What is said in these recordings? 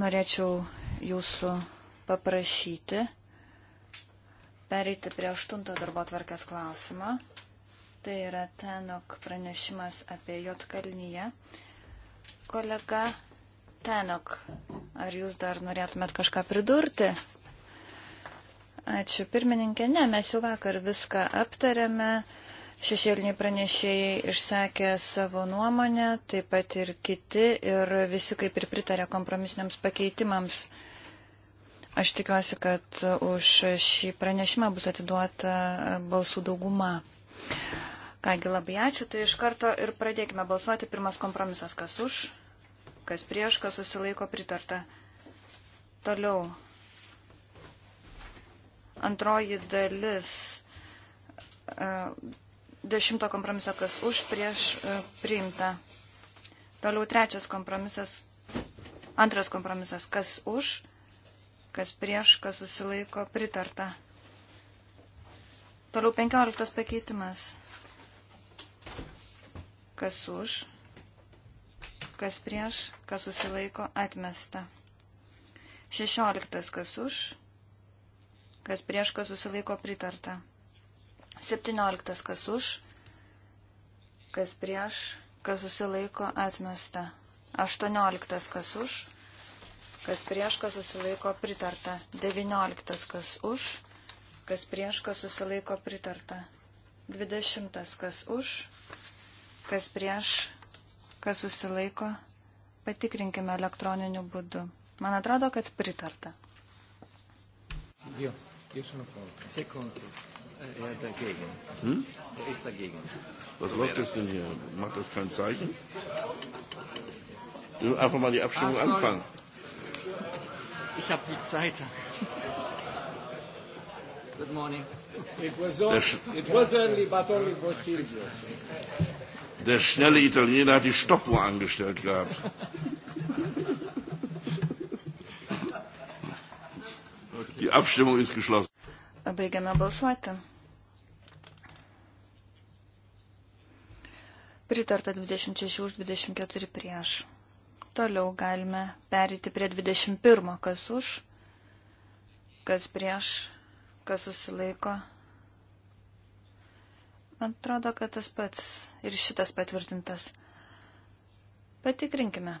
Norėčiau jūsų paprašyti pereiti prie aštunto darbo tvarkės klausimą. Tai yra Tenok pranešimas apie Jotkalnyje. Kolega Tenok, ar jūs dar norėtumėt kažką pridurti? Ačiū pirmininkė, ne, mes jau vakar viską aptarėme. Šešėliniai pranešėjai išsakė savo nuomonę, taip pat ir kiti, ir visi kaip ir pritarė kompromisiniams pakeitimams. Aš tikiuosi, kad už šį pranešimą bus atiduota balsų dauguma. Kągi labai ačiū, tai iš karto ir pradėkime balsuoti. Pirmas kompromisas, kas už, kas prieš, kas susilaiko pritarta. Toliau. Antroji dalis. Dešimto kompromiso kas už, prieš e, priimta. Toliau trečias kompromisas, antras kompromisas kas už, kas prieš, kas susilaiko pritarta. Toliau penkioliktas pakeitimas. Kas už, kas prieš, kas susilaiko atmesta. Šešioliktas kas už, kas prieš, kas susilaiko pritarta. 17 kas už, kas prieš, kas susilaiko atmesta. 18 kas už, kas prieš, kas susilaiko pritarta. 19 kas už, kas prieš, kas susilaiko pritarta. 20 kas už, kas prieš, kas susilaiko, patikrinkime elektroniniu būdu. Man atrodo, kad pritarta. Io, io sono contro. Sei contro. Er dagegen. Hm? Er ist dagegen. Was so läuft das denn hier? Macht das kein Zeichen? Einfach mal die Abstimmung ah, anfangen. Ich habe die Zeit. Good morning. It was, on, it was early, but only for Silvio. Der schnelle Italiener hat die Stoppuhr angestellt gehabt. Die Abstimmung ist geschlossen. Baigiame balsuoti. Pritarta 26 už 24 prieš. Toliau galime perėti prie 21, kas už, kas prieš, kas susilaiko. Man atrodo, kad tas pats ir šitas patvirtintas. Patikrinkime.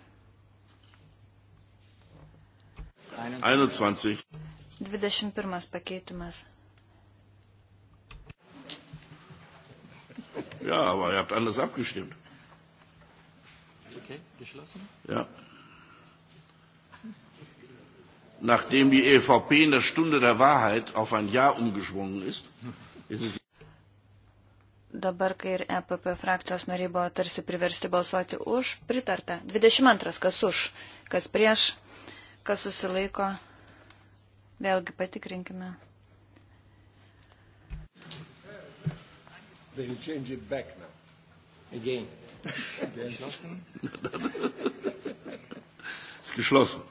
21. 21 pakeitimas. Ja, aber ihr habt anders abgestimmt. Okay, geschlossen? Ja. Nachdem die EVP in der Stunde der Wahrheit auf ein Ja umgeschwungen ist, ist es. Dabar, kai ir EPP frakcijos nariai buvo tarsi priversti balsuoti už, pritarta. 22. Kas už, kas prieš, kas susilaiko. Vėlgi patikrinkime. They will change it back now. Again. Geschlossen. Geschlossen.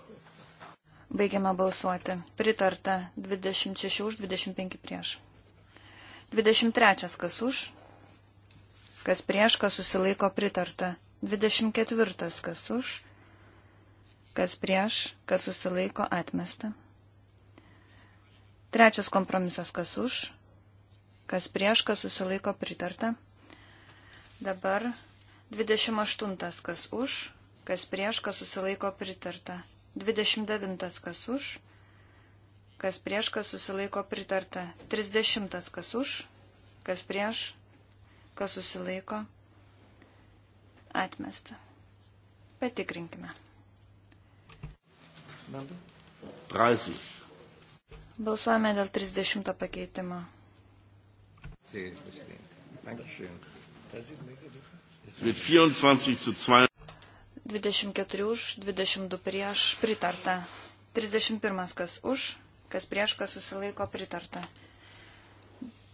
Baigiame balsuoti. Pritarta 26 už, 25 prieš. 23 kas už, kas prieš, kas susilaiko pritarta. 24 kas už, kas prieš, kas susilaiko atmesta. Trečias kompromisas kas už, kas prieš, kas susilaiko pritarta. Dabar 28. kas už, kas prieš, kas susilaiko pritarta. 29. kas už, kas prieš, kas susilaiko pritarta. 30. kas už, kas prieš, kas susilaiko atmesta. Patikrinkime. 30. Balsuojame dėl 30 pakeitimo. Sì, Presidente. Dankeschön. Es wird 24 zu 2. 24 už, 22 prieš, pritarta. 31 kas už, kas prieš, kas susilaiko, pritarta.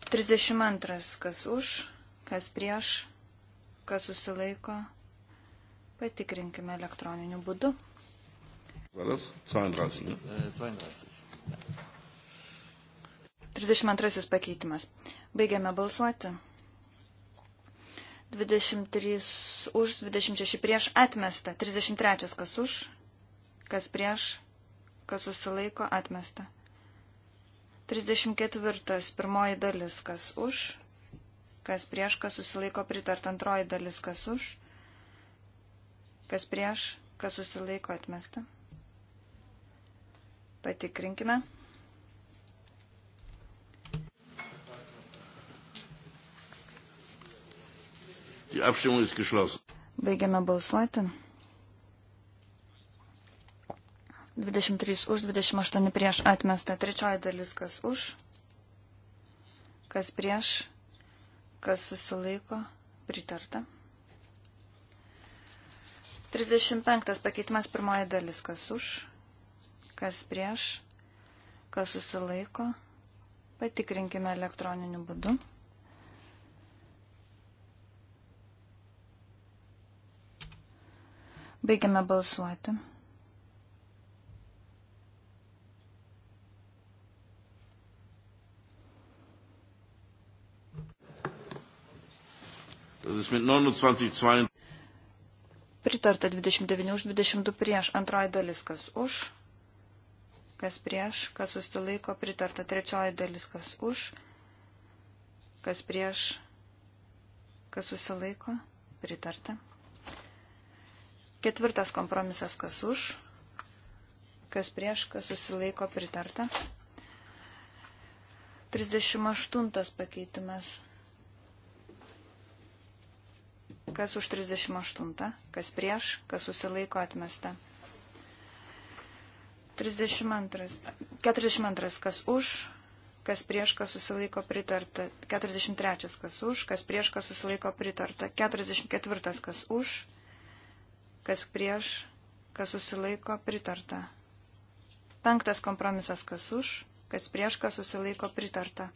32 kas už, kas prieš, kas susilaiko, patikrinkime elektroniniu būdu. Varas 32, ne? 32. Äh, 32 pakeitimas. Baigiame balsuoti. 23 už, 26 prieš atmesta. 33 kas už, kas prieš, kas susilaiko atmesta. 34 pirmoji dalis kas už, kas prieš, kas susilaiko pritart. Antroji dalis kas už, kas prieš, kas susilaiko atmesta. Patikrinkime. Die Abstimmung ist geschlossen. Baigiame balsuoti. 23 už, 28 prieš atmesta. Trečioji dalis, kas už, kas prieš, kas susilaiko, pritarta. 35 pakeitimas pirmoji dalis, kas už, kas prieš, kas susilaiko. Patikrinkime elektroniniu būdu. Baigiame balsuoti. Pritarta 29 už 22 prieš. Antroji dalis kas už, kas prieš, kas sustilaiko. Pritarta trečioji dalis kas už, kas prieš, kas susilaiko. Pritarta. Ketvirtas kompromisas, kas už, kas prieš, kas susilaiko pritarta. 38 pakeitimas. Kas už 38, kas prieš, kas susilaiko atmesta. 32. 42. Kas už, kas prieš, kas susilaiko pritarta. 43. Kas už, kas prieš, kas susilaiko pritarta. 44. Kas už, kas prieš, kas susilaiko, pritarta. Penktas kompromisas, kas už, kas prieš, kas susilaiko, pritarta.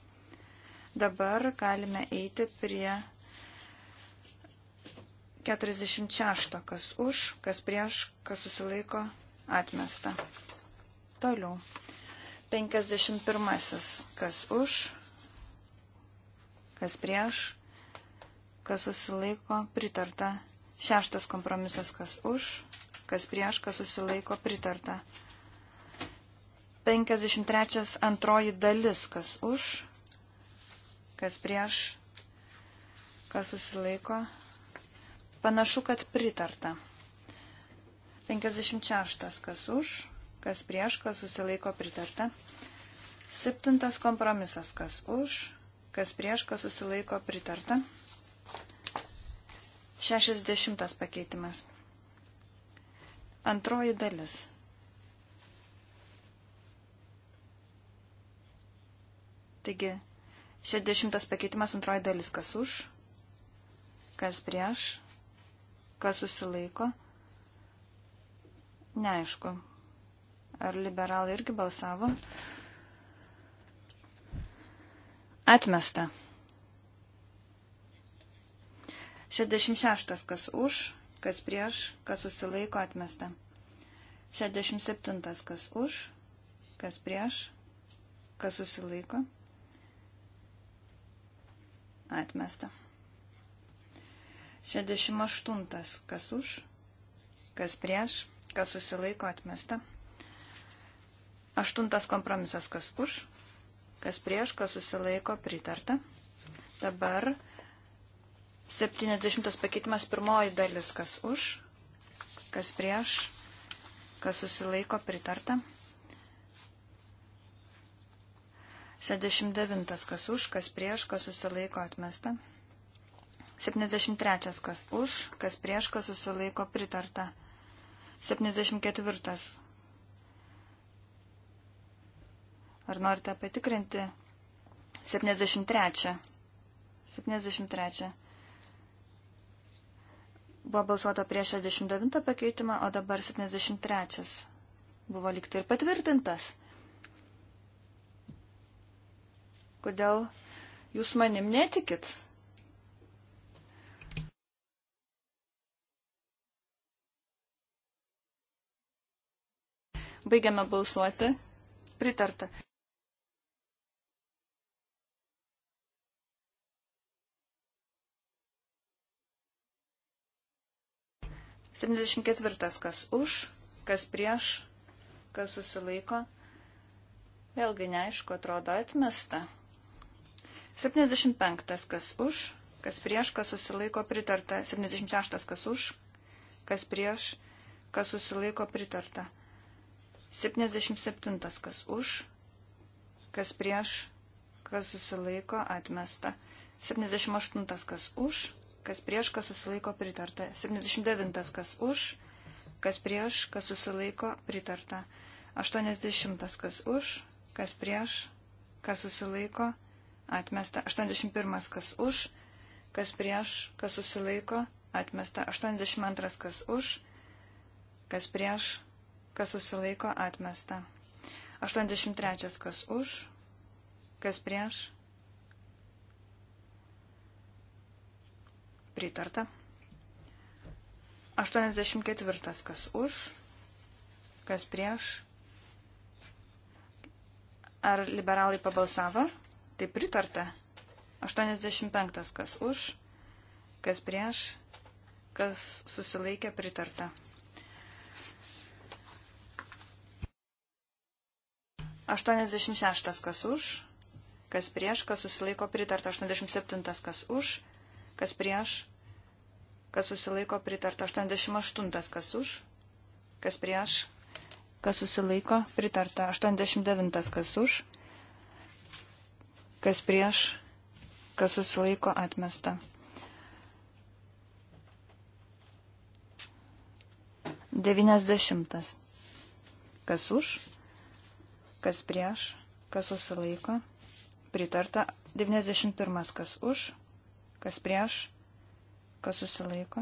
Dabar galime eiti prie 46, kas už, kas prieš, kas susilaiko, atmesta. Toliau. 51, kas už, kas prieš, kas susilaiko, pritarta. Šeštas kompromisas, kas už, kas prieš, kas susilaiko pritarta. 53 antroji dalis, kas už, kas prieš, kas susilaiko. Panašu, kad pritarta. 56 kas už, kas prieš, kas susilaiko pritarta. Septintas kompromisas, kas už, kas prieš, kas susilaiko pritarta. 60 pakeitimas. Antroji dalis. Taigi, 60 pakeitimas antroji dalis. Kas už? Kas prieš? Kas susilaiko? Neaišku. Ar liberalai irgi balsavo? Atmesta. 66. Kas už, kas prieš, kas susilaiko atmesta. 67. Kas už, kas prieš, kas susilaiko atmesta. 68. Kas už, kas prieš, kas susilaiko atmesta. Aštuntas kompromisas, kas už, kas prieš, kas susilaiko pritarta. Dabar 70 pakeitimas pirmoji dalis, kas už, kas prieš, kas susilaiko pritarta. 69 kas už, kas prieš, kas susilaiko atmesta. 73 kas už, kas prieš, kas susilaiko pritarta. 74. Ar norite patikrinti? 73. 73. Buvo balsuota prieš 69 pakeitimą, o dabar 73 buvo likti ir patvirtintas. Kodėl jūs manim netikit? Baigiame balsuoti. Pritarta. 74. Kas už, kas prieš, kas susilaiko. Vėlgi neaišku, atrodo atmesta. 75. Kas už, kas prieš, kas susilaiko pritarta. 76. Kas už, kas prieš, kas susilaiko pritarta. 77. Kas už, kas prieš, kas susilaiko atmesta. 78. Kas už, kas prieš, kas susilaiko pritarta. 79. kas už, kas prieš, kas susilaiko pritarta. 80. kas už, kas prieš, kas susilaiko atmesta. 81. kas už, kas prieš, kas susilaiko atmesta. 82. kas už, kas prieš, kas susilaiko atmesta. 83. kas už, kas prieš, Pritarta. 84. Kas už, kas prieš. Ar liberalai pabalsavo? Tai pritarta. 85. Kas už, kas prieš, kas susilaikė pritarta. Aštuoniasdešimt šeštas kas už, kas prieš, kas susilaiko pritarta. Aštuoniasdešimt septintas kas už, kas prieš, kas susilaiko pritarta 88, kas už, kas prieš, kas susilaiko pritarta 89, kas už, kas prieš, kas susilaiko atmesta. Devyniasdešimtas. Kas už, kas prieš, kas susilaiko. Pritarta. Devyniasdešimt pirmas. Kas už, kas prieš, kas susilaiko,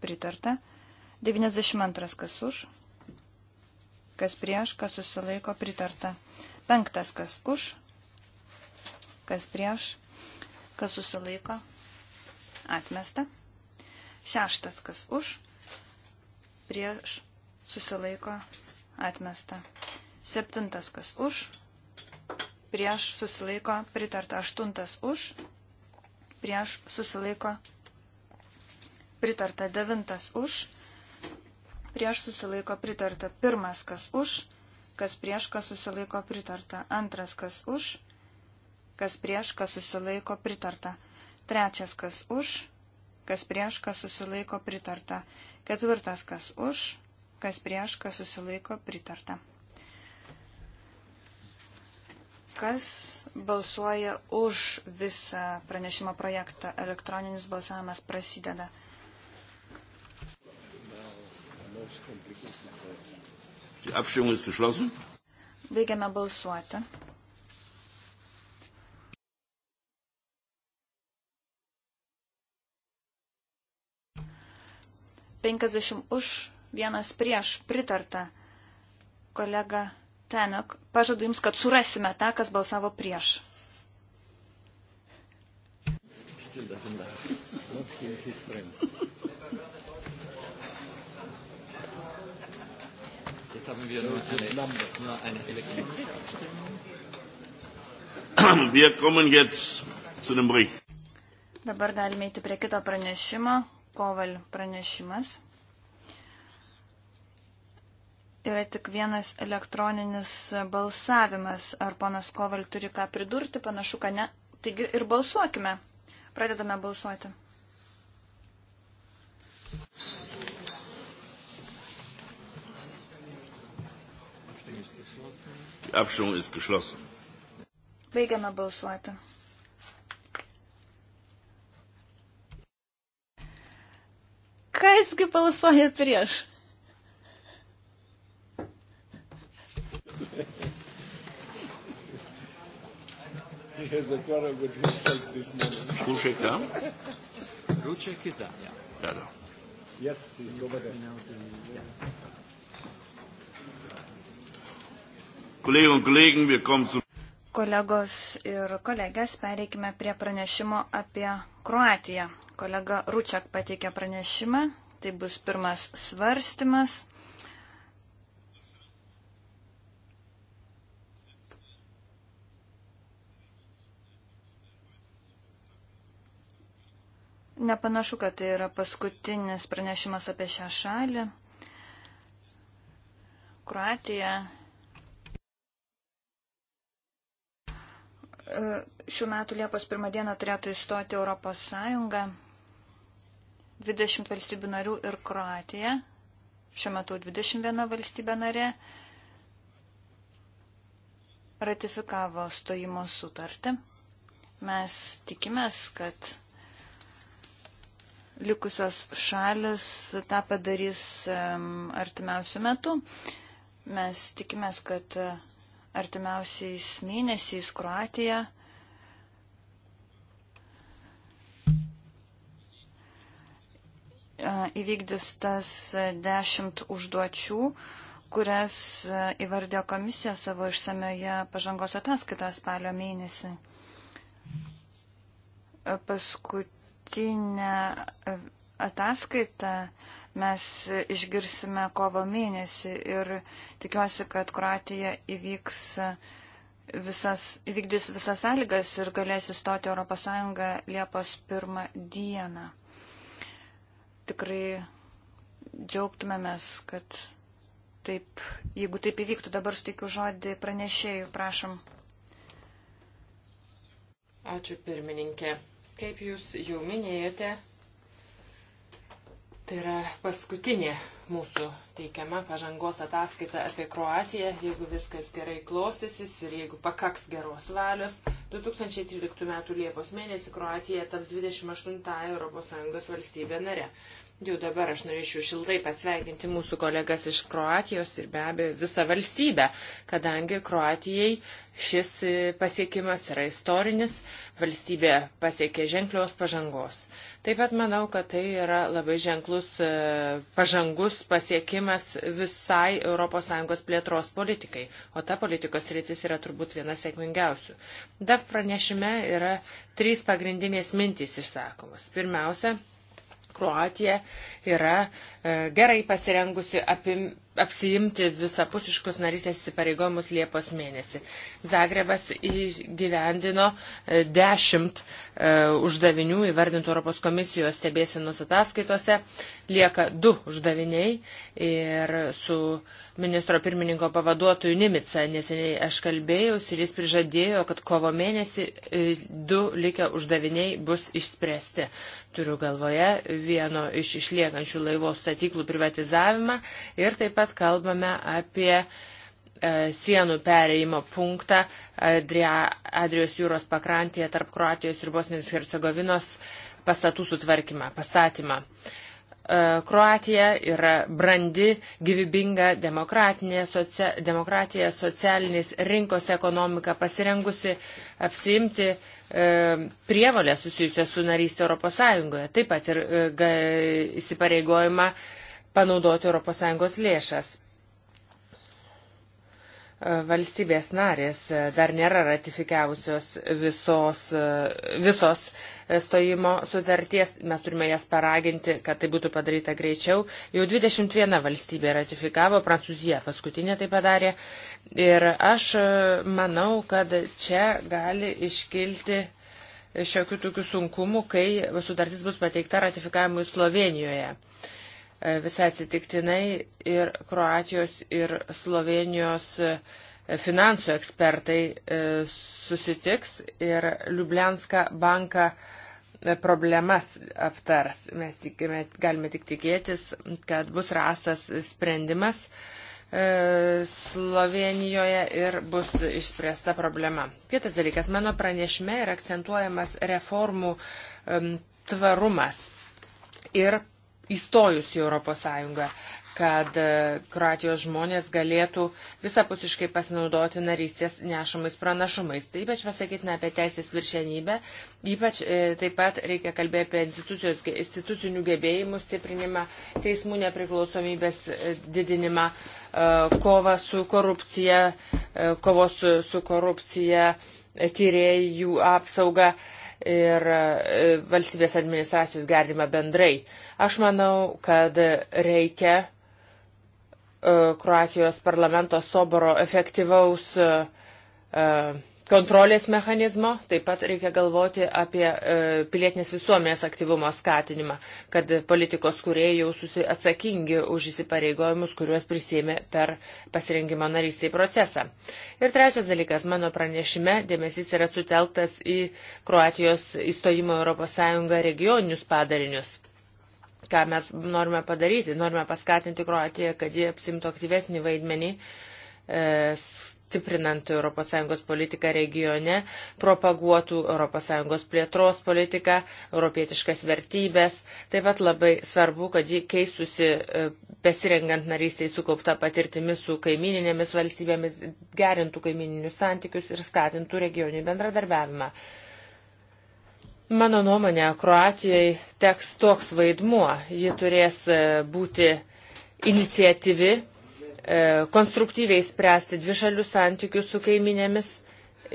pritarta. 92 kas už, kas prieš, kas susilaiko, pritarta. 5 kas už, kas prieš, kas susilaiko, atmesta. 6 kas už, prieš, susilaiko, atmesta. 7 kas už, prieš, susilaiko, pritarta. 8 už, prieš prieš susilaiko pritarta. Devintas už, prieš susilaiko pritarta. Pirmas, kas už, kas prieš, kas susilaiko pritarta. Antras, kas už, kas prieš, kas susilaiko pritarta. Trečias, kas už, kas prieš, kas susilaiko pritarta. Ketvirtas, kas už, kas prieš, kas susilaiko pritarta kas balsuoja už visą pranešimo projektą. Elektroninis balsavimas prasideda. Baigiame balsuoti. Penkiasdešimt už, vienas prieš, pritarta kolega Tenok, pažadu Jums, kad surasime tą, kas balsavo prieš. Jetzt haben wir nur eine, nur eine elektronische Abstimmung. Wir kommen jetzt zu dem Bericht. Dabar galime eiti prie kito pranešimo. Koval pranešimas yra tik vienas elektroninis balsavimas. Ar ponas Koval turi ką pridurti, panašu, kad ne. Taigi ir balsuokime. Pradedame balsuoti. Abstimmung ist geschlossen. Baigiame balsuoti. Kasgi balsuoja prieš? He has a quarrel with himself this morning. Ruček, da? Ruček is da, yeah. Da, da. Yes, he's over there. Kolleginnen und Kollegen, wir kommen zu kolegos ir kolegės, pereikime prie pranešimo apie Kroatiją. Kolega Ručiak pateikė pranešimą, tai bus pirmas svarstymas. Nepanašu, kad tai yra paskutinis pranešimas apie šią šalį. Kroatija e, šių metų Liepos pirmą dieną turėtų įstoti Europos Sąjungą. 20 valstybių narių ir Kroatija. Šiuo metu 21 valstybė narė ratifikavo stojimo sutartį. Mes tikimės, kad Likusios šalis tą padarys artimiausių metų. Mes tikimės, kad e, artimiausiais mėnesiais Kroatija įvykdys tas dešimt užduočių, kurias e, įvardė komisija savo išsamioje pažangos ataskaitoje spalio mėnesį. Paskut, paskutinę e, ataskaitą mes išgirsime kovo mėnesį ir tikiuosi, kad Kroatija įvyks e, visas, įvykdys visas sąlygas ir galės įstoti Europos Sąjungą Liepos pirmą dieną. Tikrai džiaugtumėmės, kad taip, jeigu taip įvyktų, dabar suteikiu žodį pranešėjų, prašom. Ačiū pirmininkė. Kaip jūs jau minėjote, tai yra paskutinė mūsų teikiama pažangos ataskaita apie Kroatiją, jeigu viskas gerai klostysis ir jeigu pakaks geros valios. 2013 m. Liepos mėnesį Kroatija taps 28 ES valstybė nare. Jau dabar aš norėčiau šiltai pasveikinti mūsų kolegas iš Kroatijos ir be abejo visą valstybę, kadangi Kroatijai šis pasiekimas yra istorinis, valstybė pasiekė ženklios pažangos. Taip pat manau, kad tai yra labai ženklus e, pažangus pasiekimas visai ES plėtros politikai, o ta politikos rytis yra turbūt viena sėkmingiausių. DAF pranešime yra trys pagrindinės mintys išsakomos. Pirmiausia, Kroatija yra e, gerai pasirengusi apim apsiimti visapusiškus narystės įsipareigojimus Liepos mėnesį. Zagrebas įgyvendino e, dešimt e, uždavinių įvardintų Europos komisijos stebėsinus ataskaitose. Lieka du uždaviniai ir su ministro pirmininko pavaduotoju Nimica neseniai aš kalbėjausi ir jis prižadėjo, kad kovo mėnesį e, du likę uždaviniai bus išspręsti. Turiu galvoje vieno iš išliekančių laivos statyklų privatizavimą ir taip pat pat kalbame apie e, sienų pereimo punktą Adrijos jūros pakrantėje tarp Kroatijos ir Bosnijos Hercegovinos pastatų sutvarkymą, pastatymą. E, Kroatija yra brandi, gyvybinga socia, demokratija, socialinis rinkos ekonomika pasirengusi apsiimti e, prievalę susijusią su narystė Europos Sąjungoje, taip pat ir e, įsipareigojimą e, panaudoti ES lėšas. E, valstybės narės e, dar nėra ratifikavusios visos, e, visos stojimo sutarties. Mes turime jas paraginti, kad tai būtų padaryta greičiau. Jau 21 valstybė ratifikavo, Prancūzija paskutinė tai padarė. Ir aš manau, kad čia gali iškilti šiokių tokių sunkumų, kai sutartis bus pateikta ratifikavimui Slovenijoje visai atsitiktinai ir Kroatijos ir Slovenijos e, finansų ekspertai e, susitiks ir Liublianska banka e, problemas aptars. Mes tikime, galime tik tikėtis, kad bus rastas sprendimas Slovenijoje ir bus išspręsta problema. Kitas dalykas, mano pranešime yra akcentuojamas reformų tvarumas ir įstojus į Europos Sąjungą, kad e, Kroatijos žmonės galėtų visapusiškai pasinaudoti narystės nešamais pranašumais. Tai ypač pasakytina apie teisės viršenybę, ypač e, taip pat reikia kalbėti apie institucinių gebėjimų stiprinimą, teismų nepriklausomybės e, didinimą, e, kovą su korupcija, e, kovos su, su korupcija, e, tyrėjų apsaugą. E, ir e, valstybės administracijos gerinimą bendrai. Aš manau, kad reikia e, Kroatijos parlamento soboro efektyvaus uh, kontrolės mechanizmo, taip pat reikia galvoti apie e, pilietinės visuomenės aktyvumo skatinimą, kad politikos kuriejai jau susi atsakingi už įsipareigojimus, kuriuos prisėmė per pasirengimo narystiai procesą. Ir trečias dalykas, mano pranešime dėmesys yra sutelktas į Kroatijos įstojimo ES regioninius padarinius ką mes norime padaryti. Norime paskatinti Kroatiją, kad jie apsimtų aktyvesnį vaidmenį e, stiprinant ES politiką regione, propaguotų ES plėtros politiką, europietiškas vertybės. Taip pat labai svarbu, kad ji keistusi e, besirengant narystiai sukaupta patirtimi su kaimininėmis valstybėmis, gerintų kaimininius santykius ir skatintų regioninį bendradarbiavimą. Mano nuomonė, Kroatijai teks toks vaidmuo. Ji turės e, būti iniciatyvi E, konstruktyviai spręsti dvišalius santykius su kaiminėmis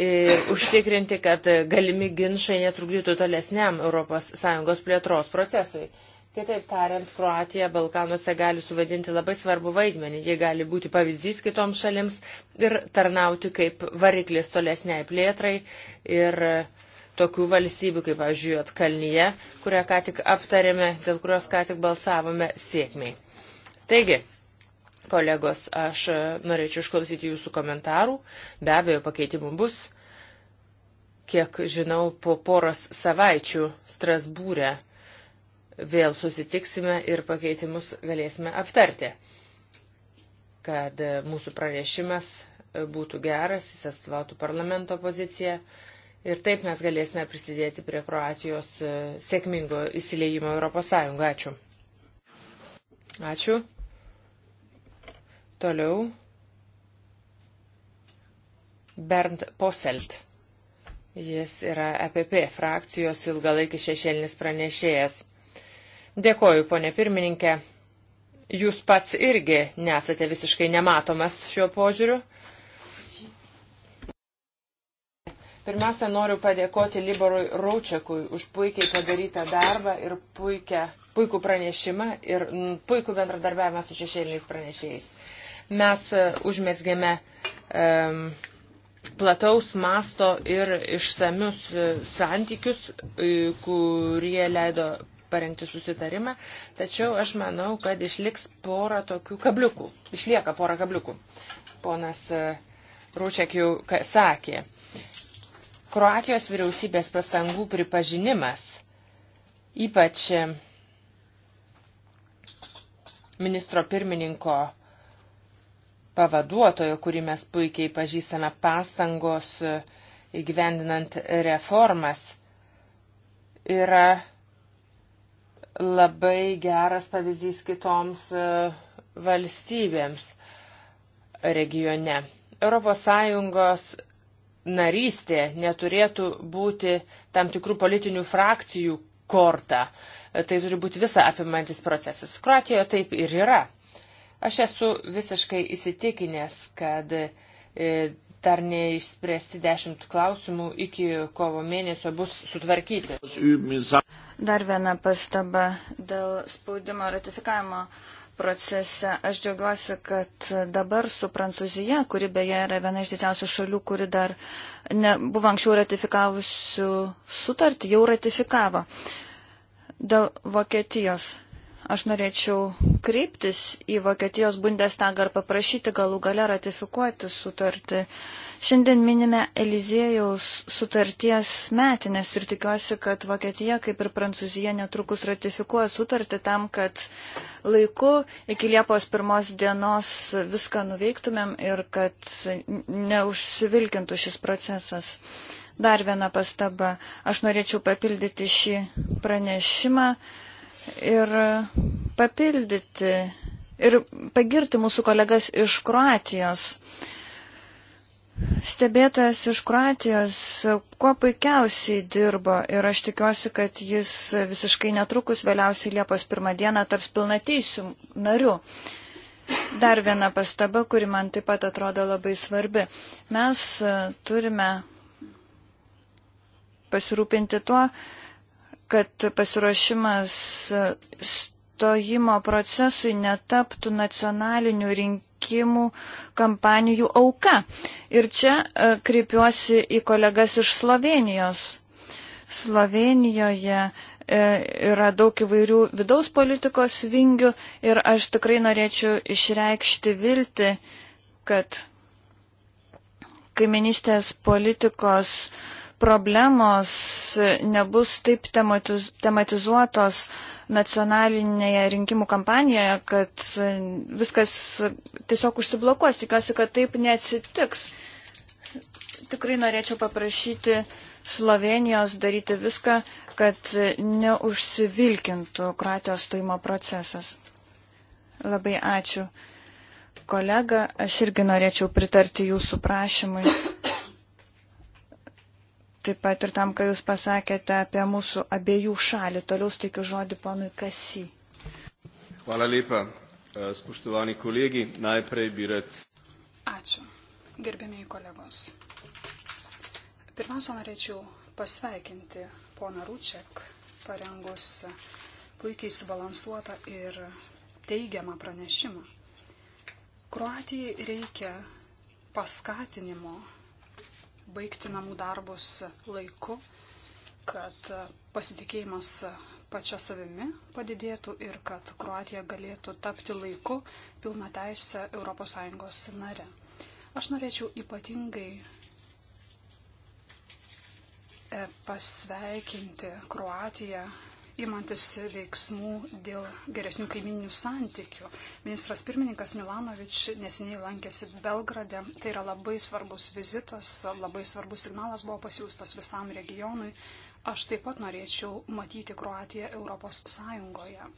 ir užtikrinti, kad galimi ginšai netrukdytų tolesniam ES plėtros procesui. Kitaip tariant, Kroatija Balkanuose gali suvadinti labai svarbu vaidmenį, jie gali būti pavyzdys kitoms šalims ir tarnauti kaip variklis tolesniai plėtrai ir tokių valstybių, kaip, pavyzdžiui, Atkalnyje, kurią ką tik aptarėme, dėl kurios ką tik balsavome sėkmiai. Taigi, Kolegos, aš norėčiau išklausyti jūsų komentarų. Be abejo, pakeitimų bus. Kiek žinau, po poros savaičių Strasbūrė vėl susitiksime ir pakeitimus galėsime aptarti, kad mūsų pranešimas būtų geras, jis atstovautų parlamento poziciją ir taip mes galėsime prisidėti prie Kroatijos e, sėkmingo įsileimo Europos Sąjungą. Ačiū. Ačiū. Toliau. Bernd Poselt. Jis yra EPP frakcijos ilgalaikis šešėlinis pranešėjas. Dėkoju, ponė pirmininkė. Jūs pats irgi nesate visiškai nematomas šiuo požiūriu. Pirmiausia, noriu padėkoti Liborui Raučiakui už puikiai padarytą darbą ir puikia, puikų pranešimą ir puikų bendradarbiavimą su šešėliniais pranešėjais. Mes e, užmėsgėme um, plataus masto ir išsamius e, santykius, e, kurie leido parengti susitarimą, tačiau aš manau, kad išliks pora tokių kabliukų. Išlieka pora kabliukų. Ponas Rūčiak jau sakė. Kroatijos vyriausybės pastangų pripažinimas, ypač ministro pirmininko uh, pavaduotojo, kurį mes puikiai pažįstame pastangos e, įgyvendinant reformas, yra labai geras pavyzdys kitoms e, valstybėms regione. ES narystė neturėtų būti tam tikrų politinių frakcijų korta. E, tai turi būti visa apimantis procesas. Kroatijoje taip ir yra. Aš esu visiškai įsitikinęs, kad e, dar neišspręsti dešimt klausimų iki kovo mėnesio bus sutvarkyti. Dar viena pastaba dėl spaudimo ratifikavimo procese. Aš džiaugiuosi, kad dabar su Prancūzija, kuri beje yra viena iš didžiausių šalių, kuri dar ne, buvo anksčiau ratifikavusių sutartį, jau ratifikavo. Dėl Vokietijos Aš norėčiau kreiptis į Vokietijos Bundestagą ir paprašyti galų gale ratifikuoti sutartį. Šiandien minime Eliziejaus sutarties metinės ir tikiuosi, kad Vokietija, kaip ir Prancūzija, netrukus ratifikuoja sutartį tam, kad laiku iki Liepos pirmos dienos viską nuveiktumėm ir kad neužsivilkintų šis procesas. Dar viena pastaba. Aš norėčiau papildyti šį pranešimą ir papildyti ir pagirti mūsų kolegas iš Kroatijos. Stebėtojas iš Kroatijos kuo puikiausiai dirbo ir aš tikiuosi, kad jis visiškai netrukus, vėliausiai Liepos pirmą dieną, taps pilnateisių narių. Dar viena pastaba, kuri man taip pat atrodo labai svarbi. Mes turime pasirūpinti tuo, kad pasiruošimas stojimo procesui netaptų nacionalinių rinkimų kampanijų auka. Ir čia e, kreipiuosi į kolegas iš Slovenijos. Slovenijoje e, yra daug įvairių vidaus politikos vingių ir aš tikrai norėčiau išreikšti viltį, kad kaiminystės politikos uh, problemos nebus taip tematiz tematizuotos nacionalinėje rinkimų kampanijoje, kad viskas tiesiog užsiblokuos. Tikiuosi, kad taip neatsitiks. Tikrai norėčiau paprašyti Slovenijos daryti viską, kad neužsivilkintų Kroatijos stojimo procesas. Labai ačiū. Kolega, aš irgi norėčiau pritarti jūsų prašymui taip pat ir tam, ką Jūs pasakėte apie mūsų abiejų šalį. Toliau steikiu žodį ponui Kasi. Hvala lepa, e, spuštovani kolegi. Najprej bi rad. Ačiū, gerbėmiai kolegos. Pirmiausia, norėčiau pasveikinti poną Rūčiak, parengus puikiai subalansuotą ir teigiamą pranešimą. Kroatijai reikia paskatinimo baigti namų darbus laiku, kad pasitikėjimas pačia savimi padidėtų ir kad Kroatija galėtų tapti laiku pilna teisė ES nare. Aš norėčiau ypatingai e, pasveikinti Kroatiją įmantis veiksmų dėl geresnių kaimininių santykių. Ministras pirmininkas Milanovič neseniai lankėsi Belgrade. Tai yra labai svarbus vizitas, labai svarbus signalas buvo pasiūstas visam regionui. Aš taip pat norėčiau matyti Kroatiją Europos Sąjungoje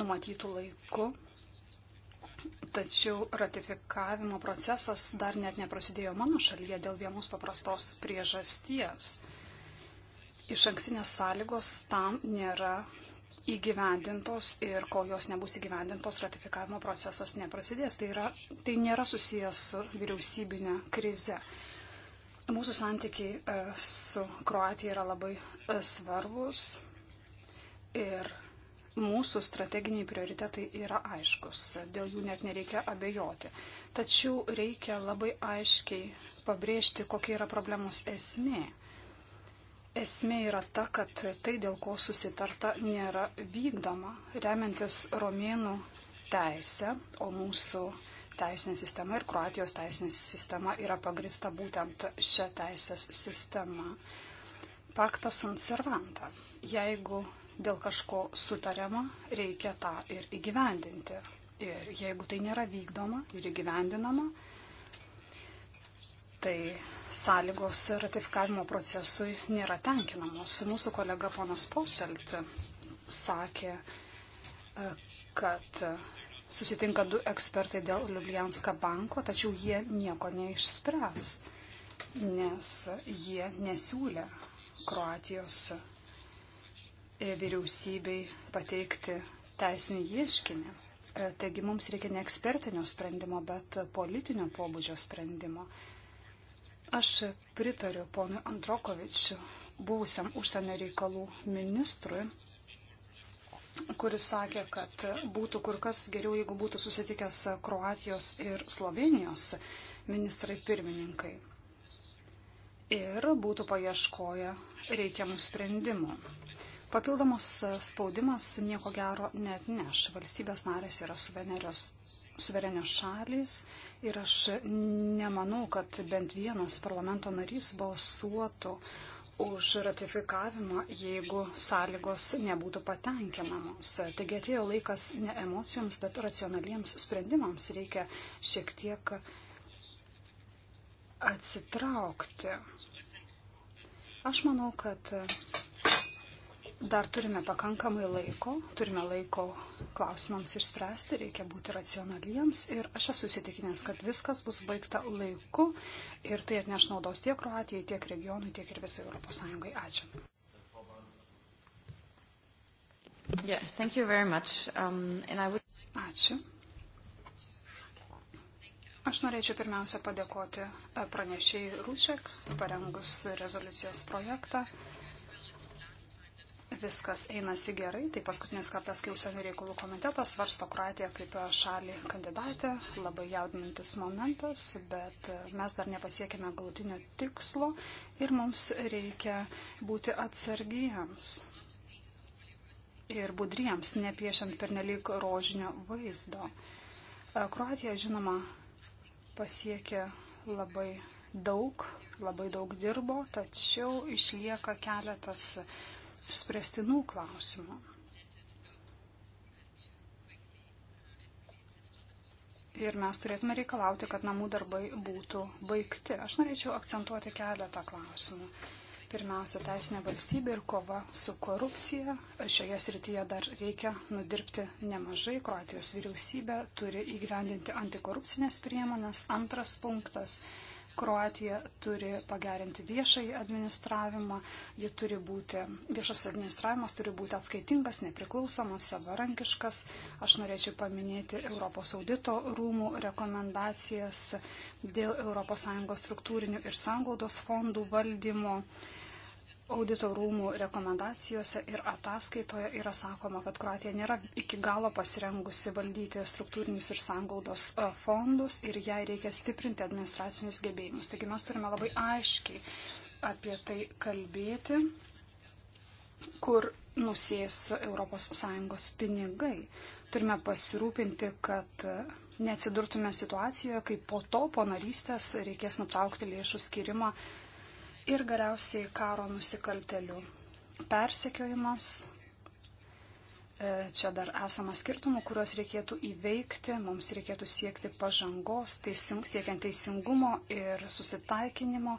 numatytų laiku. Tačiau ratifikavimo procesas dar net neprasidėjo mano šalyje dėl vienos paprastos priežasties – iš anksinės sąlygos tam nėra įgyvendintos ir kol jos nebus įgyvendintos, ratifikavimo procesas neprasidės. Tai, yra, tai nėra susijęs su vyriausybinė krize. Mūsų santykiai e, su Kroatija yra labai e, svarbus ir mūsų strateginiai prioritetai yra aiškus, dėl jų net nereikia abejoti. Tačiau reikia labai aiškiai pabrėžti, kokia yra problemos esmė esmė yra ta, kad tai, dėl ko susitarta, nėra vykdoma, remiantis romėnų teisę, o mūsų teisinė sistema ir Kroatijos teisinė sistema yra pagrista būtent šią teisės sistemą. Pakta sunt servanta. Jeigu dėl kažko sutariama, reikia tą ir įgyvendinti. Ir jeigu tai nėra vykdoma ir įgyvendinama, tai sąlygos ratifikavimo procesui nėra tenkinamos. Mūsų kolega ponas Poselt sakė, e, kad susitinka du ekspertai dėl Ljubljanska banko, tačiau jie nieko neišspręs, nes jie nesiūlė Kroatijos e, vyriausybei pateikti teisinį ieškinį. E, taigi mums reikia ne ekspertinio sprendimo, bet politinio pobūdžio sprendimo. Aš pritariu ponui Androkovičiu, buvusiam užsienio reikalų ministrui, kuris sakė, kad būtų kur kas geriau, jeigu būtų susitikęs Kroatijos ir Slovenijos ministrai pirmininkai ir būtų paieškoję reikiamų sprendimų. Papildomas spaudimas nieko gero net neš. Valstybės narės yra suverenios suverenios šalys ir aš nemanau, kad bent vienas parlamento narys balsuotų už ratifikavimą, jeigu sąlygos nebūtų patenkinamos. Taigi atėjo laikas ne emocijoms, bet racionaliems sprendimams. Reikia šiek tiek atsitraukti. Aš manau, kad dar turime pakankamai laiko, turime laiko klausimams išspręsti, reikia būti racionaliems ir aš esu įsitikinęs, kad viskas bus baigta laiku ir tai atneš naudos tiek Kroatijai, tiek regionui, tiek ir visai ES. Ačiū. Yeah, thank you very much. Um, and I would... Ačiū. Aš norėčiau pirmiausia padėkoti pranešėjai Rūčiak, parengus rezoliucijos projektą viskas einasi gerai. Tai paskutinis kartas, kai užsienio reikalų komitetas svarsto Kroatiją kaip šalį kandidatę, labai jaudinantis momentas, bet mes dar nepasiekime galutinio tikslo ir mums reikia būti atsargiems ir budriems, nepiešiant pernelyg rožinio vaizdo. Kroatija, žinoma, pasiekė labai daug, labai daug dirbo, tačiau išlieka keletas spręstinų klausimų. ir mes turėtume reikalauti, kad namų darbai būtų baigti. Aš norėčiau akcentuoti keletą klausimų. Pirmiausia, teisinė valstybė ir kova su korupcija. Šioje srityje dar reikia nudirbti nemažai. Kroatijos vyriausybė turi įgyvendinti antikorupcinės priemonės. Antras punktas Kroatija turi pagerinti viešai administravimą, ji turi būti, viešas administravimas turi būti atskaitingas, nepriklausomas, savarankiškas. Aš norėčiau paminėti Europos audito rūmų rekomendacijas dėl ES struktūrinių ir sanglaudos fondų valdymo. Audito rūmų rekomendacijose ir ataskaitoje yra sakoma, kad Kroatija nėra iki galo pasirengusi valdyti struktūrinius ir sanglaudos e, fondus ir jai reikia stiprinti administracinius gebėjimus. Taigi mes turime labai aiškiai apie tai kalbėti, kur nusės ES pinigai. Turime pasirūpinti, kad neatsidurtume situacijoje, kai po to, po narystės, reikės nutraukti lėšų skirimą ir galiausiai karo nusikaltelių persekiojimas. E, čia dar esama skirtumų, kuriuos reikėtų įveikti, mums reikėtų siekti pažangos, teising, siekiant teisingumo ir susitaikinimo.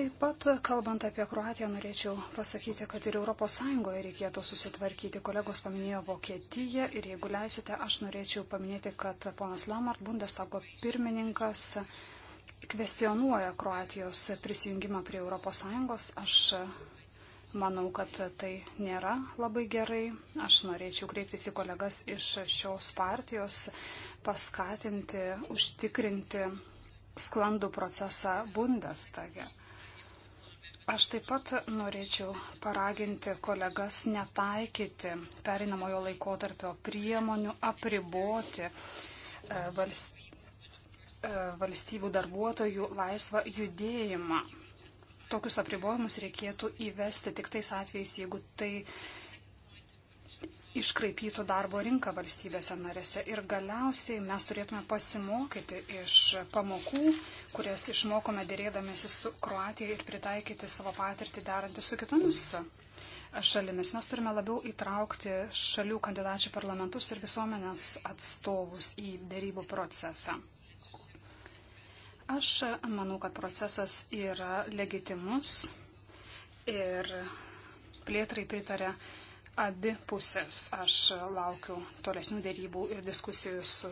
Taip pat, kalbant apie Kroatiją, norėčiau pasakyti, kad ir ES reikėtų susitvarkyti. Kolegos paminėjo Vokietiją ir jeigu leisite, aš norėčiau paminėti, kad ponas Lamart, Bundestago pirmininkas, kvestionuoja Kroatijos prisijungimą prie ES. Aš e, manau, kad tai nėra labai gerai. Aš norėčiau kreiptis į kolegas iš šios partijos, paskatinti, užtikrinti sklandų procesą Bundestage. Aš taip pat norėčiau paraginti kolegas netaikyti perinamojo laikotarpio priemonių, apriboti e, valstybės E, valstybių darbuotojų laisvą judėjimą. Tokius apribojimus reikėtų įvesti tik tais atvejais, jeigu tai iškraipytų darbo rinką valstybėse narėse. Ir galiausiai mes turėtume pasimokyti iš pamokų, kurias išmokome dėrėdamėsi su Kroatija ir pritaikyti savo patirtį derantį su kitomis šalimis. Mes turime labiau įtraukti šalių kandidačių parlamentus ir visuomenės atstovus į dėrybų procesą. Aš manau, kad procesas yra legitimus ir plėtrai pritarė abi pusės. Aš laukiu tolesnių dėrybų ir diskusijų su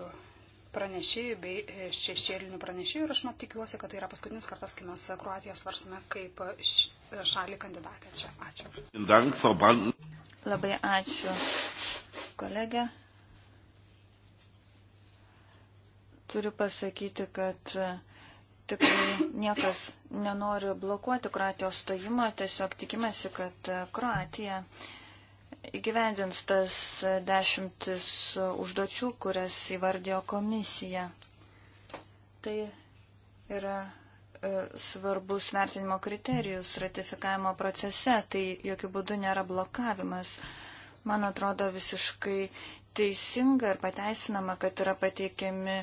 pranešėjų bei šešėlinių pranešėjų ir aš mat tikiuosi, kad tai yra paskutinis kartas, kai mes Kroatiją svarstame kaip šalį kandidatę čia. Ačiū. Labai ačiū, kolegė. Turiu pasakyti, kad Tikrai niekas nenori blokuoti Kroatijos stojimo, tiesiog tikimasi, kad e, Kroatija įgyvendins tas dešimtis užduočių, kurias įvardėjo komisija. Tai yra e, svarbus vertinimo kriterijus ratifikavimo procese, tai jokių būdų nėra blokavimas. Man atrodo visiškai teisinga ir pateisinama, kad yra pateikiami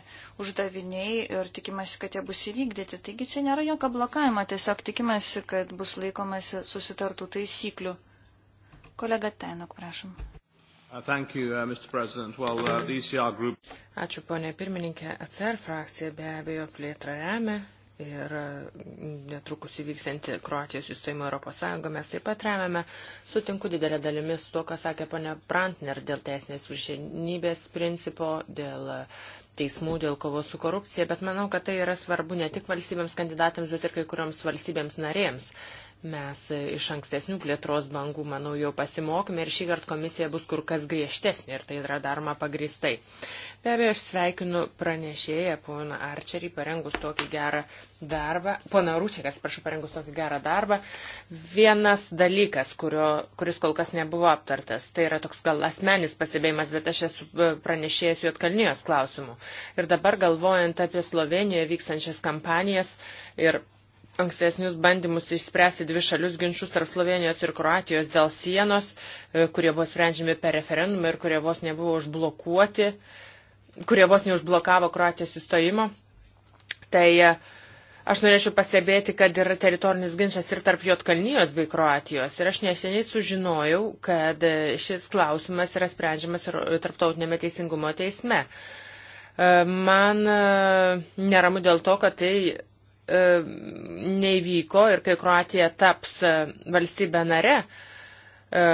uždaviniai ir tikimasi, kad jie bus įvykdyti. Taigi čia nėra jokio blokavimo, tiesiog tikimasi, kad bus laikomasi susitartų taisyklių. Kolega Tenok, prašom. Uh, you, uh, well, uh, e group... Ačiū, ponė pirmininkė. ACR frakcija be abejo plėtrą remia ir netrukus įvyksianti Kroatijos įstojimo Europos Sąjungą mes taip pat remiame. Sutinku didelė dalimis to, ką sakė ponia Brantner dėl teisinės viršienybės principo, dėl teismų, dėl kovos su korupcija, bet manau, kad tai yra svarbu ne tik valstybėms kandidatams, bet ir kai kurioms valstybėms narėms. Mes iš ankstesnių plėtros bangų, manau, jau pasimokime ir šį kartą komisija bus kur kas griežtesnė ir tai yra daroma pagristai. Be abejo, aš sveikinu pranešėją, poną Arčerį, parengus tokį gerą darbą, poną Rūčiakas, prašau, parengus tokį gerą darbą. Vienas dalykas, kurio, kuris kol kas nebuvo aptartas, tai yra toks gal asmenis pasibėjimas, bet aš esu e, pranešėjęs jų atkalnijos klausimų. Ir dabar galvojant apie Slovenijoje vykstančias kampanijas ir ankstesnius bandymus išspręsti dvi šalius ginčius tarp Slovenijos ir Kroatijos dėl sienos, e, kurie buvo sprendžiami per referendumą ir kurie vos nebuvo užblokuoti, kurie vos neužblokavo Kroatijos įstojimo. Tai e, aš norėčiau pastebėti, kad yra teritorinis ginčas ir tarp Jotkalnyjos bei Kroatijos. Ir aš neseniai sužinojau, kad e, šis klausimas yra sprendžiamas ir tarptautinėme teisingumo teisme. Man neramu dėl to, kad tai E, neįvyko ir kai Kroatija taps e, valstybė nare, e,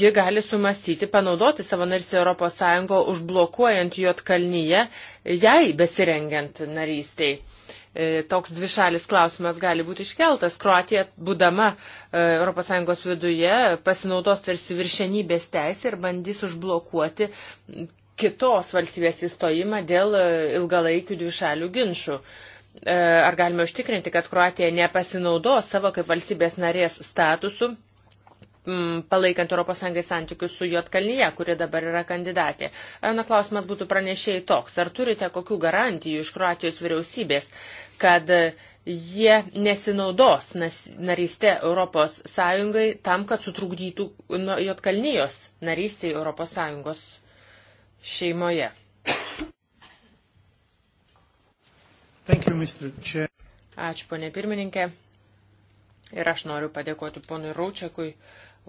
ji gali sumastyti panaudoti savo narystę Europos Sąjungo, užblokuojant Jotkalnyje, jai besirengiant narystiai. Toks dvišalis klausimas gali būti iškeltas. Kroatija, būdama ES viduje, pasinaudos tarsi viršenybės teisę ir bandys užblokuoti kitos valstybės įstojimą dėl ilgalaikių dvišalių ginčių. E, ar galime užtikrinti, kad Kroatija nepasinaudos savo kaip valstybės narės statusu, palaikant ES santykius su Jotkalnyje, kuri dabar yra kandidatė. E, na, klausimas būtų pranešėjai toks. Ar turite kokių garantijų iš Kroatijos vyriausybės, kad jie nesinaudos narystė ES tam, kad sutrukdytų Jotkalnyjos narystė ES šeimoje? Thank you, Mr. Chair. Ačiū, ponė pirmininkė. Ir aš noriu padėkoti ponui Raučiakui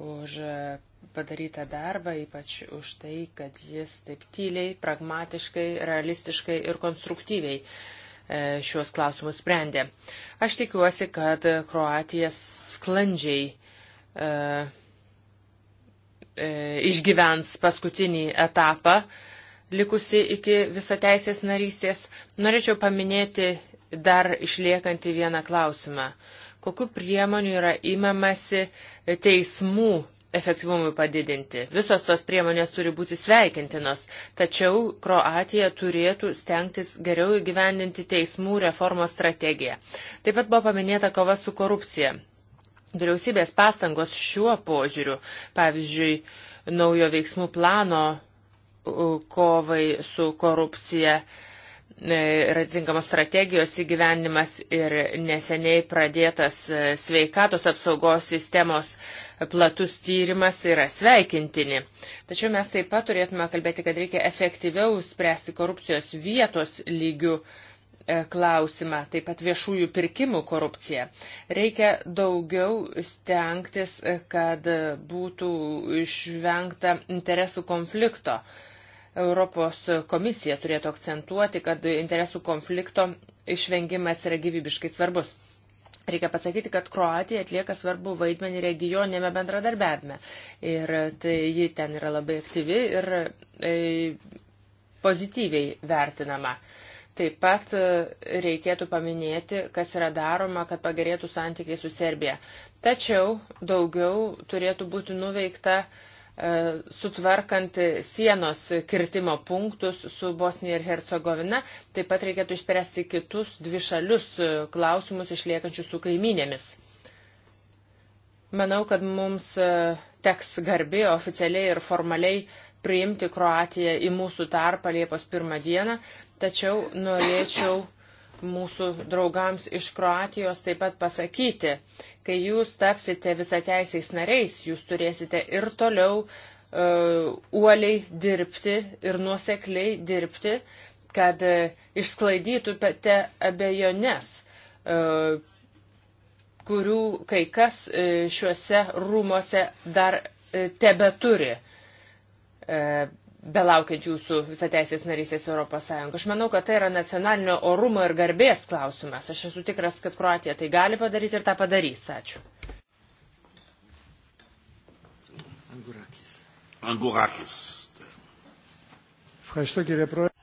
už padarytą darbą, ypač už tai, kad jis taip tyliai, pragmatiškai, realistiškai ir konstruktyviai e, šios klausimus sprendė. Aš tikiuosi, kad Kroatija sklandžiai e, e, išgyvens paskutinį etapą, e, likusi iki visateisės narystės. Norėčiau paminėti dar išliekantį vieną klausimą. Kokiu priemonių yra įmamasi teismų efektyvumui padidinti? Visos tos priemonės turi būti sveikintinos, tačiau Kroatija turėtų stengtis geriau įgyvendinti teismų reformos strategiją. Taip pat buvo paminėta kova su korupcija. Vyriausybės pastangos šiuo požiūriu, pavyzdžiui, naujo veiksmų plano kovai su korupcija yra e, tinkamos strategijos įgyvendimas ir neseniai pradėtas e, sveikatos apsaugos sistemos platus tyrimas yra sveikintini. Tačiau mes taip pat turėtume kalbėti, kad reikia efektyviau spręsti korupcijos vietos lygių e, klausimą, taip pat viešųjų pirkimų korupciją. Reikia daugiau stengtis, kad būtų išvengta interesų konflikto. Europos komisija turėtų akcentuoti, kad interesų konflikto išvengimas yra gyvybiškai svarbus. Reikia pasakyti, kad Kroatija atlieka svarbu vaidmenį regioninėme bendradarbiavime. Ir tai ji ten yra labai aktyvi ir e, pozityviai vertinama. Taip pat e, reikėtų paminėti, kas yra daroma, kad pagerėtų santykiai su Serbija. Tačiau daugiau turėtų būti nuveikta uh, E, sutvarkant sienos kirtimo punktus su Bosnija ir Hercegovina. Taip pat reikėtų išspręsti kitus dvi šalius klausimus išliekančius su kaiminėmis. Manau, kad mums e, teks garbi oficialiai ir formaliai priimti Kroatiją į mūsų tarpą Liepos pirmą dieną, tačiau norėčiau mūsų draugams iš Kroatijos taip pat pasakyti, kai jūs tapsite visateisiais nariais, jūs turėsite ir toliau uh, uoliai dirbti ir nuosekliai dirbti, kad uh, e, išsklaidytumėte abejones, uh, kurių kai kas uh, šiuose rūmose dar uh, tebe turi. Uh, belaukiant jūsų visą teisės narysės Europos Sąjungą. Aš manau, kad tai yra nacionalinio orumo ir garbės klausimas. Aš esu tikras, kad Kroatija tai gali padaryti ir tą padarys. Ačiū. Angurakis. Angurakis.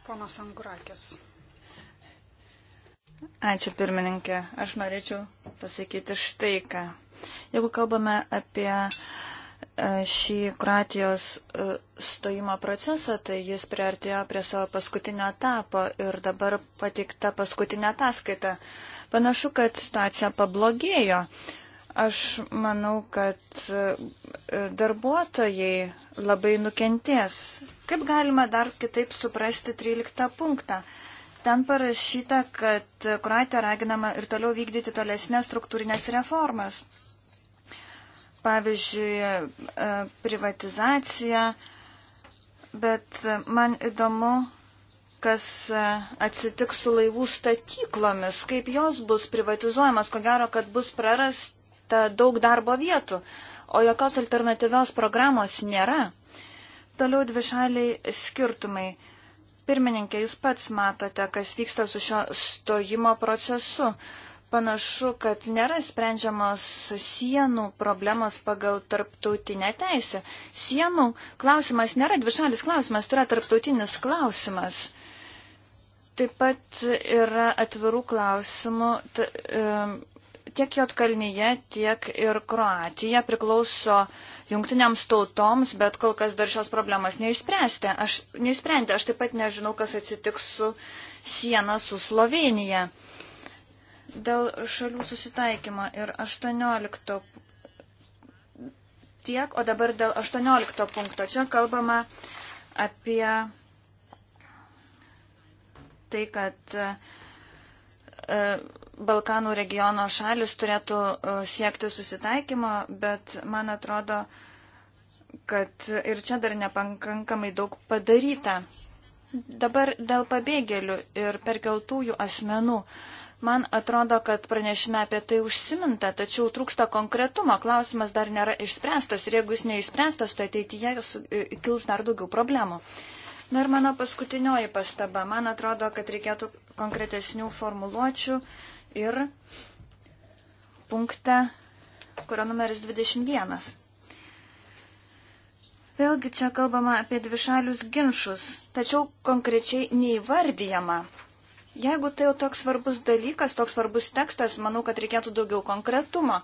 Ponas Angurakis. Ačiū pirmininkė. Aš norėčiau pasakyti štai ką. Jeigu kalbame apie uh, E, šį Kroatijos e, stojimo procesą, tai jis priartėjo prie savo paskutinio etapo ir dabar pateikta paskutinė ataskaita. Panašu, kad situacija pablogėjo. Aš manau, kad e, darbuotojai labai nukenties. Kaip galima dar kitaip suprasti 13 punktą? Ten parašyta, kad Kroatija raginama ir toliau vykdyti tolesnės struktūrinės reformas pavyzdžiui, e, privatizacija, bet man įdomu, kas e, atsitiks su laivų statyklomis, kaip jos bus privatizuojamas, ko gero, kad bus prarasta daug darbo vietų, o jokios alternatyvios programos nėra. Toliau dvišaliai skirtumai. Pirmininkė, jūs pats matote, kas vyksta su šio stojimo procesu. Uh, panašu, kad nėra sprendžiamos sienų problemos pagal tarptautinę teisę. Sienų klausimas nėra dvišalis klausimas, tai yra tarptautinis klausimas. Taip pat yra atvirų klausimų. T, e, tiek Jotkalnyje, tiek ir Kroatija priklauso jungtiniams tautoms, bet kol kas dar šios problemos neišspręsti. Aš, neišsprendė. Aš taip pat nežinau, kas atsitiks su siena su Slovenija. E, dėl šalių susitaikymo ir 18 tiek, o dabar dėl 18 punkto. Čia kalbama apie tai, kad e, Balkanų regiono šalis turėtų e, siekti susitaikymo, bet man atrodo, kad ir čia dar nepankankamai daug padaryta. Dabar dėl pabėgėlių ir perkeltųjų asmenų. Uh, Man atrodo, kad pranešime apie tai užsiminta, tačiau trūksta konkretumo, klausimas dar nėra išspręstas ir jeigu jis neišspręstas, tai ateityje e, kils dar daugiau problemų. Na ir mano paskutinioji pastaba. Man atrodo, kad reikėtų konkretesnių formuluočių ir punkte, kurio numeris 21. Vėlgi čia kalbama apie dvišalius ginčius, tačiau konkrečiai neįvardyjama, Jeigu tai jau toks svarbus dalykas, toks svarbus tekstas, manau, kad reikėtų daugiau konkretumo.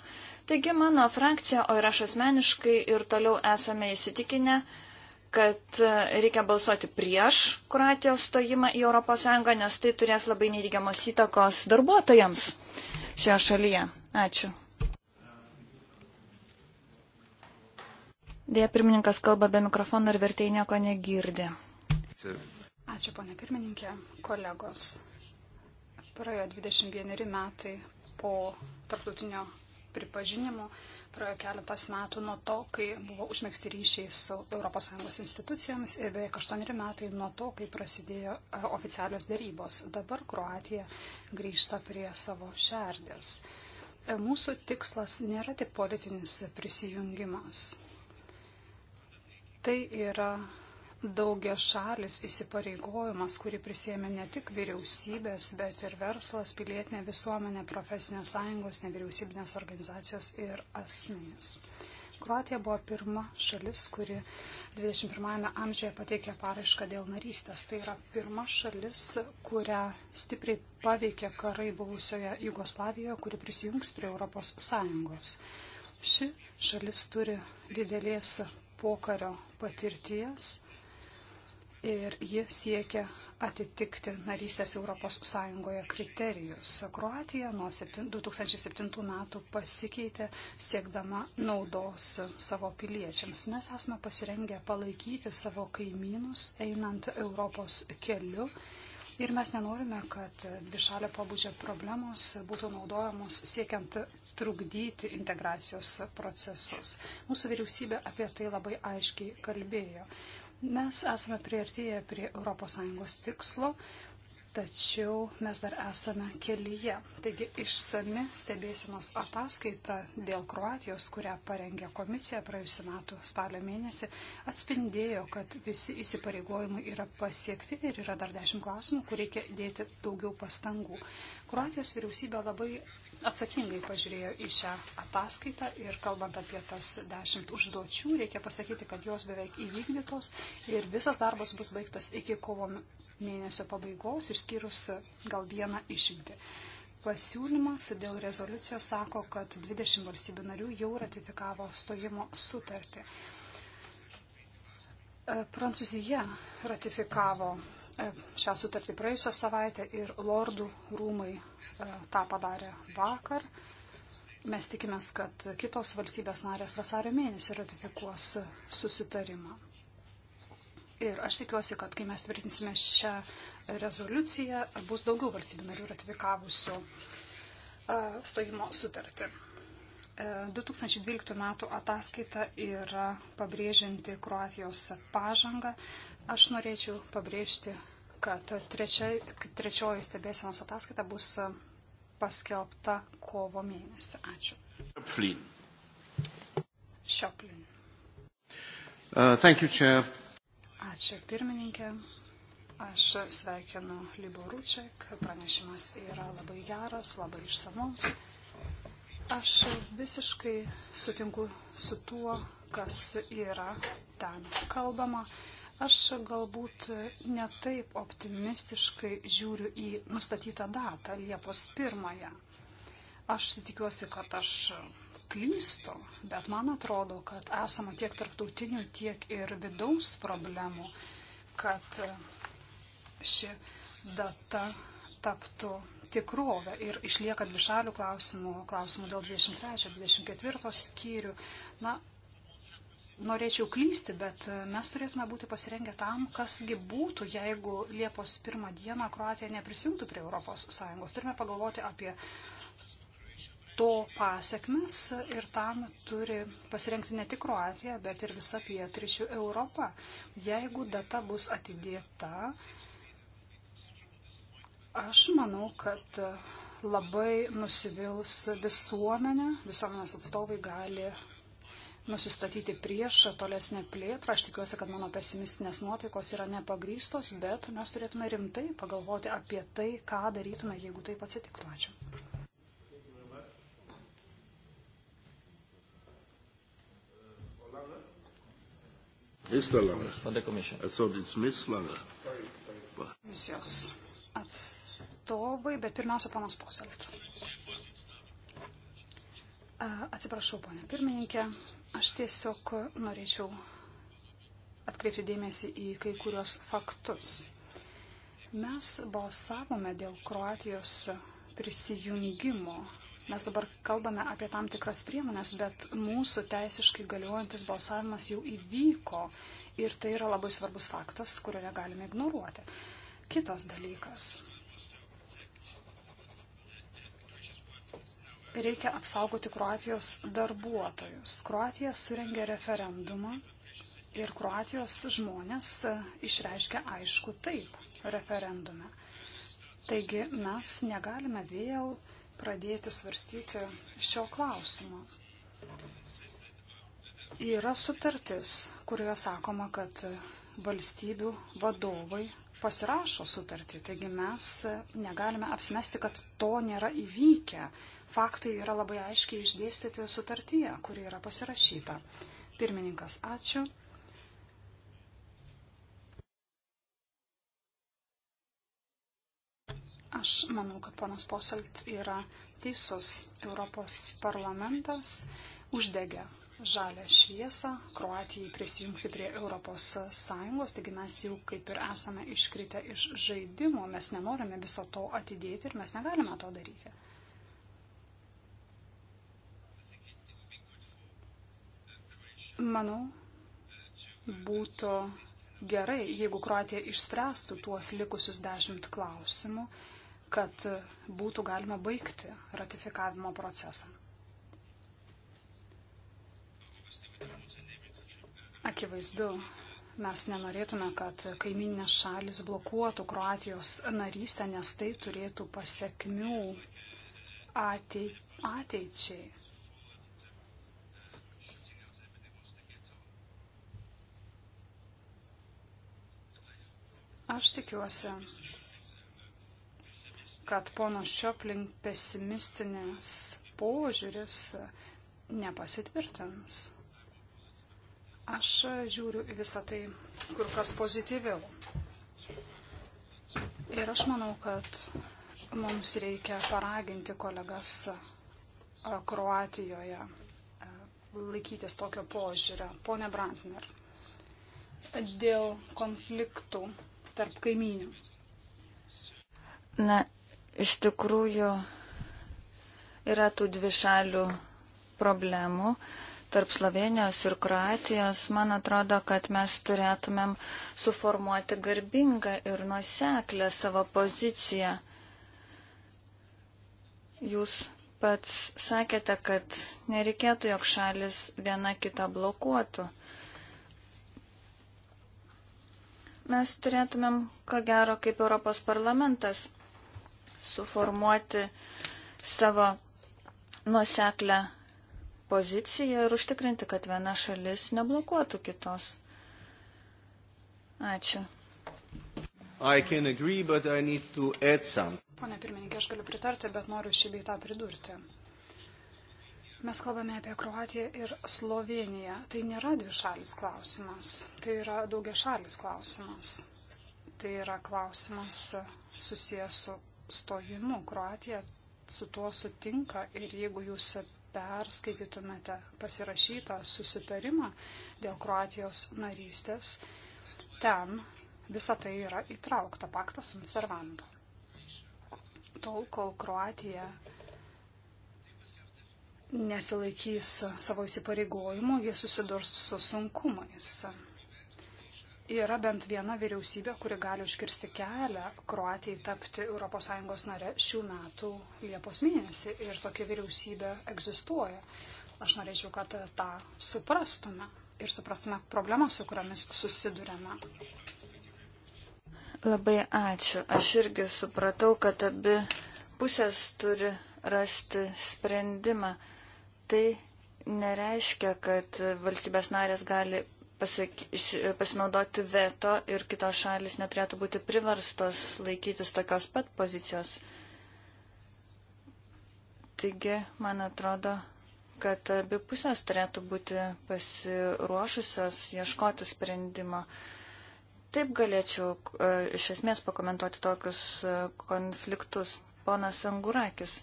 Taigi mano frakcija, o ir aš asmeniškai ir toliau esame įsitikinę, kad e, reikia balsuoti prieš Kroatijos stojimą į ES, nes tai turės labai neįgiamos įtakos darbuotojams šioje šalyje. Ačiū. Dėja, pirmininkas kalba be mikrofono ir vertėjai nieko negirdi. Ačiū, ponė pirmininkė, kolegos. Praėjo 21 metai po tarptautinio pripažinimo, praėjo keletas metų nuo to, kai buvo užmėgsti ryšiai su ES institucijomis ir beveik 8 metai nuo to, kai prasidėjo e, oficialios dėrybos. Dabar Kroatija grįžta prie savo šerdės. E, mūsų tikslas nėra tik politinis prisijungimas. Tai yra daugia šalis įsipareigojimas, kurį prisėmė ne tik vyriausybės, bet ir verslas, pilietinė visuomenė, profesinės sąjungos, nevyriausybinės organizacijos ir asmenys. Kroatija buvo pirma šalis, kuri 21-ame amžiuje pateikė paraišką dėl narystės. Tai yra pirma šalis, kurią stipriai paveikė karai buvusioje Jugoslavijoje, kuri prisijungs prie Europos Sąjungos. Ši šalis turi didelės pokario patirties ir ji siekia atitikti narystės ES kriterijus. Kroatija nuo 2007 metų pasikeitė siekdama naudos savo piliečiams. Mes esame pasirengę palaikyti savo kaimynus einant Europos keliu. Ir mes nenorime, kad dvišalio pabudžio problemos būtų naudojamos siekiant trukdyti integracijos procesus. Mūsų vyriausybė apie tai labai aiškiai kalbėjo. Mes esame prieartėję prie ES tikslo, tačiau mes dar esame kelyje. Taigi išsami stebėsinos ataskaita dėl Kroatijos, kurią parengė komisija praėjusiu metu spalio mėnesį, atspindėjo, kad visi įsipareigojimai yra pasiekti ir yra dar dešimt klausimų, kur reikia dėti daugiau pastangų. Kroatijos vyriausybė labai atsakingai pažiūrėjo į šią ataskaitą ir kalbant apie tas dešimt užduočių, reikia pasakyti, kad jos beveik įvykdytos ir visas darbas bus baigtas iki kovo mėnesio pabaigos, išskyrus gal vieną išimtį. Pasiūlymas dėl rezoliucijos sako, kad 20 valstybių narių jau ratifikavo stojimo sutartį. E, Prancūzija ratifikavo e, šią sutartį praėjusią savaitę ir lordų rūmai tą padarė vakar. Mes tikimės, kad kitos valstybės narės vasario mėnesį ratifikuos susitarimą. Ir aš tikiuosi, kad kai mes tvirtinsime šią rezoliuciją, bus daugiau valstybių narių ratifikavusių e, stojimo sutartį. 2012 e, metų ataskaita yra pabrėžinti Kroatijos pažangą. Aš norėčiau pabrėžti, kad trečia, trečioji stebėsenos ataskaita bus paskelbta kovo mėnesį. Ačiū. Šioplin. Šioplin. Uh, you, Chair. Ačiū pirmininkė. Aš sveikinu Liboručiak. Pranešimas yra labai geras, labai išsamus. Aš visiškai sutinku su tuo, kas yra ten kalbama. Uh, Aš galbūt netaip optimistiškai žiūriu į nustatytą datą, Liepos pirmąją. Aš tikiuosi, kad aš klystu, bet man atrodo, kad esama tiek tarptautinių, tiek ir vidaus problemų, kad ši data taptų tikrovę ir išlieka dvišalių klausimų, klausimų dėl 23-24 skyrių. Na, norėčiau klysti, bet e, mes turėtume būti pasirengę tam, kasgi būtų, jeigu Liepos pirmą dieną Kroatija neprisijungtų prie ES. Turime pagalvoti apie to pasiekmes ir tam turi pasirengti ne tik Kroatija, bet ir visa pietričių Europa. Jeigu data bus atidėta, aš manau, kad labai nusivils visuomenė, visuomenės atstovai gali nusistatyti prieš tolesnę plėtrą. Aš tikiuosi, kad mano pesimistinės nuotaikos yra nepagrystos, bet mes turėtume rimtai pagalvoti apie tai, ką darytume, jeigu taip atsitiktų. Ačiū. Mr. Lange. From the Commission. I thought it's Ms. Lange. Misijos atstovai, bet pirmiausia, panas Poselt. Atsiprašau, ponė pirmininkė, Aš tiesiog norėčiau atkreipti dėmesį į kai kurios faktus. Mes balsavome dėl Kroatijos prisijungimo. Mes dabar kalbame apie tam tikras priemonės, bet mūsų teisiškai galiuojantis balsavimas jau įvyko ir tai yra labai svarbus faktas, kurio negalime ignoruoti. Kitas dalykas. reikia apsaugoti Kroatijos darbuotojus. Kroatija surengė referendumą ir Kroatijos žmonės e, išreiškė aišku taip referendume. Taigi mes negalime vėl pradėti svarstyti šio klausimo. Yra sutartis, kurioje sakoma, kad valstybių vadovai pasirašo sutartį. Taigi mes negalime apsimesti, kad to nėra įvykę faktai yra labai aiškiai išdėstyti sutartyje, kuri yra pasirašyta. Pirmininkas, ačiū. Aš manau, kad ponas Poselt yra teisus. Europos parlamentas uždegė žalę šviesą Kroatijai prisijungti prie Europos Sąjungos, taigi mes jau kaip ir esame iškritę iš žaidimo, mes nenorime viso to atidėti ir mes negalime to daryti. Manau, būtų gerai, jeigu Kroatija išspręstų tuos likusius dešimt klausimų, kad būtų galima baigti ratifikavimo procesą. Akivaizdu, mes nenorėtume, kad kaiminės šalis blokuotų Kroatijos narystę, nes tai turėtų pasiekmių ateičiai. Aš tikiuosi, kad pono Šioplin pesimistinės požiūris nepasitvirtins. Aš žiūriu į visą tai kur kas pozityviau. Ir aš manau, kad mums reikia paraginti kolegas e, Kroatijoje e, laikytis tokio požiūrio. Pone Brantner, dėl konfliktų tarp kaimynių? Na, iš tikrųjų yra tų dvišalių problemų tarp Slovenijos ir Kroatijos, man atrodo, kad mes turėtumėm suformuoti garbingą ir nuoseklę savo poziciją. Jūs pats sakėte, kad nereikėtų, jog šalis viena kitą blokuotų. Mes turėtumėm, ko gero, kaip Europos parlamentas suformuoti savo nuseklę poziciją ir užtikrinti, kad viena šalis neblokuotų kitos. Ačiū. Agree, Pone pirmininkė, aš galiu pritarti, bet noriu šį beitą pridurti. Mes kalbame apie Kroatiją ir Sloveniją. Tai nėra dvišalis klausimas, tai yra daugia šalis klausimas. Tai yra klausimas susijęs su stojimu. Kroatija su tuo sutinka ir jeigu jūs perskaitytumėte pasirašytą susitarimą dėl Kroatijos narystės, ten visa tai yra įtraukta paktas un servanda. Tol, kol Kroatija nesilaikys savo įsipareigojimų, jie susidurs su sunkumais. Yra bent viena vyriausybė, kuri gali užkirsti kelią Kroatijai tapti ES nare šių metų Liepos mėnesį ir tokia vyriausybė egzistuoja. Aš norėčiau, kad tą suprastume ir suprastume problemas, su kuriamis susidurėme. Labai ačiū. Aš irgi supratau, kad abi pusės turi rasti sprendimą. Tai nereiškia, kad valstybės narės gali pasak... pasinaudoti veto ir kitos šalis neturėtų būti priverstos laikytis tokios pat pozicijos. Taigi, man atrodo, kad abi pusės turėtų būti pasiruošusios ieškoti sprendimo. Taip galėčiau e, iš esmės pakomentuoti tokius e, konfliktus. Ponas Angurakis.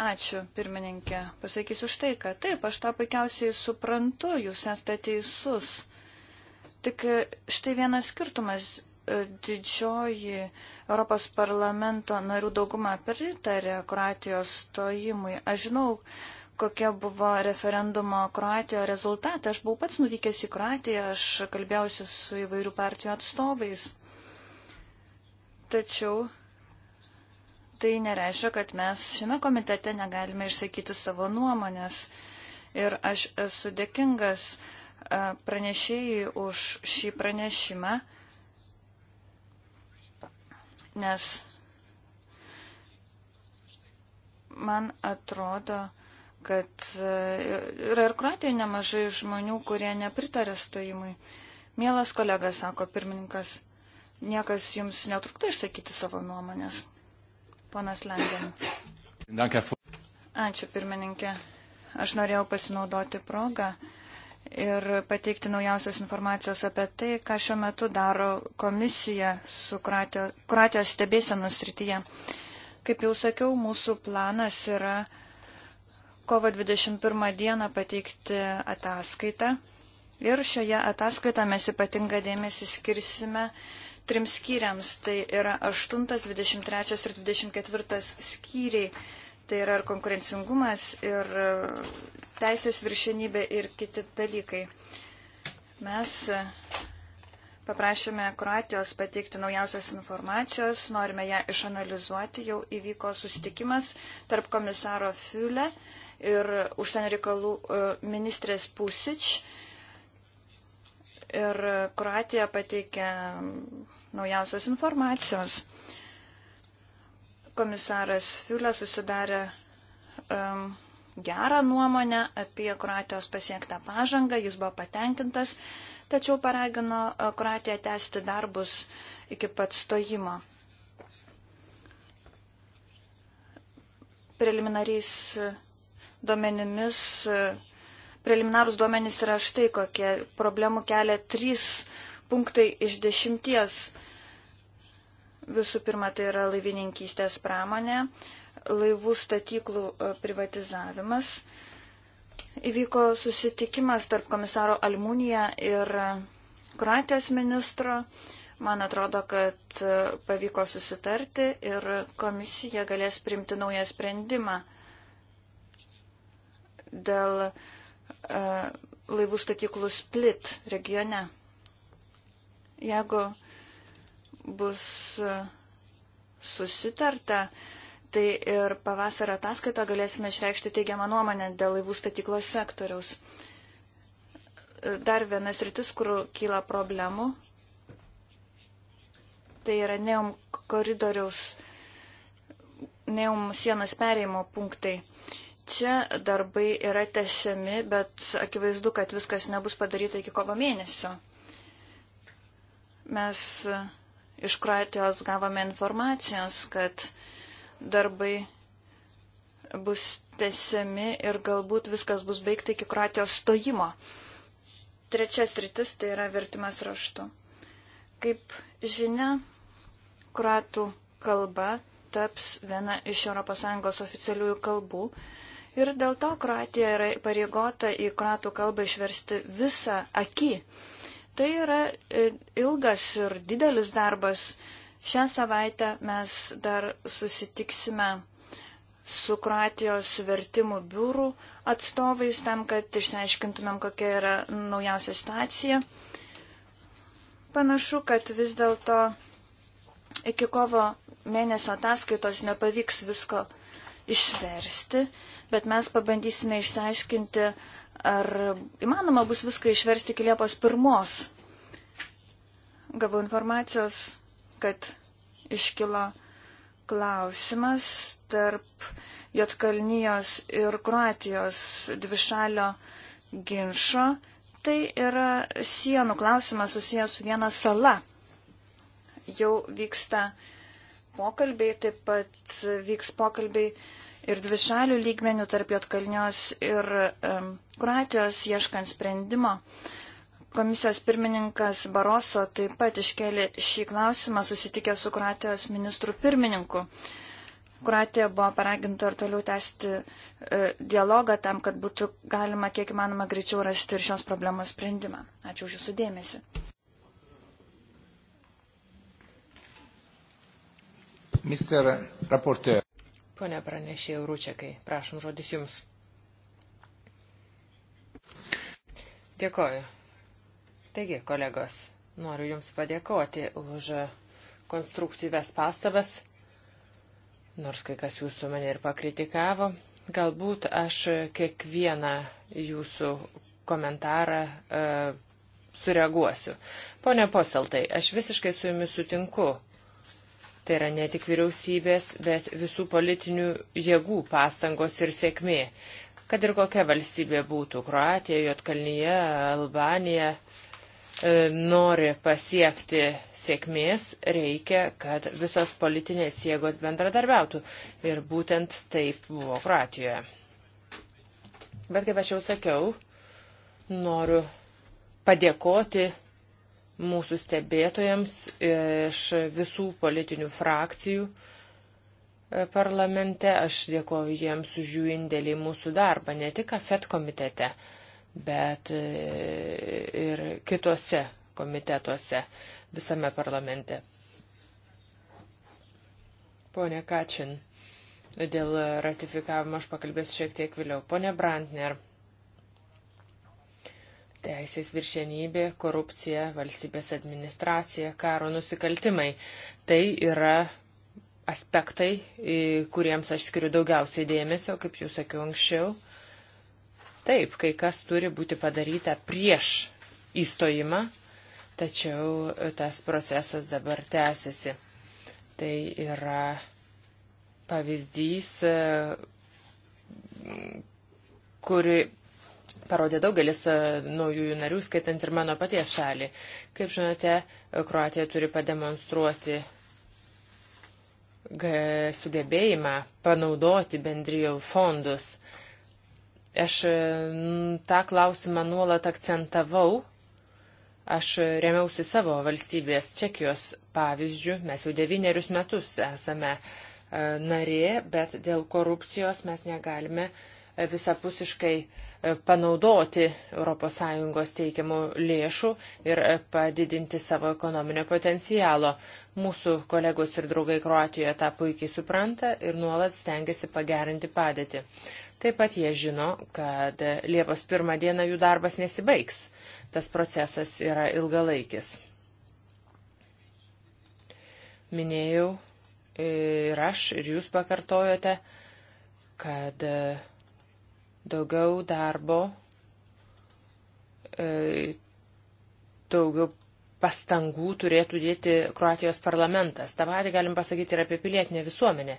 Ačiū, pirmininkė. Pasakysiu štai, kad taip, aš tą puikiausiai suprantu, jūs esate teisus. Tik e, štai vienas skirtumas. E, didžioji Europos parlamento narių dauguma pritarė Kroatijos stojimui. Aš žinau, kokia buvo referendumo Kroatijoje rezultatai. Aš buvau pats nuvykęs į Kroatiją, aš kalbėjausi su įvairių partijų atstovais. Tačiau tai nereiškia, kad mes šiame komitete negalime išsakyti savo nuomonės. Ir aš esu dėkingas pranešėjai už šį pranešimą, nes man atrodo, kad yra ir Kroatijoje nemažai žmonių, kurie nepritarė stojimui. Mielas kolega, sako pirmininkas, niekas jums netrukta išsakyti savo nuomonės. Ponas Langen. Ačiū, pirmininkė. Aš norėjau pasinaudoti progą ir pateikti naujausios informacijos apie tai, ką šiuo metu daro komisija su Kroatijos stebėsenos srityje. Kaip jau sakiau, mūsų planas yra kovo 21 dieną pateikti ataskaitą. Ir šioje ataskaitoje mes ypatingą dėmesį skirsime uh, trims skyriams. Tai yra 8, 23 ir 24 skyriai. Tai yra ir konkurencingumas, ir e, teisės viršenybė ir kiti dalykai. Mes e, paprašėme Kroatijos pateikti naujausios informacijos, norime ją išanalizuoti, jau įvyko susitikimas tarp komisaro Fiule ir užsienio reikalų e, ministrės Pusič. Ir Kroatija pateikė naujausios informacijos. Komisaras Fiulė susidarė um, gerą nuomonę apie Kroatijos pasiektą pažangą, jis buvo patenkintas, tačiau paragino e, Kroatiją tęsti darbus iki pat stojimo. Preliminariais duomenimis e, preliminarus duomenys yra štai kokie. Problemų kelia trys punktai iš dešimties. Visų pirma, tai yra laivininkystės pramonė, laivų statyklų e, privatizavimas. Įvyko susitikimas tarp komisaro Almunija ir e, Kroatijos ministro. Man atrodo, kad e, pavyko susitarti ir komisija galės primti naują sprendimą dėl uh, laivų statyklų split regione. Jeigu bus e, susitarta, tai ir pavasario ataskaitą galėsime išreikšti teigiamą nuomonę dėl laivų statyklos sektoriaus. E, dar vienas rytis, kur kyla problemų, tai yra neum koridoriaus, neum sienos perėjimo punktai. Čia darbai yra tesiami, bet akivaizdu, kad viskas nebus padaryta iki kovo mėnesio. Mes e, iš Kroatijos gavome informacijos, kad darbai bus tesiami ir galbūt viskas bus baigta iki Kroatijos stojimo. Trečias rytis tai yra vertimas raštu. Kaip žinia, kroatų kalba taps viena iš ES oficialiųjų kalbų ir dėl to Kroatija yra pareigota į kroatų kalbą išversti visą akį. Tai yra e, ilgas ir didelis darbas. Šią savaitę mes dar susitiksime su Kroatijos vertimų biurų atstovais tam, kad išsiaiškintumėm, kokia yra naujausia situacija. Panašu, kad vis dėlto iki kovo mėnesio ataskaitos nepavyks visko išversti, bet mes pabandysime išsiaiškinti, Ar įmanoma bus viską išversti iki Liepos pirmos? Gavau informacijos, kad iškilo klausimas tarp Jotkalnyjos ir Kroatijos dvišalio ginšo. Tai yra sienų klausimas susijęs su viena sala. Jau vyksta pokalbiai, taip pat vyks pokalbiai ir dvišalių lygmenių tarp Jotkalnios ir um, Kroatijos ieškant sprendimo. Komisijos pirmininkas Baroso taip pat iškėlė šį klausimą susitikę su Kroatijos ministrų pirmininku. Kroatija buvo paraginta ir toliau tęsti e, dialogą tam, kad būtų galima kiek įmanoma greičiau rasti ir šios problemos sprendimą. Ačiū už Jūsų dėmesį. Mr. Raportė. Pone pranešė Rūčiakai, prašom žodis Jums. Dėkoju. Taigi, kolegos, noriu Jums padėkoti už konstruktyves pastabas, nors kai kas Jūsų mane ir pakritikavo. Galbūt aš kiekvieną Jūsų komentarą e, sureaguosiu. Pone Poseltai, aš visiškai su Jumis sutinku. Tai yra ne tik vyriausybės, bet visų politinių jėgų pastangos ir sėkmė. Kad ir kokia valstybė būtų - Kroatija, Jotkalnyje, Albanija e, nori pasiekti sėkmės, reikia, kad visos politinės jėgos bendradarbiautų. Ir būtent taip buvo Kroatijoje. Bet kaip aš jau sakiau, noriu padėkoti mūsų stebėtojams iš visų politinių frakcijų e, parlamente. Aš dėkoju jiems už jų indėlį į mūsų darbą, ne tik AFET komitete, bet e, ir kitose komitetuose visame parlamente. Pone Kačin, dėl ratifikavimo aš pakalbėsiu šiek tiek vėliau. Pone Brantner teisės viršenybė, korupcija, valstybės administracija, karo nusikaltimai. Tai yra aspektai, kuriems aš skiriu daugiausiai dėmesio, kaip jau sakiau anksčiau. Taip, kai kas turi būti padaryta prieš įstojimą, tačiau tas procesas dabar tęsiasi. Tai yra pavyzdys, kuri parodė daugelis e, naujųjų narių, skaitant ir mano paties šalį. Kaip žinote, Kroatija turi pademonstruoti sugebėjimą panaudoti bendrijų fondus. Aš e, tą klausimą nuolat akcentavau. Aš remiausi savo valstybės Čekijos pavyzdžių. Mes jau devynerius metus esame e, narė, bet dėl korupcijos mes negalime visapusiškai uh, panaudoti ES teikiamų lėšų ir padidinti savo ekonominio potencialo. Mūsų kolegos ir draugai Kroatijoje tą puikiai supranta ir nuolat stengiasi pagerinti padėtį. Taip pat jie žino, kad Liepos pirmą dieną jų darbas nesibaigs. Tas procesas yra ilgalaikis. Minėjau ir aš, ir jūs pakartojote, kad uh, daugiau darbo, e, daugiau pastangų turėtų dėti Kroatijos parlamentas. Ta patį galim pasakyti ir apie pilietinę visuomenę.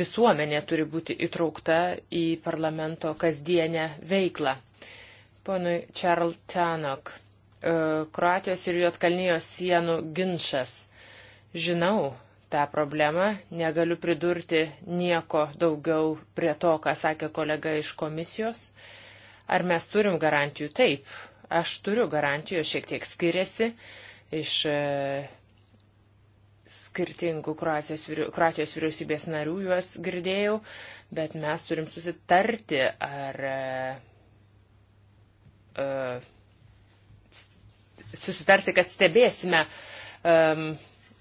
Visuomenė turi būti įtraukta į parlamento kasdienę veiklą. Ponui Charles Tanok, e, Kroatijos ir Jotkalnijos sienų ginčas. Žinau, tą problemą. Negaliu pridurti nieko daugiau prie to, ką sakė kolega iš komisijos. Ar mes turim garantijų? Taip, aš turiu garantijų, šiek tiek skiriasi iš e, skirtingų Kroatijos, Kroatijos vyriausybės narių juos girdėjau, bet mes turim susitarti, ar uh, susitarti, kad stebėsime um,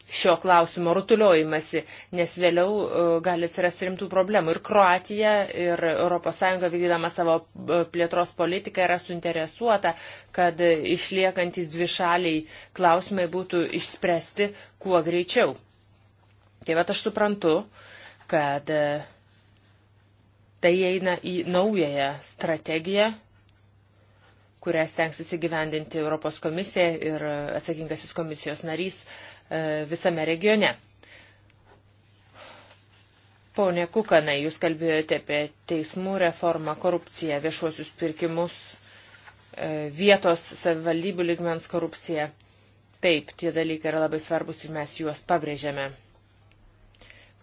šio klausimo rutuliojimasi, nes vėliau e, gali atsirasti rimtų problemų. Ir Kroatija, ir ES vykdydama savo e, plėtros politiką yra suinteresuota, kad išliekantis dvišaliai klausimai būtų išspręsti kuo greičiau. Tai va, aš suprantu, kad e, tai eina į naująją strategiją kurią stengsis įgyvendinti Europos komisija ir atsakingasis komisijos narys uh, E, visame regione. Pone Kukanai, jūs kalbėjote apie teismų reformą, korupciją, viešuosius pirkimus, e, vietos savivaldybių ligmens korupciją. Taip, tie dalykai yra labai svarbus ir mes juos pabrėžiame.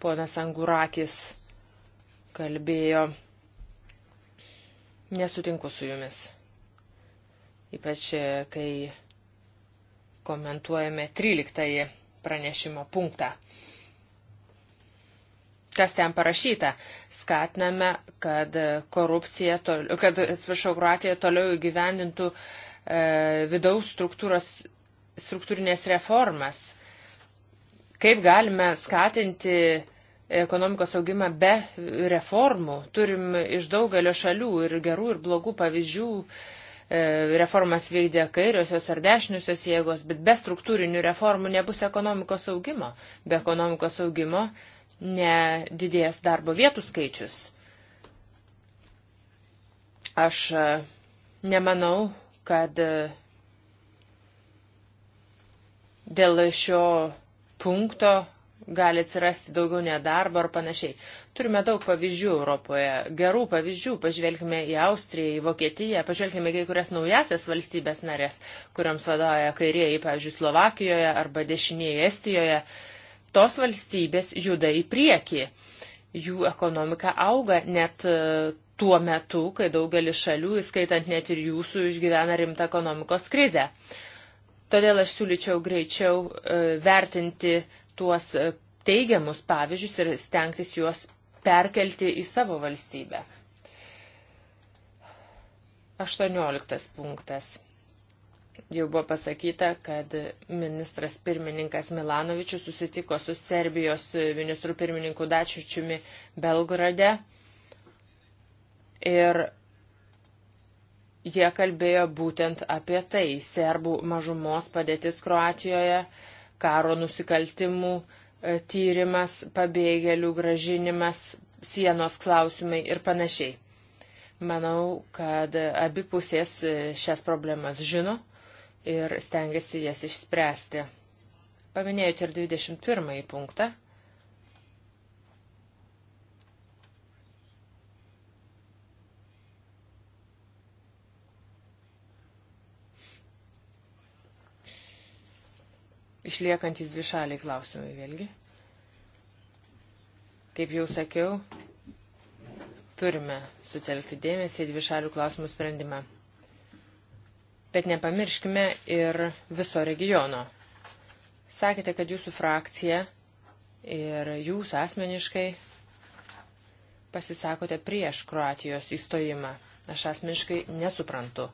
Ponas Angurakis kalbėjo. Nesutinku su jumis. Ypač, e, kai komentuojame 13 pranešimo punktą. Kas ten parašyta? Skatiname, kad korupcija, toliau, kad, atsiprašau, Kroatija toliau įgyvendintų e, vidaus struktūros, struktūrinės reformas. Kaip galime skatinti ekonomikos augimą be reformų? Turim iš daugelio šalių ir gerų ir blogų pavyzdžių. E, E, reformas vykdė kairiosios ar dešiniosios jėgos, bet be struktūrinių reformų nebus ekonomikos augimo. Be ekonomikos augimo nedidės darbo vietų skaičius. Aš e, nemanau, kad e, dėl šio punkto gali atsirasti daugiau nedarbo ar panašiai. Turime daug pavyzdžių Europoje, gerų pavyzdžių. Pažvelkime į Austriją, į Vokietiją, pažvelkime į kai kurias naujasias valstybės narės, kuriams vadovauja kairieji, pavyzdžiui, Slovakijoje arba dešinieji Estijoje. Tos valstybės juda į priekį. Jų ekonomika auga net e, tuo metu, kai daugelis šalių, įskaitant net ir jūsų, išgyvena rimtą ekonomikos krizę. Todėl aš siūlyčiau greičiau e, vertinti tuos e, teigiamus pavyzdžius ir stengtis juos perkelti į savo valstybę. 18 punktas. Jau buvo pasakyta, kad ministras pirmininkas Milanovičius susitiko su Serbijos ministru pirmininku Dačiučiumi Belgrade ir jie kalbėjo būtent apie tai - serbų mažumos padėtis Kroatijoje karo nusikaltimų e, tyrimas, pabėgėlių gražinimas, sienos klausimai ir panašiai. Manau, kad abi pusės e, šias problemas žino ir stengiasi jas išspręsti. Paminėjote ir 21 punktą. Išliekantys dvišaliai klausimai vėlgi. Kaip jau sakiau, turime sutelkti dėmesį į dvišalių klausimų sprendimą. Bet nepamirškime ir viso regiono. Sakėte, kad jūsų frakcija ir jūs asmeniškai pasisakote prieš Kroatijos įstojimą. Aš asmeniškai nesuprantu,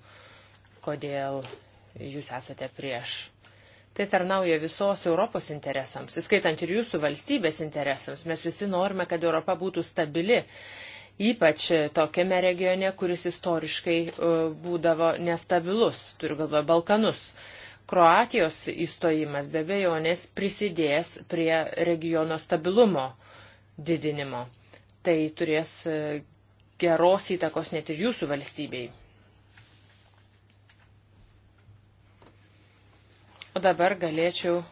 kodėl jūs esate prieš Tai tarnauja visos Europos interesams, įskaitant ir jūsų valstybės interesams. Mes visi norime, kad Europa būtų stabili, ypač tokiame regione, kuris istoriškai e, būdavo nestabilus, turiu galvoje Balkanus. Kroatijos įstojimas be bejonės prisidės prie regiono stabilumo didinimo. Tai turės e, geros įtakos net ir jūsų valstybei. O dabar galėčiau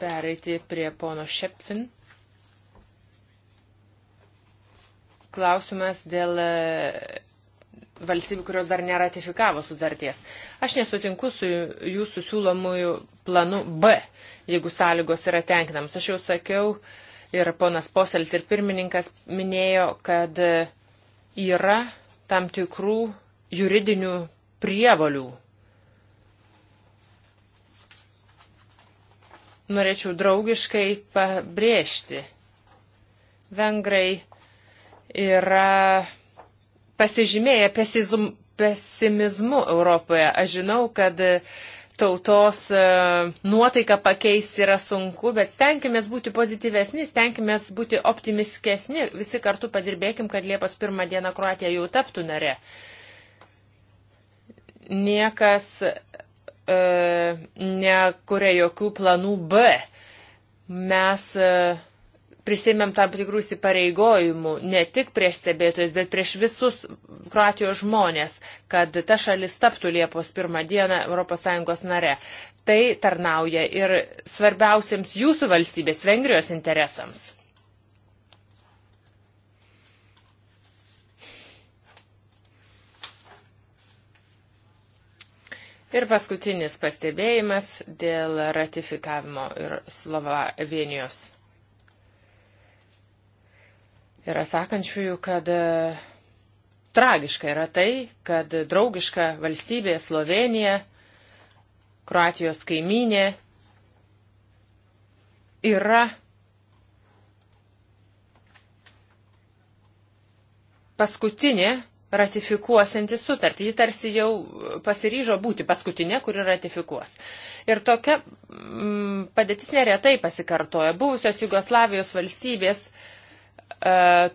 pereiti prie pono Šepfin. Klausimas dėl e, valstybių, kurios dar neratifikavo sutarties. Aš nesutinku su jūsų siūlomųjų planu B, jeigu sąlygos yra tenkinamos. Aš jau sakiau ir ponas Poselt ir pirmininkas minėjo, kad yra tam tikrų juridinių prievalių norėčiau draugiškai pabrėžti. Vengrai yra pasižymėję pesimizmu Europoje. Aš žinau, kad tautos e, nuotaiką pakeisti yra sunku, bet stenkime būti pozityvesni, stenkime būti optimiskesni. Visi kartu padirbėkim, kad Liepos pirmą dieną Kroatija jau taptų nare. Niekas E, nekuria jokių planų B. Mes e, prisėmėm tam tikrų įsipareigojimų ne tik prieš stebėtojus, bet prieš visus Kroatijos žmonės, kad ta šalis taptų Liepos pirmą dieną ES nare. Tai tarnauja ir svarbiausiams jūsų valstybės Vengrijos interesams. Ir paskutinis pastebėjimas dėl ratifikavimo ir Slovenijos. Yra sakančiųjų, kad e, tragiška yra tai, kad draugiška valstybė Slovenija, Kroatijos kaiminė, yra paskutinė ratifikuosianti sutartį. Ji tarsi jau pasiryžo būti paskutinė, kuri ratifikuos. Ir tokia mm, padėtis neretai pasikartoja. Buvusios Jugoslavijos valstybės e,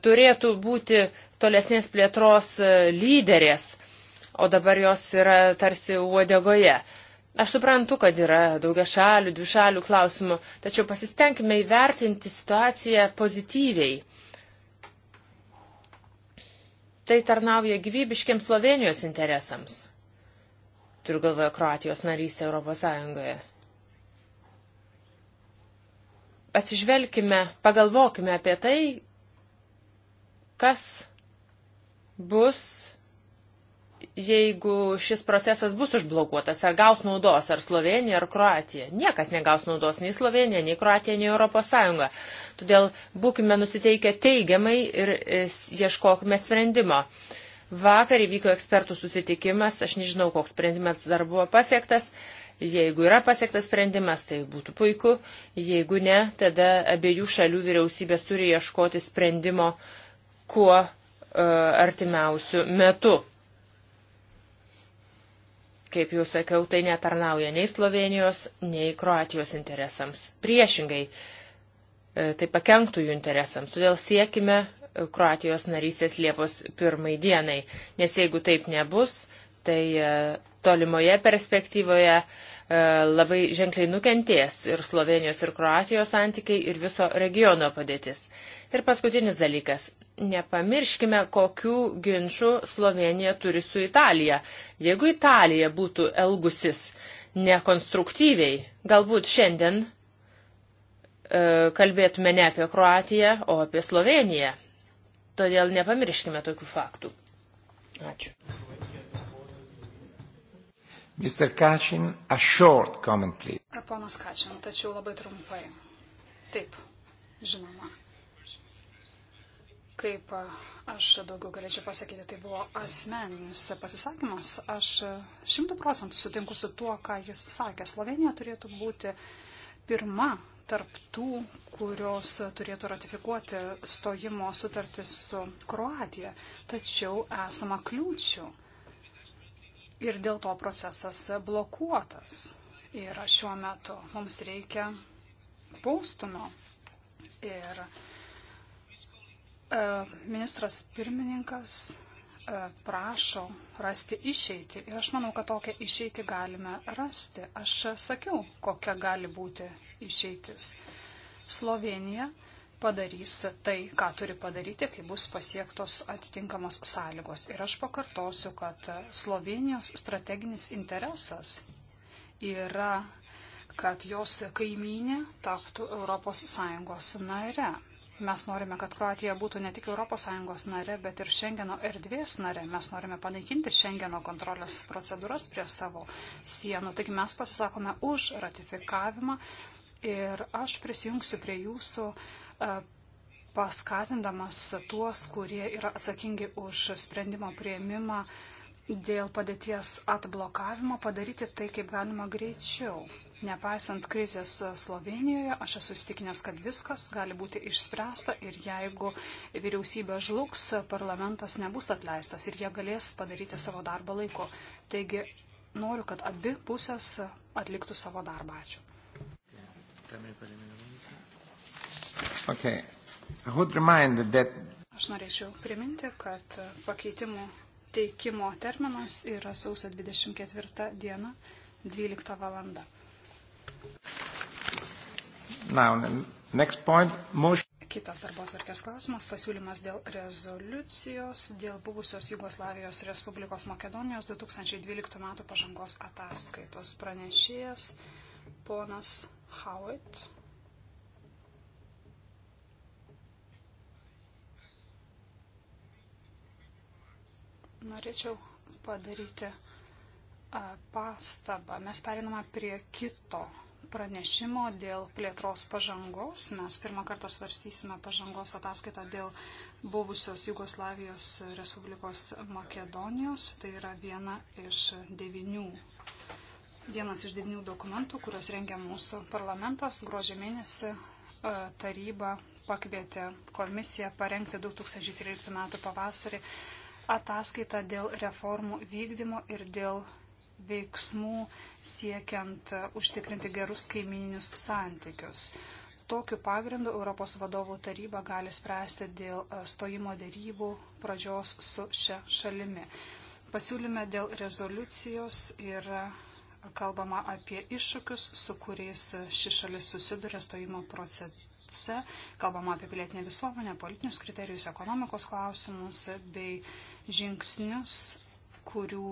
turėtų būti tolesnės plėtros e, lyderės, o dabar jos yra tarsi uodegoje. Aš suprantu, kad yra daugia šalių, dvi šalių klausimų, tačiau pasistengime įvertinti situaciją pozityviai Tai tarnauja gyvybiškiams Slovenijos interesams. Turiu galvoje Kroatijos narystę Europos Sąjungoje. Atsižvelkime, pagalvokime apie tai, kas bus jeigu šis procesas bus užblokuotas, ar gaus naudos, ar Slovenija, ar Kroatija. Niekas negaus naudos, nei Slovenija, nei Kroatija, nei Europos Sąjunga. Todėl būkime nusiteikę teigiamai ir e, ieškokime sprendimo. Vakar įvyko ekspertų susitikimas, aš nežinau, koks sprendimas dar buvo pasiektas. Jeigu yra pasiektas sprendimas, tai būtų puiku. Jeigu ne, tada abiejų šalių vyriausybės turi ieškoti sprendimo kuo uh, e, artimiausių metų. Kaip jau sakiau, tai netarnauja nei Slovenijos, nei Kroatijos interesams. Priešingai, e, tai pakenktų jų interesams. Todėl siekime e, Kroatijos narystės Liepos pirmai dienai, nes jeigu taip nebus, tai e, tolimoje perspektyvoje labai ženkliai nukentės ir Slovenijos ir Kroatijos santykiai ir viso regiono padėtis. Ir paskutinis dalykas nepamirškime, kokių ginčių Slovenija turi su Italija. Jeigu Italija būtų elgusis nekonstruktyviai, galbūt šiandien e, kalbėtume ne apie Kroatiją, o apie Sloveniją. Todėl nepamirškime tokių faktų. Ačiū. Mr. Kačin, a short comment, please. Ponas Kačin, tačiau labai trumpai. Taip, žinoma. Kaip aš daugiau galėčiau pasakyti, tai buvo asmeninis pasisakymas. Aš šimtų procentų sutinku su tuo, ką jis sakė. Slovenija turėtų būti pirma tarptų, kurios turėtų ratifikuoti stojimo sutartį su Kroatija. Tačiau esama kliūčių. Ir dėl to procesas blokuotas yra šiuo metu. Mums reikia postumio. Ir E, ministras pirmininkas e, prašo rasti išeitį ir aš manau, kad tokią išeitį galime rasti. Aš sakiau, kokia gali būti išeitis. Slovenija padarys tai, ką turi padaryti, kai bus pasiektos atitinkamos sąlygos. Ir aš pakartosiu, kad Slovenijos strateginis interesas yra, kad jos kaimynė taptų ES nare. Mes norime, kad Kroatija būtų ne tik ES nare, bet ir Šengeno erdvės nare. Mes norime panaikinti Šengeno kontrolės procedūras prie savo sienų. Taigi mes pasisakome už ratifikavimą ir aš prisijungsiu prie jūsų e, paskatindamas tuos, kurie yra atsakingi už sprendimo prieimimą dėl padėties atblokavimo, padaryti tai kaip galima greičiau. Nepaisant krizės Slovenijoje, aš esu įstikinęs, kad viskas gali būti išspręsta ir jeigu vyriausybė žlugs, parlamentas nebus atleistas ir jie galės padaryti savo darbą laiku. Taigi noriu, kad abi pusės atliktų savo darbą. Ačiū. Okay. Aš norėčiau priminti, kad pakeitimų teikimo terminas yra sausio 24 diena 12 valanda. Now, next point, motion. Kitas darbo atvarkės klausimas - pasiūlymas dėl rezoliucijos dėl buvusios Jugoslavijos Respublikos Makedonijos 2012 m. pažangos ataskaitos pranešėjas ponas Howitt. Norėčiau padaryti pastabą. Mes periname prie kito pranešimo dėl plėtros pažangos. Mes pirmą kartą svarstysime pažangos ataskaitą dėl buvusios Jugoslavijos Respublikos Makedonijos. Tai yra viena iš devinių. Vienas iš devinių dokumentų, kuriuos rengia mūsų parlamentas. Gruožė mėnesį e, taryba pakvietė komisiją parengti 2013 m. pavasarį ataskaitą dėl reformų vykdymo ir dėl veiksmų siekiant užtikrinti gerus kaimininius santykius. Tokiu pagrindu Europos vadovų taryba gali spręsti dėl e, stojimo dėrybų pradžios su šia šalimi. Pasiūlyme dėl rezoliucijos yra kalbama apie iššūkius, su kuriais ši šalis susiduria stojimo procese. Kalbama apie pilietinę visuomenę, politinius kriterijus, ekonomikos klausimus bei žingsnius kurių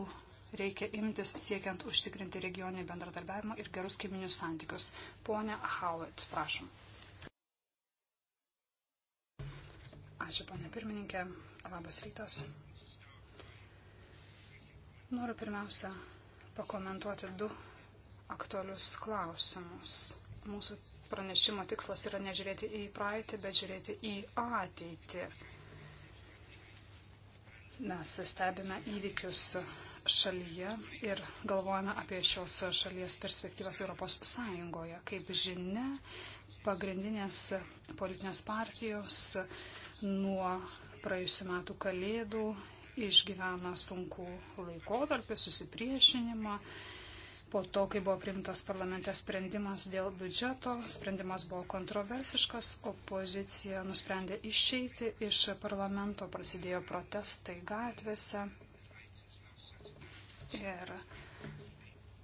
reikia imtis siekiant užtikrinti regioninį bendradarbiavimą ir gerus kaiminius santykius. Pone Howlett, prašom. Ačiū, ponė pirmininkė. Labas rytas. Noriu pirmiausia pakomentuoti du aktualius klausimus. Mūsų pranešimo tikslas yra nežiūrėti į praeitį, bet žiūrėti į ateitį. Mes stebime įvykius šalyje ir galvojame apie šios šalies perspektyvas Europos Sąjungoje. Kaip žinia, pagrindinės politinės partijos nuo praėjusiu metų kalėdų išgyvena sunku laikotarpį, susipriešinimą. Po to, kai buvo primtas parlamente sprendimas dėl biudžeto, sprendimas buvo kontroversiškas, opozicija nusprendė išeiti iš parlamento, prasidėjo protestai gatvėse ir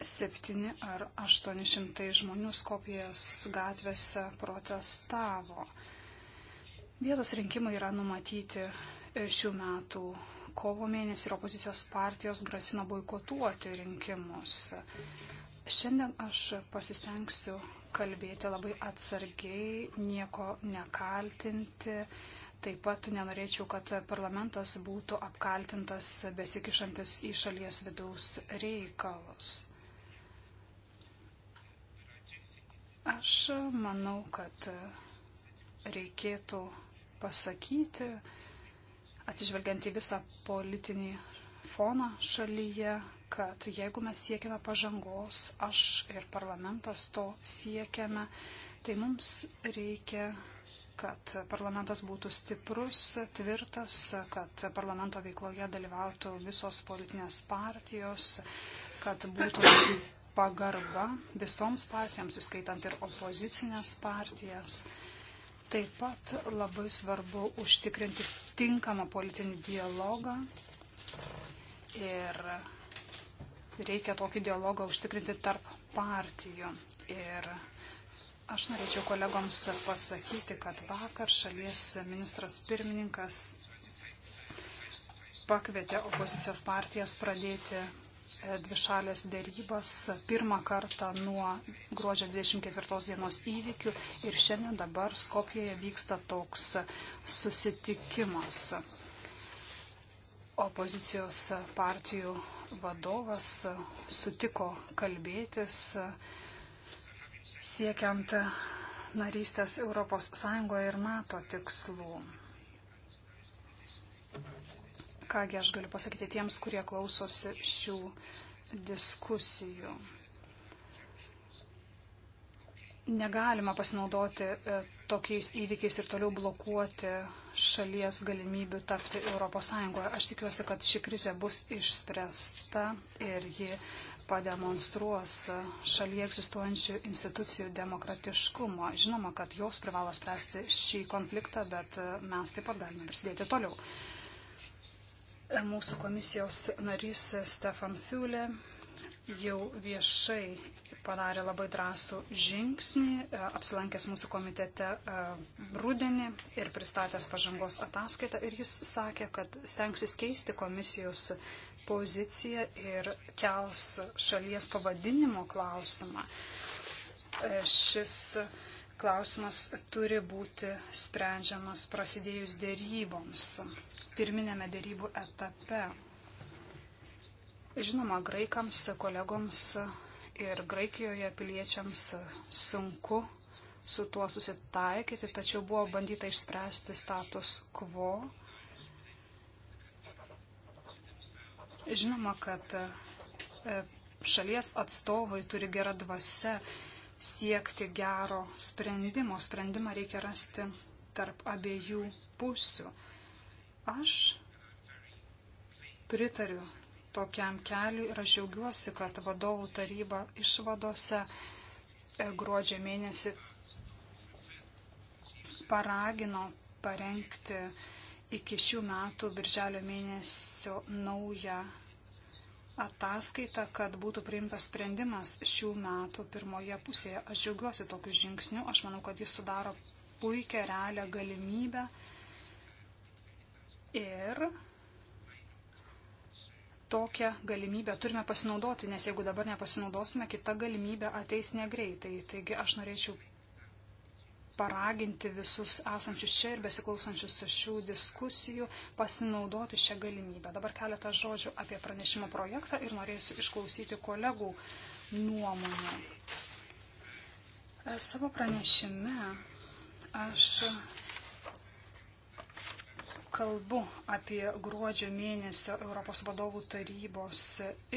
7 ar 800 žmonių Skopijos gatvėse protestavo. Vietos rinkimai yra numatyti e, šių metų kovo mėnesį ir opozicijos partijos grasina boikotuoti rinkimus. Šiandien aš pasistengsiu kalbėti labai atsargiai, nieko nekaltinti Taip pat nenorėčiau, kad parlamentas būtų apkaltintas besikišantis į šalies vidaus reikalus. Aš manau, kad reikėtų pasakyti, atsižvelgiant į visą politinį foną šalyje, kad jeigu mes siekiame pažangos, aš ir parlamentas to siekiame, tai mums reikia kad parlamentas būtų stiprus, tvirtas, kad parlamento veikloje dalyvautų visos politinės partijos, kad būtų pagarba visoms partijoms, įskaitant ir opozicinės partijas. Taip pat labai svarbu užtikrinti tinkamą politinį dialogą ir reikia tokį dialogą užtikrinti tarp partijų. Ir Aš norėčiau kolegoms pasakyti, kad vakar šalies ministras pirmininkas pakvietė opozicijos partijas pradėti e, dvišalės dėrybas pirmą kartą nuo gruodžio 24 dienos įvykių ir šiandien dabar Skopijoje vyksta toks susitikimas. Opozicijos partijų vadovas sutiko kalbėtis siekiant narystės Europos Sąjungoje ir NATO tikslų. Kągi aš galiu pasakyti tiems, kurie klausosi šių diskusijų. Negalima pasinaudoti e, tokiais įvykiais ir toliau blokuoti šalies galimybių tapti ES. Aš tikiuosi, kad ši krizė bus išspręsta ir ji pademonstruos šalyje egzistuojančių institucijų demokratiškumo. Žinoma, kad jos privalo spręsti šį konfliktą, bet mes taip pat galime prisidėti toliau. Mūsų komisijos narys Stefan Fiulė jau viešai padarė labai drąsų žingsnį, apsilankęs mūsų komitete e, rudenį ir pristatęs pažangos ataskaitą. Ir jis sakė, kad stengsis keisti komisijos poziciją ir kels šalies pavadinimo klausimą. E, šis klausimas turi būti sprendžiamas prasidėjus dėryboms, pirminėme dėrybų etape. Žinoma, graikams, kolegoms ir Graikijoje piliečiams sunku su tuo susitaikyti, tačiau buvo bandyta išspręsti status quo Žinoma, kad e, šalies atstovai turi gerą dvasę siekti gero sprendimo. Sprendimą reikia rasti tarp abiejų pusių. Aš pritariu tokiam keliu ir aš džiaugiuosi, kad vadovų taryba išvadose e, gruodžio mėnesį paragino parengti uh, iki šių metų birželio mėnesio naują ataskaitą, kad būtų priimtas sprendimas šių metų pirmoje pusėje. Aš džiaugiuosi tokiu žingsniu, aš manau, kad jis sudaro puikią realią galimybę ir tokią galimybę turime pasinaudoti, nes jeigu dabar nepasinaudosime, kita galimybė ateis negreitai. Taigi aš norėčiau paraginti visus esančius čia ir besiklausančius šių diskusijų pasinaudoti šią galimybę. Dabar keletą žodžių apie pranešimo projektą ir norėsiu išklausyti kolegų nuomonę. E, savo pranešime aš kalbu apie gruodžio mėnesio Europos vadovų tarybos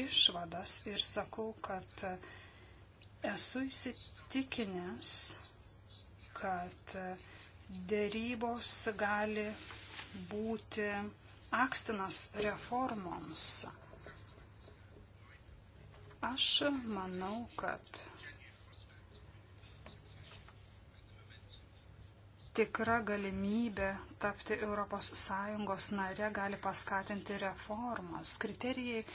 išvadas ir sakau, kad esu įsitikinęs, kad dėrybos gali būti akstinas reformoms. Aš manau, kad tikra galimybė tapti ES nare gali paskatinti reformas. Kriterijai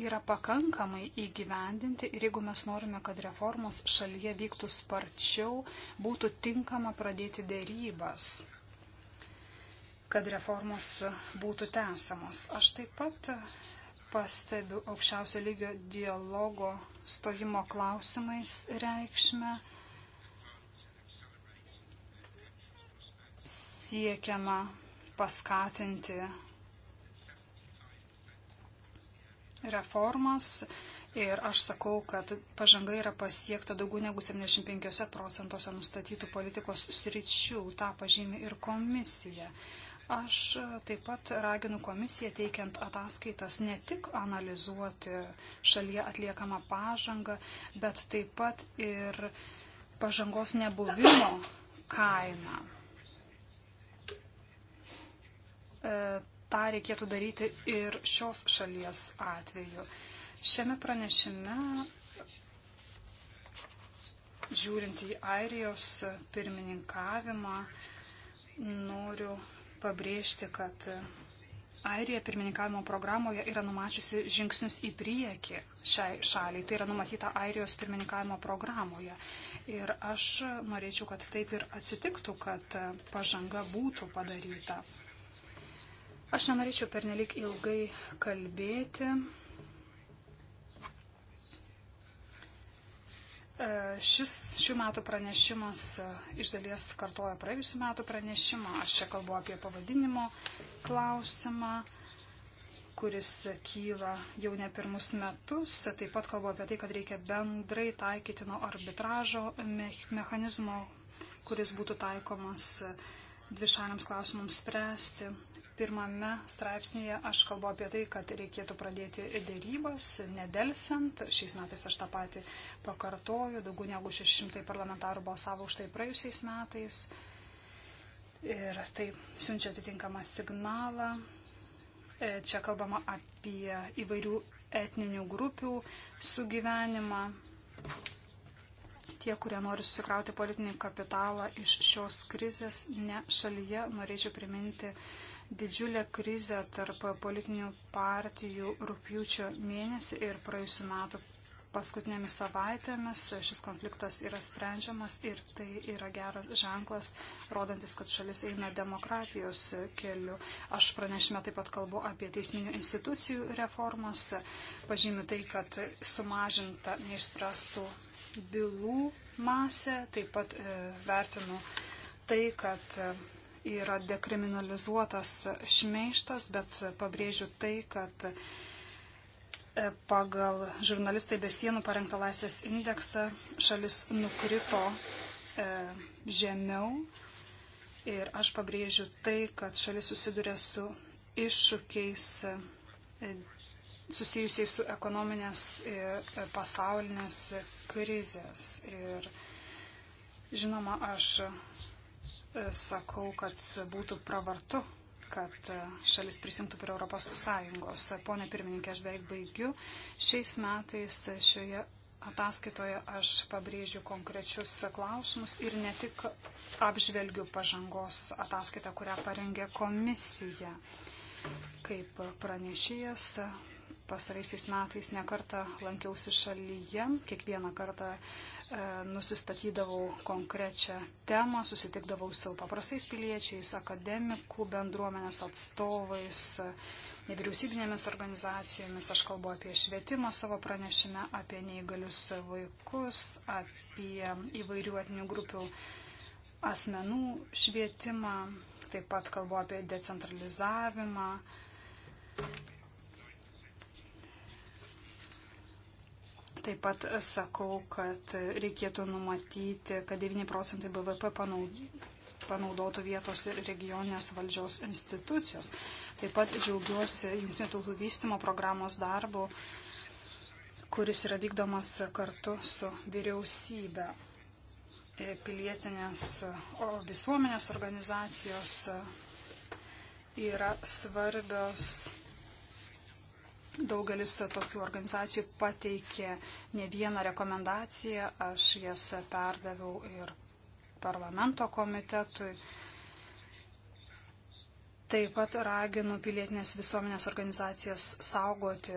yra pakankamai įgyvendinti ir jeigu mes norime, kad reformos šalyje vyktų sparčiau, būtų tinkama pradėti dėrybas, kad reformos būtų tęsamos. Aš taip pat pastebiu aukščiausio lygio dialogo stojimo klausimais reikšmę. Siekiama paskatinti reformas ir aš sakau, kad pažanga yra pasiekta daugiau negu 75 procentuose nustatytų politikos sričių, tą pažymė ir komisija. Aš e, taip pat raginu komisiją teikiant ataskaitas ne tik analizuoti šalyje atliekamą pažangą, bet taip pat ir pažangos nebuvimo kainą. E, tą reikėtų daryti ir šios šalies atveju. Šiame pranešime, žiūrint į Airijos pirmininkavimą, noriu pabrėžti, kad Airija pirmininkavimo programoje yra numačiusi žingsnius į priekį šiai šaliai. Tai yra numatyta Airijos pirmininkavimo programoje. Ir aš norėčiau, kad taip ir atsitiktų, kad pažanga būtų padaryta. Aš nenorėčiau pernelik ilgai kalbėti. E, šis šių metų pranešimas e, iš dalies kartoja praėjusių metų pranešimą. Aš čia kalbu apie pavadinimo klausimą, kuris kyla jau ne pirmus metus. Taip pat kalbu apie tai, kad reikia bendrai taikytino arbitražo mechanizmo, kuris būtų taikomas e, dvišaliams klausimams spręsti Pirmame straipsnėje aš kalbu apie tai, kad reikėtų pradėti dėrybas, nedelsiant. Šiais metais aš tą patį pakartoju. Daugiau negu 600 parlamentarų balsavo už tai praėjusiais metais. Ir tai siunčia atitinkamą signalą. E, čia kalbama apie įvairių etninių grupių sugyvenimą. Tie, kurie nori susikrauti politinį kapitalą iš šios krizės, ne šalyje, norėčiau priminti didžiulę krizę tarp politinių partijų rūpjūčio mėnesį ir praėjusiu metu paskutinėmis savaitėmis. Šis konfliktas yra sprendžiamas ir tai yra geras ženklas, rodantis, kad šalis eina demokratijos keliu. Aš pranešime taip pat kalbu apie teisminių institucijų reformas. Pažymiu tai, kad sumažinta neišspręstų bylų masė. Taip pat e, vertinu tai, kad e, yra dekriminalizuotas šmeištas, bet pabrėžiu tai, kad e, pagal žurnalistai be sienų parengtą laisvės indeksą šalis nukrito e, žemiau. Ir aš pabrėžiu tai, kad šalis susiduria su iššūkiais e, susijusiais su ekonominės ir e, pasaulinės krizės. Ir žinoma, aš sakau, kad būtų pravartu, kad šalis prisimtų prie Europos Sąjungos. Pone pirmininkė, aš beveik baigiu. Šiais metais šioje ataskaitoje aš pabrėžiu konkrečius klausimus ir ne tik apžvelgiu pažangos ataskaitą, kurią parengė komisija. Kaip pranešėjas, pasaraisiais metais nekartą lankiausi šalyje, kiekvieną kartą E, nusistatydavau konkrečią temą, susitikdavau su paprastais piliečiais, akademikų bendruomenės atstovais, nevyriausybinėmis organizacijomis. Aš kalbu apie švietimą savo pranešime, apie neįgalius vaikus, apie įvairių etinių grupių asmenų švietimą, taip pat kalbu apie decentralizavimą, Taip pat sakau, kad reikėtų numatyti, kad 9 procentai BVP panaudotų vietos ir regioninės valdžios institucijos. Taip pat džiaugiuosi Junktinių tautų vystimo programos darbu, kuris yra vykdomas kartu su vyriausybė. Pilietinės visuomenės organizacijos yra svarbios Daugelis tokių organizacijų pateikė ne vieną rekomendaciją, aš jas perdaviau ir parlamento komitetui. Taip pat raginu pilietinės visuomenės organizacijas saugoti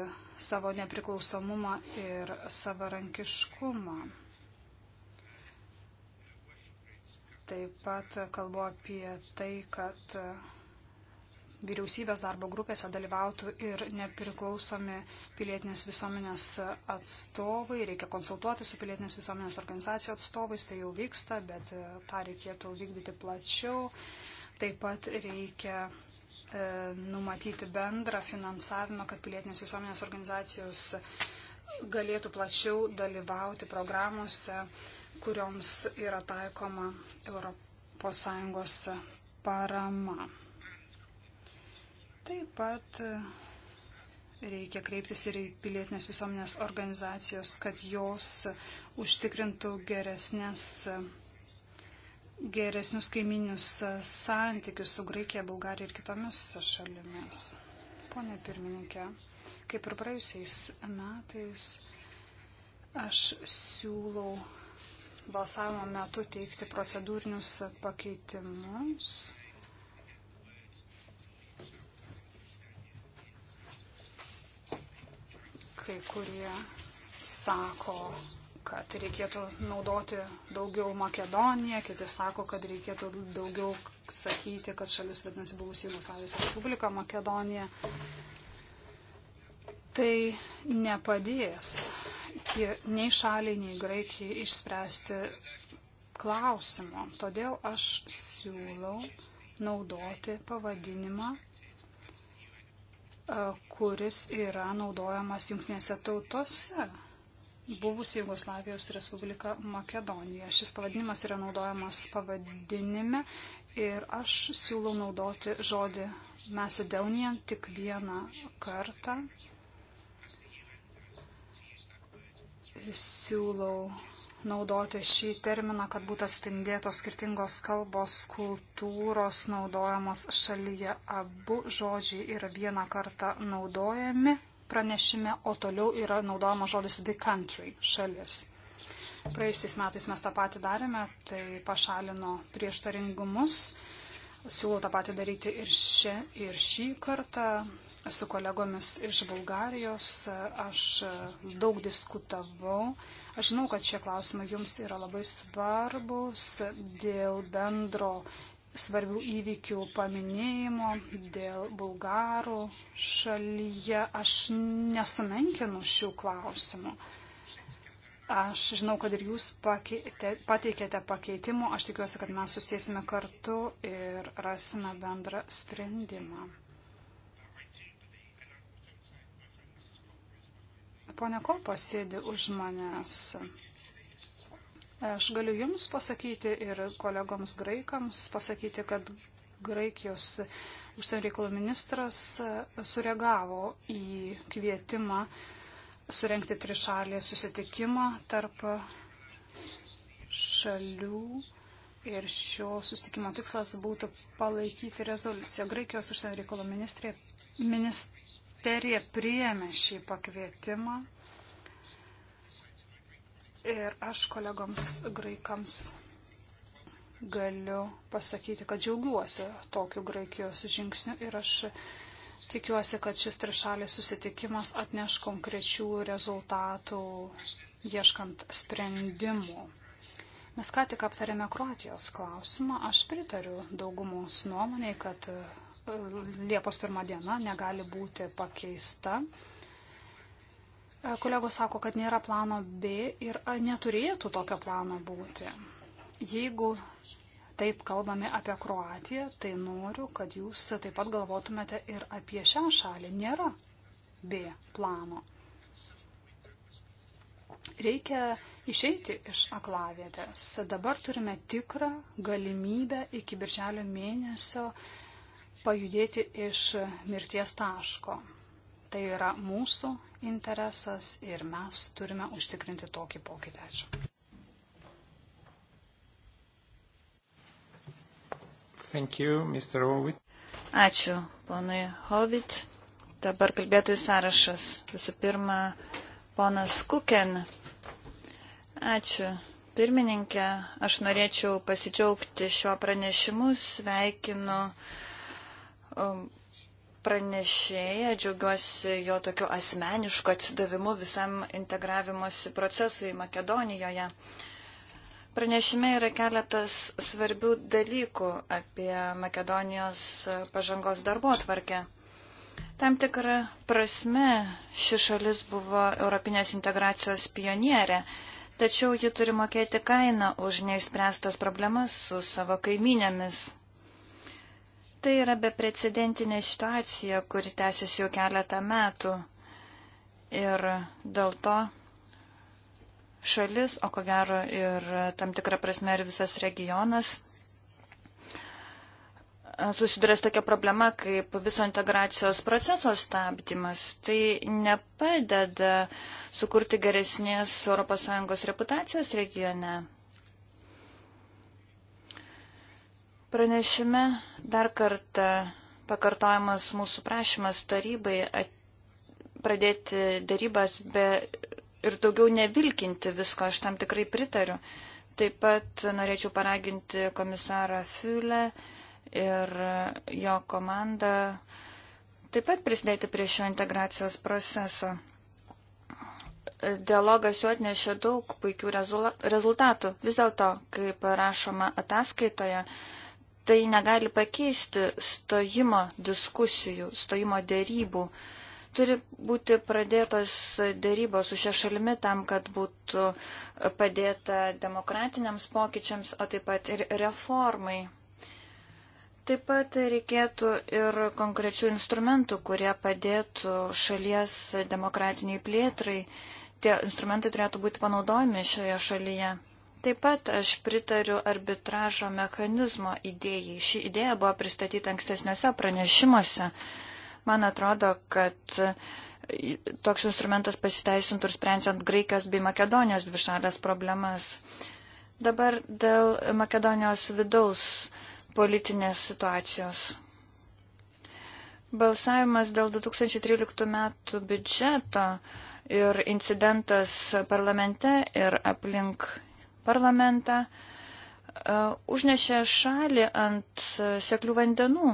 savo nepriklausomumą ir savarankiškumą. Taip pat kalbu apie tai, kad vyriausybės darbo grupėse dalyvautų ir nepriklausomi pilietinės visuomenės atstovai. Reikia konsultuoti su pilietinės visuomenės organizacijų atstovais, tai jau vyksta, bet e, tą reikėtų vykdyti plačiau. Taip pat reikia e, numatyti bendrą finansavimą, kad pilietinės visuomenės organizacijos galėtų plačiau dalyvauti programuose, kurioms yra taikoma ES parama. Taip pat e, reikia kreiptis ir į pilietinės visuomenės organizacijos, kad jos užtikrintų geresnės, geresnius kaiminius santykius su Graikija, Bulgarija ir kitomis šalimis. Pone pirmininkė, kaip ir praėjusiais metais, aš siūlau balsavimo metu teikti procedūrinius pakeitimus kai kurie sako, kad reikėtų naudoti daugiau Makedoniją, kiti sako, kad reikėtų daugiau sakyti, kad šalis vadinasi buvusi Jugoslavijos Respublika Makedonija. Tai nepadės nei šaliai, nei Graikijai išspręsti klausimo. Todėl aš siūlau naudoti pavadinimą kuris yra naudojamas jungtinėse tautose. Buvusi Jugoslavijos Respublika Makedonija. Šis pavadinimas yra naudojamas pavadinime ir aš siūlau naudoti žodį Macedonian tik vieną kartą. Siūlau naudoti šį terminą, kad būtų spindėtos skirtingos kalbos, kultūros naudojamos šalyje. Abu žodžiai yra vieną kartą naudojami pranešime, o toliau yra naudojama žodis the country - šalis. Praėjusiais metais mes tą patį darėme, tai pašalino prieštaringumus. Siūlau tą patį daryti ir, šia, ir šį kartą su kolegomis iš Bulgarijos. Aš daug diskutavau Aš žinau, kad šie klausimai jums yra labai svarbus dėl bendro svarbių įvykių paminėjimo, dėl bulgarų šalyje. Aš nesumenkinu šių klausimų. Aš žinau, kad ir jūs pakeitė, pateikėte pakeitimų. Aš tikiuosi, kad mes susėsime kartu ir rasime bendrą sprendimą. Pone Kopo sėdi už manęs. Aš galiu Jums pasakyti ir kolegoms graikams pasakyti, kad Graikijos užsienio reikalų ministras sureagavo į kvietimą surenkti trišalį susitikimą tarp šalių ir šio susitikimo tikslas būtų palaikyti rezoliuciją. Graikijos užsienio reikalų ministrė, minist, ministerija priėmė šį pakvietimą. Ir aš kolegoms graikams galiu pasakyti, kad džiaugiuosi tokiu Graikijos žingsniu ir aš tikiuosi, kad šis trišalis susitikimas atneš konkrečių rezultatų ieškant sprendimų. Mes ką tik aptarėme Kroatijos klausimą, aš pritariu daugumos nuomonėj, kad Liepos pirmą dieną negali būti pakeista. Kolegos sako, kad nėra plano B ir neturėtų tokio plano būti. Jeigu taip kalbame apie Kroatiją, tai noriu, kad jūs taip pat galvotumėte ir apie šią šalį. Nėra B plano. Reikia išeiti iš aklavietės. Dabar turime tikrą galimybę iki birželio mėnesio uh, pajudėti iš mirties taško. Tai yra mūsų interesas ir mes turime užtikrinti tokį pokytį. Ačiū. You, Ačiū, ponui Hovit. Dabar kalbėtojų sąrašas. Visų pirma, ponas Kuken. Ačiū, pirmininkė. Aš norėčiau pasidžiaugti šiuo pranešimu. Sveikinu uh, Um, pranešėją, džiaugiuosi jo tokiu asmenišku atsidavimu visam integravimosi procesui Makedonijoje. Pranešime yra keletas svarbių dalykų apie Makedonijos pažangos darbo atvarkę. Tam tikrą prasme ši šalis buvo Europinės integracijos pionierė, tačiau ji turi mokėti kainą už neišspręstas problemas su savo kaiminėmis Tai yra beprecedentinė situacija, kuri tęsiasi jau keletą metų. Ir dėl to šalis, o ko gero ir tam tikrą prasme ir visas regionas susiduria su tokia problema kaip viso integracijos proceso stabdymas. Tai nepadeda sukurti geresnės ES reputacijos regione. Pranešime dar kartą pakartojamas mūsų prašymas tarybai pradėti darybas be ir daugiau nevilkinti visko, aš tam tikrai pritariu. Taip pat norėčiau paraginti komisarą Fiulę ir jo komandą taip pat prisidėti prie šio integracijos proceso. Dialogas jau atnešė daug puikių rezultatų. Vis dėlto, kaip rašoma ataskaitoje, tai negali pakeisti stojimo diskusijų, stojimo dėrybų. Turi būti pradėtos dėrybos su šia šalimi tam, kad būtų padėta demokratiniams pokyčiams, o taip pat ir reformai. Taip pat reikėtų ir konkrečių instrumentų, kurie padėtų šalies demokratiniai plėtrai. Tie instrumentai turėtų būti panaudojami šioje šalyje. Taip pat aš pritariu arbitražo mechanizmo idėjai. Ši idėja buvo pristatyta ankstesniuose pranešimuose. Man atrodo, kad e, toks instrumentas pasiteisintų ir sprendžiant Graikijos bei Makedonijos dvišalės problemas. Dabar dėl Makedonijos vidaus politinės situacijos. Balsavimas dėl 2013 metų biudžeto ir incidentas parlamente ir aplink parlamentą, e, užnešė šalį ant seklių vandenų.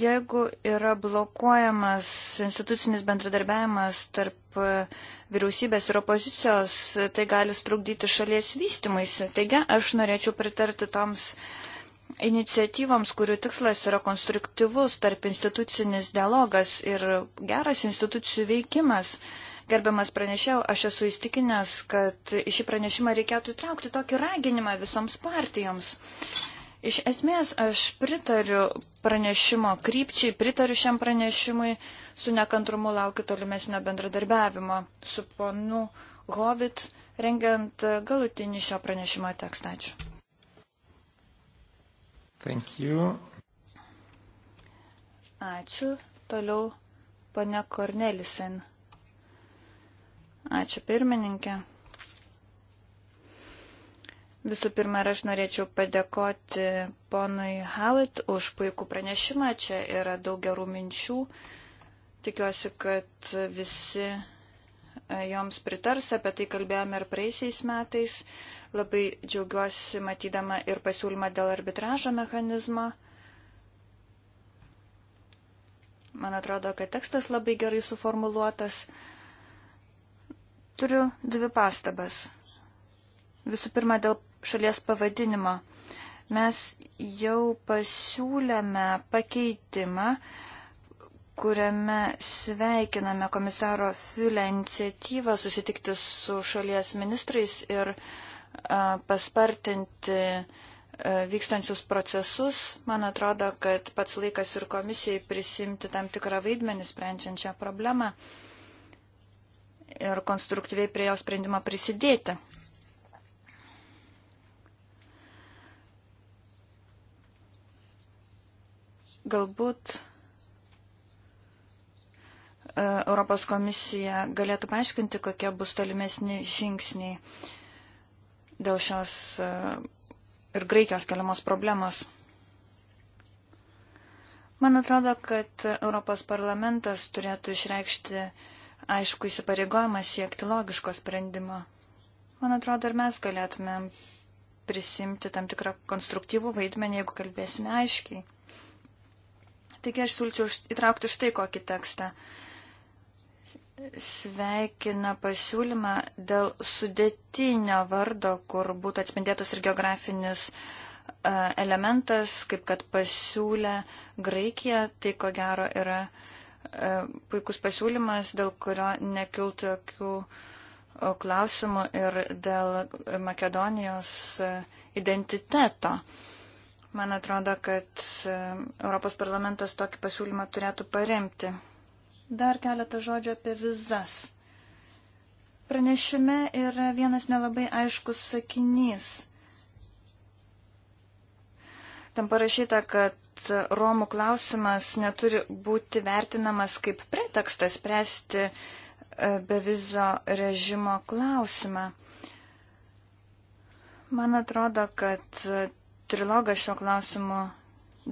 Jeigu yra blokuojamas institucinis bendradarbiavimas tarp vyriausybės ir opozicijos, tai gali strukdyti šalies vystimuisi. Taigi aš norėčiau pritarti toms iniciatyvoms, kurių tikslas yra konstruktyvus tarp institucinis dialogas ir geras institucijų veikimas. Uh, Gerbiamas pranešiau, aš esu įstikinęs, kad į šį pranešimą reikėtų įtraukti tokį raginimą visoms partijoms. Iš esmės, aš pritariu pranešimo krypčiai, pritariu šiam pranešimui, su nekantrumu laukiu tolimesnio bendradarbiavimo su ponu Hovit, rengiant galutinį šio pranešimo tekstą. Ačiū. Thank you. Ačiū. Toliau pane Kornelisen. Ačiū pirmininkė. Visų pirma, aš norėčiau padėkoti ponui Howitt už puikų pranešimą. Čia yra daug gerų minčių. Tikiuosi, kad visi e, joms pritars. Apie tai kalbėjome ir praeisiais metais. Labai džiaugiuosi matydama ir pasiūlymą dėl arbitražo mechanizmo. Man atrodo, kad tekstas labai gerai suformuluotas. Turiu dvi pastabas. Visų pirma, dėl šalies pavadinimo. Mes jau pasiūlėme pakeitimą, kuriame sveikiname komisaro Fiulę iniciatyvą susitikti su šalies ministrais ir a, paspartinti a, vykstančius procesus. Man atrodo, kad pats laikas ir komisijai prisimti tam tikrą vaidmenį sprendžiant šią problemą. A, ir konstruktyviai prie jo sprendimo prisidėti. Galbūt e, Europos komisija galėtų paaiškinti, kokie bus tolimesni žingsniai dėl šios e, ir Graikijos keliamos problemos. Man atrodo, kad Europos parlamentas turėtų išreikšti uh, aišku įsipareigojimą siekti logiško sprendimo. Man atrodo, ir mes galėtumėm prisimti tam tikrą konstruktyvų vaidmenį, jeigu kalbėsime aiškiai. Taigi aš siūlyčiau įtraukti štai kokį tekstą. Sveikina pasiūlymą dėl sudėtinio vardo, kur būtų atspindėtas ir geografinis e, elementas, kaip kad pasiūlė Graikija, tai ko gero yra uh, E, puikus pasiūlymas, dėl kurio nekiltų jokių e, klausimų ir dėl Makedonijos e, identiteto. Man atrodo, kad Europos parlamentas tokį pasiūlymą turėtų paremti. Dar keletą žodžių apie vizas. Pranešime yra vienas nelabai aiškus sakinys. Tam parašyta, kad Romų klausimas neturi būti vertinamas kaip pretekstas spręsti e, bevizo režimo klausimą. Man atrodo, kad e, trilogas šio klausimu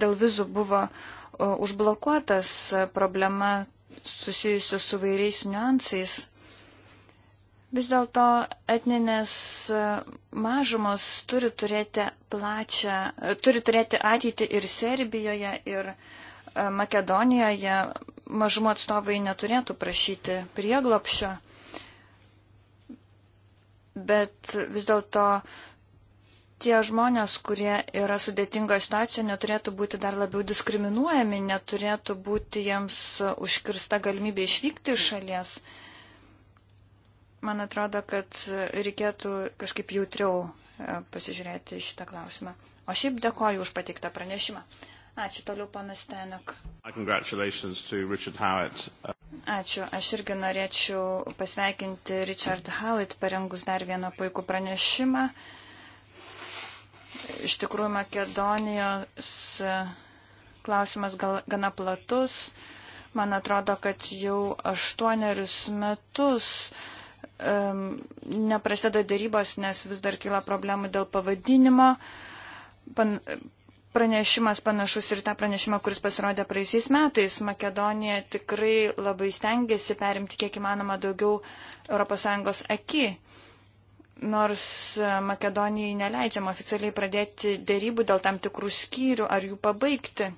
dėl vizų buvo e, užblokuotas problema susijusi su vairiais niuansais. Vis dėlto etninės mažumos turi turėti plačią, e, turi turėti ateitį ir Serbijoje, ir e, Makedonijoje. Mažumo atstovai neturėtų prašyti prieglopšio, bet vis dėlto tie žmonės, kurie yra sudėtingoje situacijoje, neturėtų būti dar labiau diskriminuojami, neturėtų būti jiems užkirsta galimybė išvykti iš šalies. Mm Man atrodo, kad reikėtų kažkaip jautriau e, pasižiūrėti šitą klausimą. O šiaip dėkoju už pateiktą pranešimą. Ačiū toliau, panas Tenok. Ačiū. Aš irgi norėčiau pasveikinti Richard Howitt, parengus dar vieną puikų pranešimą. Iš tikrųjų, Makedonijos e, klausimas gal, gana platus. Man atrodo, kad jau aštuonerius metus um, neprasideda dėrybos, nes vis dar kyla problemų dėl pavadinimo. Pan, pranešimas panašus ir tą pranešimą, kuris pasirodė praeisiais metais. Makedonija tikrai labai stengiasi perimti kiek įmanoma daugiau ES aki. Nors e, Makedonijai neleidžiama oficialiai pradėti dėrybų dėl tam tikrų skyrių ar jų pabaigti.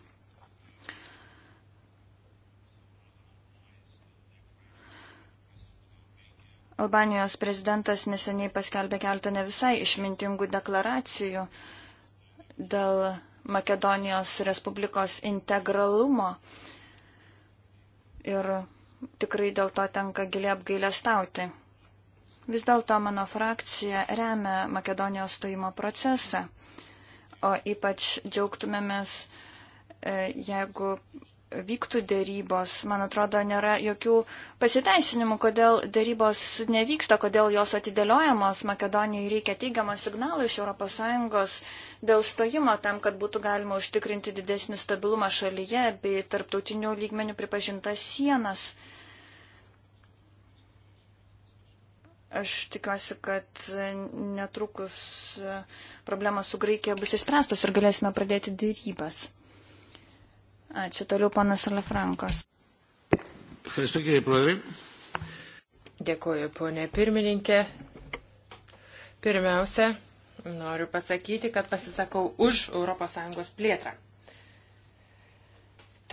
Albanijos prezidentas neseniai paskelbė keltą ne visai išmintingų deklaracijų dėl Makedonijos Respublikos integralumo. Ir tikrai dėl to tenka giliai apgailestauti. Vis dėlto mano frakcija remia Makedonijos stojimo procesą, o ypač džiaugtumėmės, e, jeigu vyktų dėrybos. Man atrodo, nėra jokių pasiteisinimų, kodėl dėrybos nevyksta, kodėl jos atidėliojamos. Makedonijai reikia teigiamą signalą iš ES dėl stojimo tam, kad būtų galima užtikrinti didesnį stabilumą šalyje bei tarptautinių lygmenių pripažintas sienas. Aš tikiuosi, kad netrukus problema su Graikija bus įspręstos ir galėsime pradėti dėrybas. Ačiū toliau, panas Alefrankos. Dėkuoju, ponė pirmininkė. Pirmiausia, noriu pasakyti, kad pasisakau už ES plėtrą.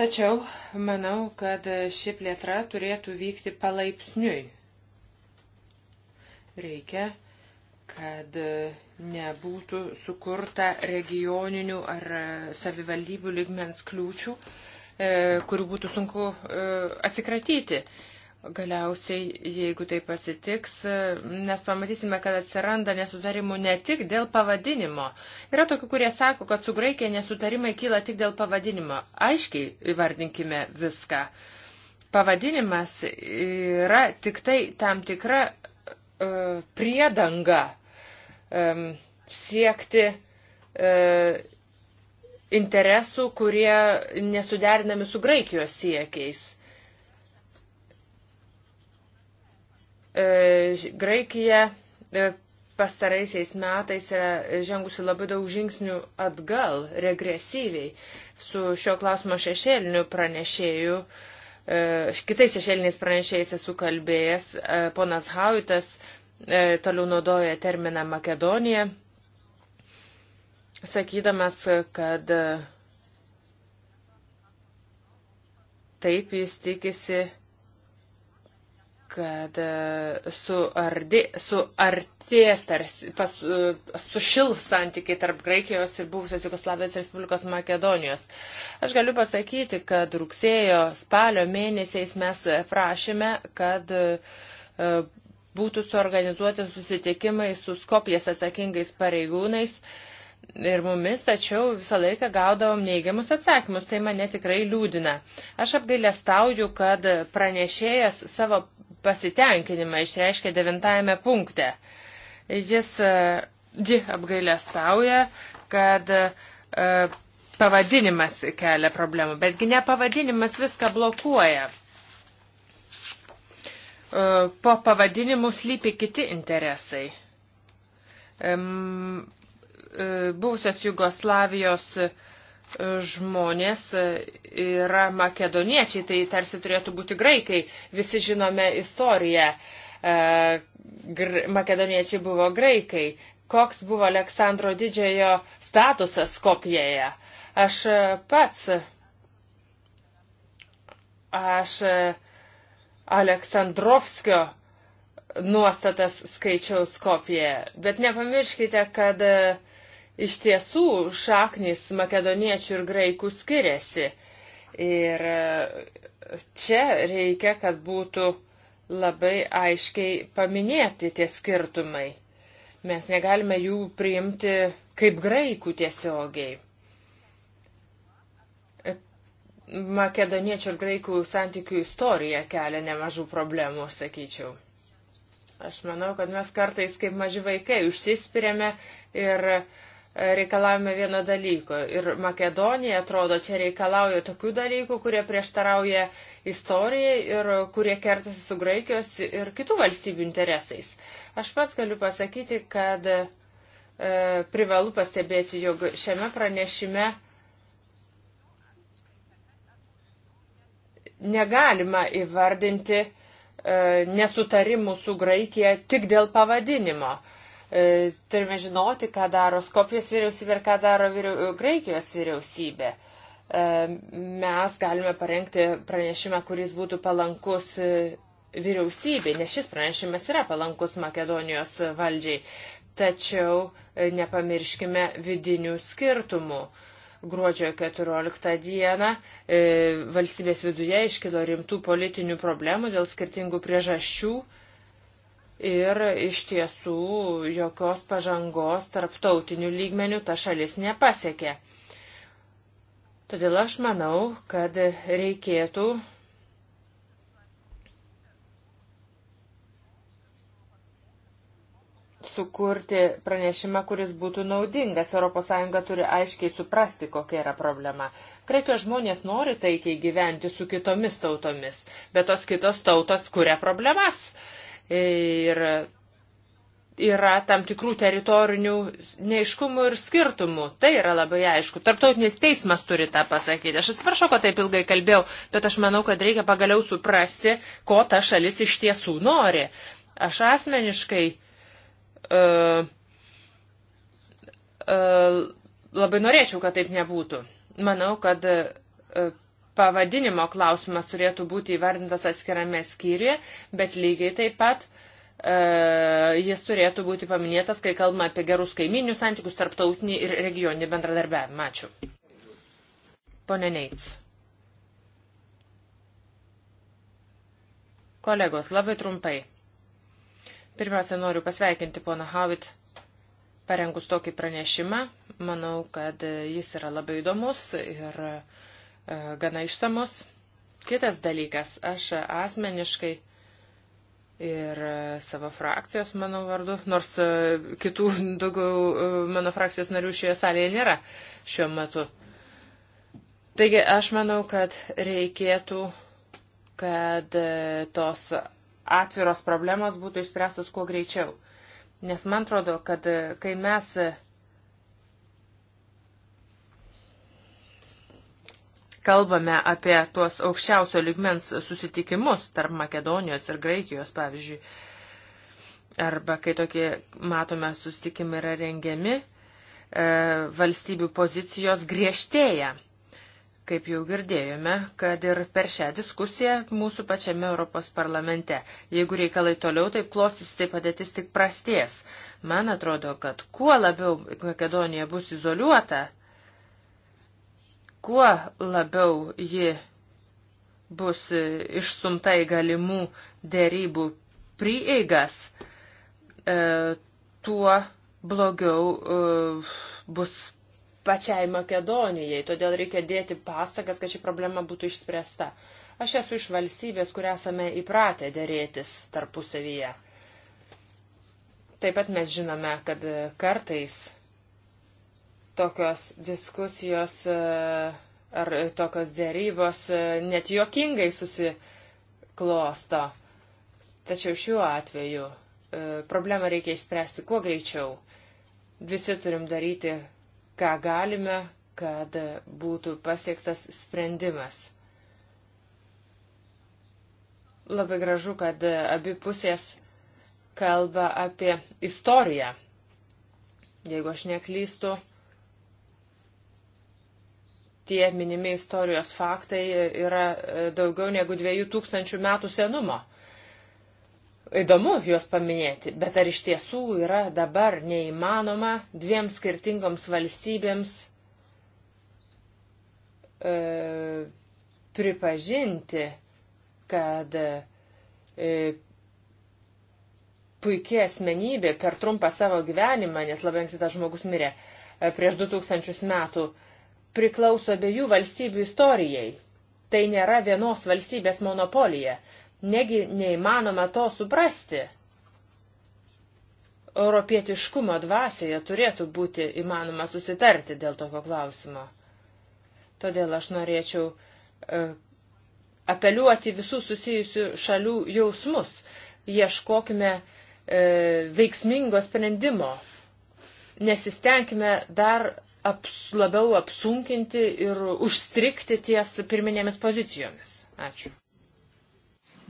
Tačiau manau, kad ši plėtra turėtų vykti palaipsniui. Reikia kad e, nebūtų sukurta regioninių ar e, savivaldybių ligmens kliūčių, e, kurių būtų sunku atsikratyti. Galiausiai, jeigu taip atsitiks, mes pamatysime, kad atsiranda nesutarimų ne tik dėl pavadinimo. Yra tokių, kurie sako, kad su Graikija nesutarimai kyla tik dėl pavadinimo. Aiškiai įvardinkime viską. Pavadinimas yra tik tai tam tikra priedanga um, siekti uh, interesų, kurie nesuderinami su Graikijos siekiais. E, Graikija e, pastaraisiais metais yra žengusi labai daug žingsnių atgal, regresyviai, su šio klausimo šešėliniu pranešėju. Kitais šešėliniais pranešėjais esu kalbėjęs, ponas Hauitas E, toliau naudoja terminą Makedonija, sakydamas, kad e, taip jis tikisi, kad e, suardi, suartės, tarsi, pas, sušils santykiai tarp Graikijos ir buvusios Jugoslavijos Respublikos Makedonijos. Aš galiu pasakyti, kad rugsėjo, spalio mėnesiais mes prašėme, kad uh, būtų suorganizuoti susitikimai su Skopijas atsakingais pareigūnais ir mumis, tačiau visą laiką gaudavom neigiamus atsakymus, tai mane tikrai liūdina. Aš apgailestauju, kad pranešėjas savo pasitenkinimą išreiškė devintajame punkte. Jis e, ji apgailestauja, kad e, pavadinimas kelia problemų, betgi ne pavadinimas viską blokuoja. E, po pavadinimu slypi kiti interesai. E, Būsios Jugoslavijos e, žmonės yra makedoniečiai, tai tarsi turėtų būti graikai. Visi žinome istoriją. Makedoniečiai buvo graikai. Koks buvo Aleksandro didžiojo statusas Kopijoje? Aš pats. Aš Aleksandrovskio nuostatas skaičiaus kopiją. Bet nepamirškite, kad e, iš tiesų šaknys makedoniečių ir graikų skiriasi. Ir e, čia reikia, kad būtų labai aiškiai paminėti tie skirtumai. Mes negalime jų priimti kaip graikų tiesiogiai makedoniečių ir graikų santykių istorija kelia nemažų problemų, sakyčiau. Aš manau, kad mes kartais kaip maži vaikai užsispiriame ir e, reikalavome vieno dalyko. Ir Makedonija, atrodo, čia reikalauja tokių dalykų, kurie prieštarauja istorijai ir kurie kertasi su Graikijos ir kitų valstybių interesais. Aš pats galiu pasakyti, kad e, privalu pastebėti, jog šiame pranešime e, negalima įvardinti e, nesutarimų su Graikija tik dėl pavadinimo. E, turime žinoti, ką daro Skopijos vyriausybė ir ką daro vyriau, Graikijos vyriausybė. E, mes galime parengti pranešimą, kuris būtų palankus e, vyriausybė, nes šis pranešimas yra palankus Makedonijos valdžiai. Tačiau e, nepamirškime vidinių skirtumų. E, Gruodžio 14 dieną e, valstybės viduje iškilo rimtų politinių problemų dėl skirtingų priežasčių ir iš tiesų jokios pažangos tarptautinių lygmenių ta šalis nepasiekė. Todėl aš manau, kad reikėtų sukurti pranešimą, kuris būtų naudingas. ES turi aiškiai suprasti, kokia yra problema. Graikijos žmonės nori taikiai gyventi su kitomis tautomis, bet tos kitos tautos kuria problemas. Ir yra tam tikrų teritorinių neiškumų ir skirtumų. Tai yra labai aišku. Tartautinis teismas turi tą pasakyti. Aš atsiprašau, kad taip ilgai kalbėjau, bet aš manau, kad reikia pagaliau suprasti, ko ta šalis iš tiesų nori. Aš asmeniškai uh, uh, labai norėčiau, kad taip nebūtų. Manau, kad uh, pavadinimo klausimas turėtų būti įvardintas atskirame skyriuje, bet lygiai taip pat uh, jis turėtų būti paminėtas, kai kalbame apie gerus kaiminių santykius, tarptautinį ir regioninį bendradarbiavimą. Ačiū. Pone Neits. Kolegos, labai trumpai. Pirmiausia, noriu pasveikinti poną Havit parengus tokį pranešimą. Manau, kad e, jis yra labai įdomus ir e, gana išsamus. Kitas dalykas, aš asmeniškai ir e, savo frakcijos, mano vardu, nors kitų daugiau mano frakcijos narių šioje salėje nėra šiuo metu. Taigi aš manau, kad reikėtų, kad tos atviros problemos būtų išspręstos kuo greičiau. Nes man atrodo, kad e, kai mes e, kalbame apie tuos aukščiausio ligmens susitikimus tarp Makedonijos ir Graikijos, pavyzdžiui, arba kai tokie, matome, susitikimai yra rengiami, e, valstybių pozicijos griežtėja kaip jau girdėjome, kad ir per šią diskusiją mūsų pačiame Europos parlamente, jeigu reikalai toliau taip klostys, tai padėtis tik prastės. Man atrodo, kad kuo labiau Makedonija bus izoliuota, kuo labiau ji bus išsumta į galimų dėrybų prieigas, e, tuo blogiau e, bus pačiai Makedonijai, todėl reikia dėti pastangas, kad ši problema būtų išspręsta. Aš esu iš valstybės, kur esame įpratę dėrėtis tarpusavyje. Taip pat mes žinome, kad e, kartais tokios diskusijos e, ar tokios dėrybos e, net juokingai susiklosto. Tačiau šiuo atveju problemą reikia išspręsti kuo greičiau. Visi turim daryti ką galime, kad būtų pasiektas sprendimas. Labai gražu, kad abi pusės kalba apie istoriją. Jeigu aš neklystu, tie minimi istorijos faktai yra daugiau negu dviejų tūkstančių metų senumo. Įdomu juos paminėti, bet ar iš tiesų yra dabar neįmanoma dviem skirtingoms valstybėms e, pripažinti, kad e, puikia asmenybė per trumpą savo gyvenimą, nes labai anksti tas žmogus mirė e, prieš 2000 metų, priklauso abiejų valstybių istorijai. Tai nėra vienos valstybės monopolija. Negi neįmanoma to suprasti. Europietiškumo dvasioje turėtų būti įmanoma susitarti dėl tokio klausimo. Todėl aš norėčiau uh, apeliuoti visų susijusių šalių jausmus. Ieškokime uh, veiksmingo sprendimo. Nesistengime dar aps, labiau apsunkinti ir užstrikti ties pirminėmis pozicijomis. Ačiū.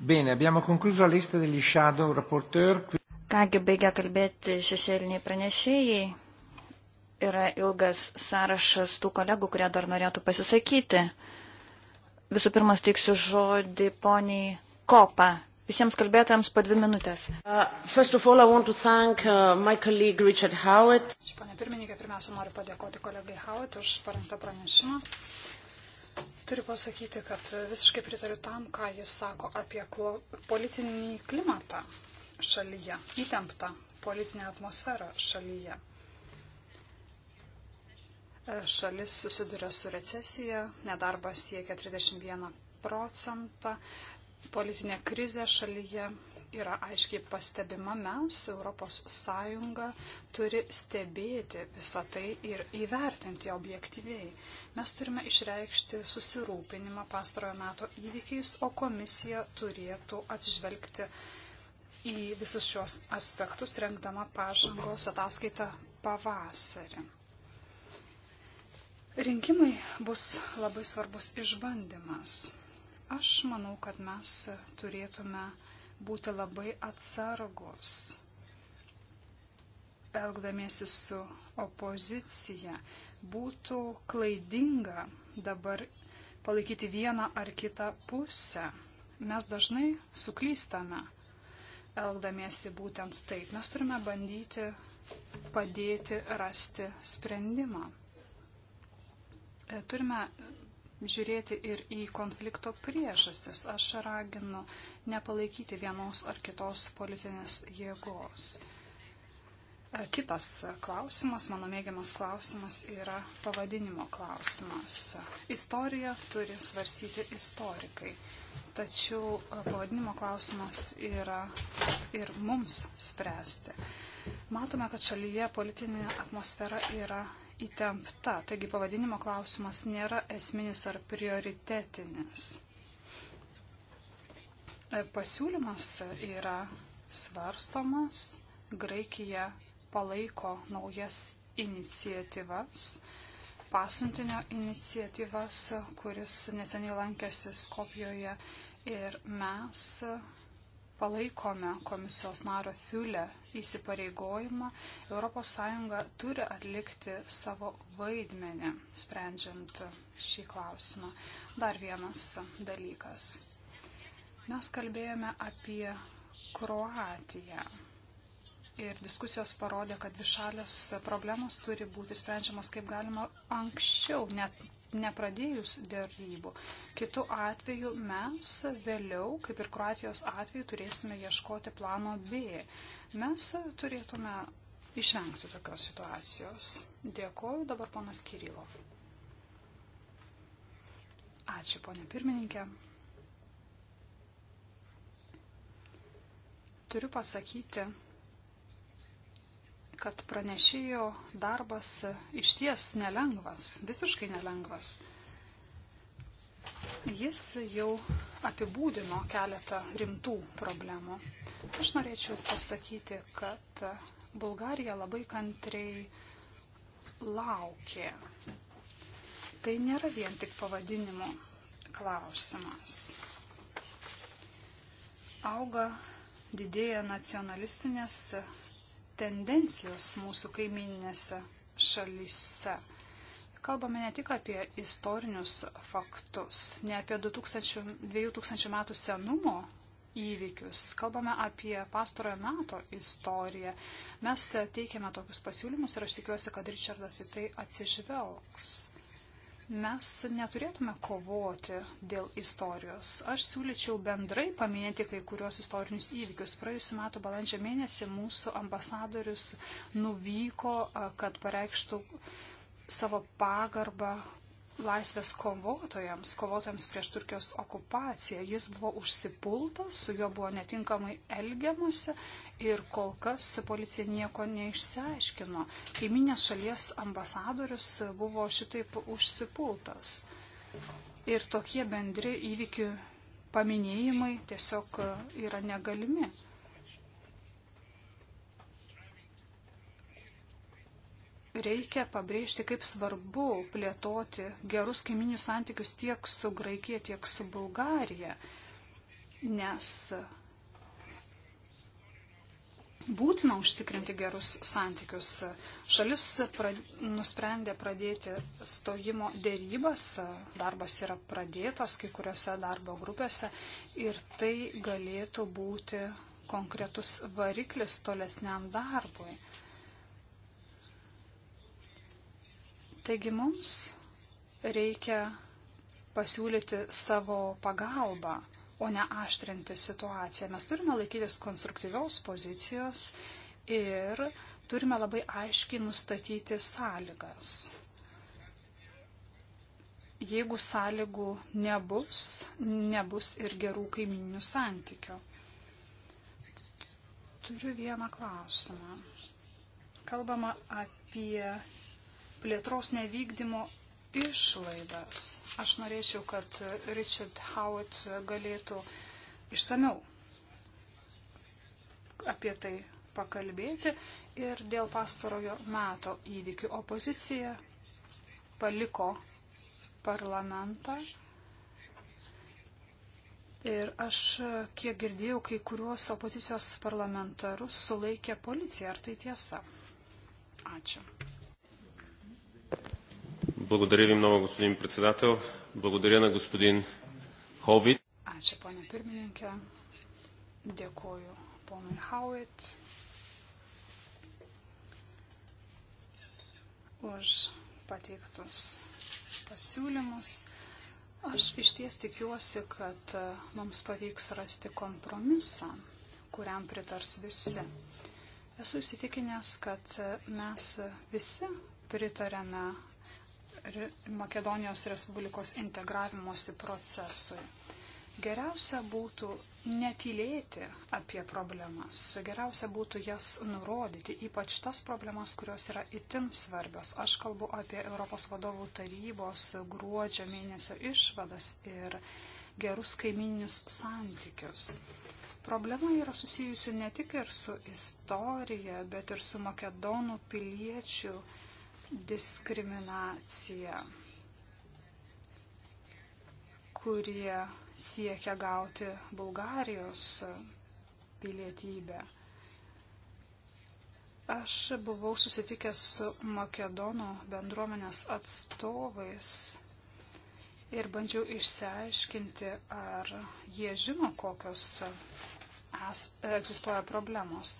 Bene, abbiamo concluso la lista degli shadow rapporteur. Kągi baigia kalbėti šešėliniai pranešėjai. Yra ilgas sąrašas tų kolegų, kurie dar norėtų pasisakyti. Visų pirma, teiksiu žodį poniai Kopa. Visiems kalbėtojams po dvi minutės. Uh, thank, uh, Pane pirmininkė, pirmiausia, noriu padėkoti kolegai Howitt už parengtą pranešimą. Turiu pasakyti, kad visiškai pritariu tam, ką jis sako apie politinį klimatą šalyje, įtemptą politinę atmosferą šalyje. E, šalis susiduria su recesija, nedarbas siekia 31 procentą, politinė krizė šalyje yra aiškiai pastebima, mes, ES, turi stebėti visą tai ir įvertinti objektyviai. Mes turime išreikšti susirūpinimą pastarojo meto įvykiais, o komisija turėtų atsižvelgti į visus šios aspektus, rengdama pažangos ataskaitą pavasarį. Rinkimai bus labai svarbus išbandymas. Aš manau, kad mes turėtume būti labai atsargus, elgdamiesi su opozicija. Būtų klaidinga dabar palaikyti vieną ar kitą pusę. Mes dažnai suklystame, elgdamiesi būtent taip. Mes turime bandyti padėti rasti sprendimą. Turime žiūrėti ir į konflikto priežastis. Aš raginu nepalaikyti vienos ar kitos politinės jėgos. E, kitas klausimas, mano mėgiamas klausimas, yra pavadinimo klausimas. Istoriją turi svarstyti istorikai. Tačiau e, pavadinimo klausimas yra ir mums spręsti. Matome, kad šalyje politinė atmosfera yra įtempta, taigi pavadinimo klausimas nėra esminis ar prioritetinis. E, pasiūlymas yra svarstomas, Graikija palaiko naujas iniciatyvas, pasuntinio iniciatyvas, kuris neseniai lankėsi Skopijoje ir mes palaikome komisijos nario Fiulę įsipareigojimą. ES turi atlikti savo vaidmenį, sprendžiant šį klausimą. Dar vienas dalykas. Mes kalbėjome apie Kroatiją. Ir diskusijos parodė, kad višalės problemos turi būti sprendžiamos kaip galima anksčiau, net nepradėjus dėrybų. Kitu atveju mes vėliau, kaip ir Kroatijos atveju, turėsime ieškoti plano B. Mes turėtume išvengti tokios situacijos. Dėkoju dabar ponas Kirilo. Ačiū, ponė pirmininkė. Turiu pasakyti, kad pranešėjo darbas iš ties nelengvas, visiškai nelengvas. Jis jau apibūdino keletą rimtų problemų. Aš norėčiau pasakyti, kad Bulgarija labai kantriai laukė. Tai nėra vien tik pavadinimo klausimas. Auga didėja nacionalistinės tendencijos mūsų kaiminėse šalyse. Kalbame ne tik apie istorinius faktus, ne apie 2000, 2000 metų senumo įvykius, kalbame apie pastarojo meto istoriją. Mes teikiame tokius pasiūlymus ir aš tikiuosi, kad Richardas į tai atsižvelgs mes neturėtume kovoti dėl istorijos. Aš siūlyčiau bendrai paminėti kai kurios istorinius įvykius. Praėjusiu metu balandžio mėnesį mūsų ambasadorius nuvyko, kad pareikštų savo pagarbą laisvės kovotojams, kovotojams prieš Turkijos okupaciją. Jis buvo užsipultas, su juo buvo netinkamai elgiamasi Ir kol kas policija nieko neišsiaiškino. Kaiminės šalies ambasadorius buvo šitaip užsipultas. Ir tokie bendri įvykių paminėjimai tiesiog yra negalimi. reikia pabrėžti, kaip svarbu plėtoti gerus kaiminius santykius tiek su Graikija, tiek su Bulgarija, nes būtina užtikrinti gerus santykius. Šalis pra, nusprendė pradėti stojimo dėrybas, darbas yra pradėtas kai kuriuose darbo grupėse ir tai galėtų būti konkretus variklis tolesniam darbui. Taigi mums reikia pasiūlyti savo pagalbą o ne aštrinti situaciją. Mes turime laikytis konstruktyvios pozicijos ir turime labai aiškiai nustatyti sąlygas. Jeigu sąlygų nebus, nebus ir gerų kaiminių santykių. Turiu vieną klausimą. Kalbama apie plėtros nevykdymo išlaidas. Aš norėčiau, kad Richard Howard galėtų išsameu apie tai pakalbėti ir dėl pastarojo meto įvykių opozicija paliko parlamentą. Ir aš, kiek girdėjau, kai kuriuos opozicijos parlamentarus sulaikė policija. Ar tai tiesa? Ačiū. Благодаря ви много, господин председател. Благодаря на господин Ховит. Ačiū, ponė pirmininkė. Dėkuoju ponui Howitt už pateiktus pasiūlymus. Aš iš ties tikiuosi, kad mums pavyks rasti kompromisą, kuriam pritars visi. Esu įsitikinęs, kad mes visi pritarėme Makedonijos Respublikos integravimosi procesui. Geriausia būtų netylėti apie problemas, geriausia būtų jas nurodyti, ypač tas problemas, kurios yra itin svarbios. Aš kalbu apie Europos vadovų tarybos gruodžio mėnesio išvadas ir gerus kaimininius santykius. Problema yra susijusi ne tik ir su istorija, bet ir su makedonų piliečių diskriminaciją, kurie siekia gauti Bulgarijos pilietybę. Aš buvau susitikęs su Makedono bendruomenės atstovais ir bandžiau išsiaiškinti, ar jie žino, kokios egzistuoja problemos.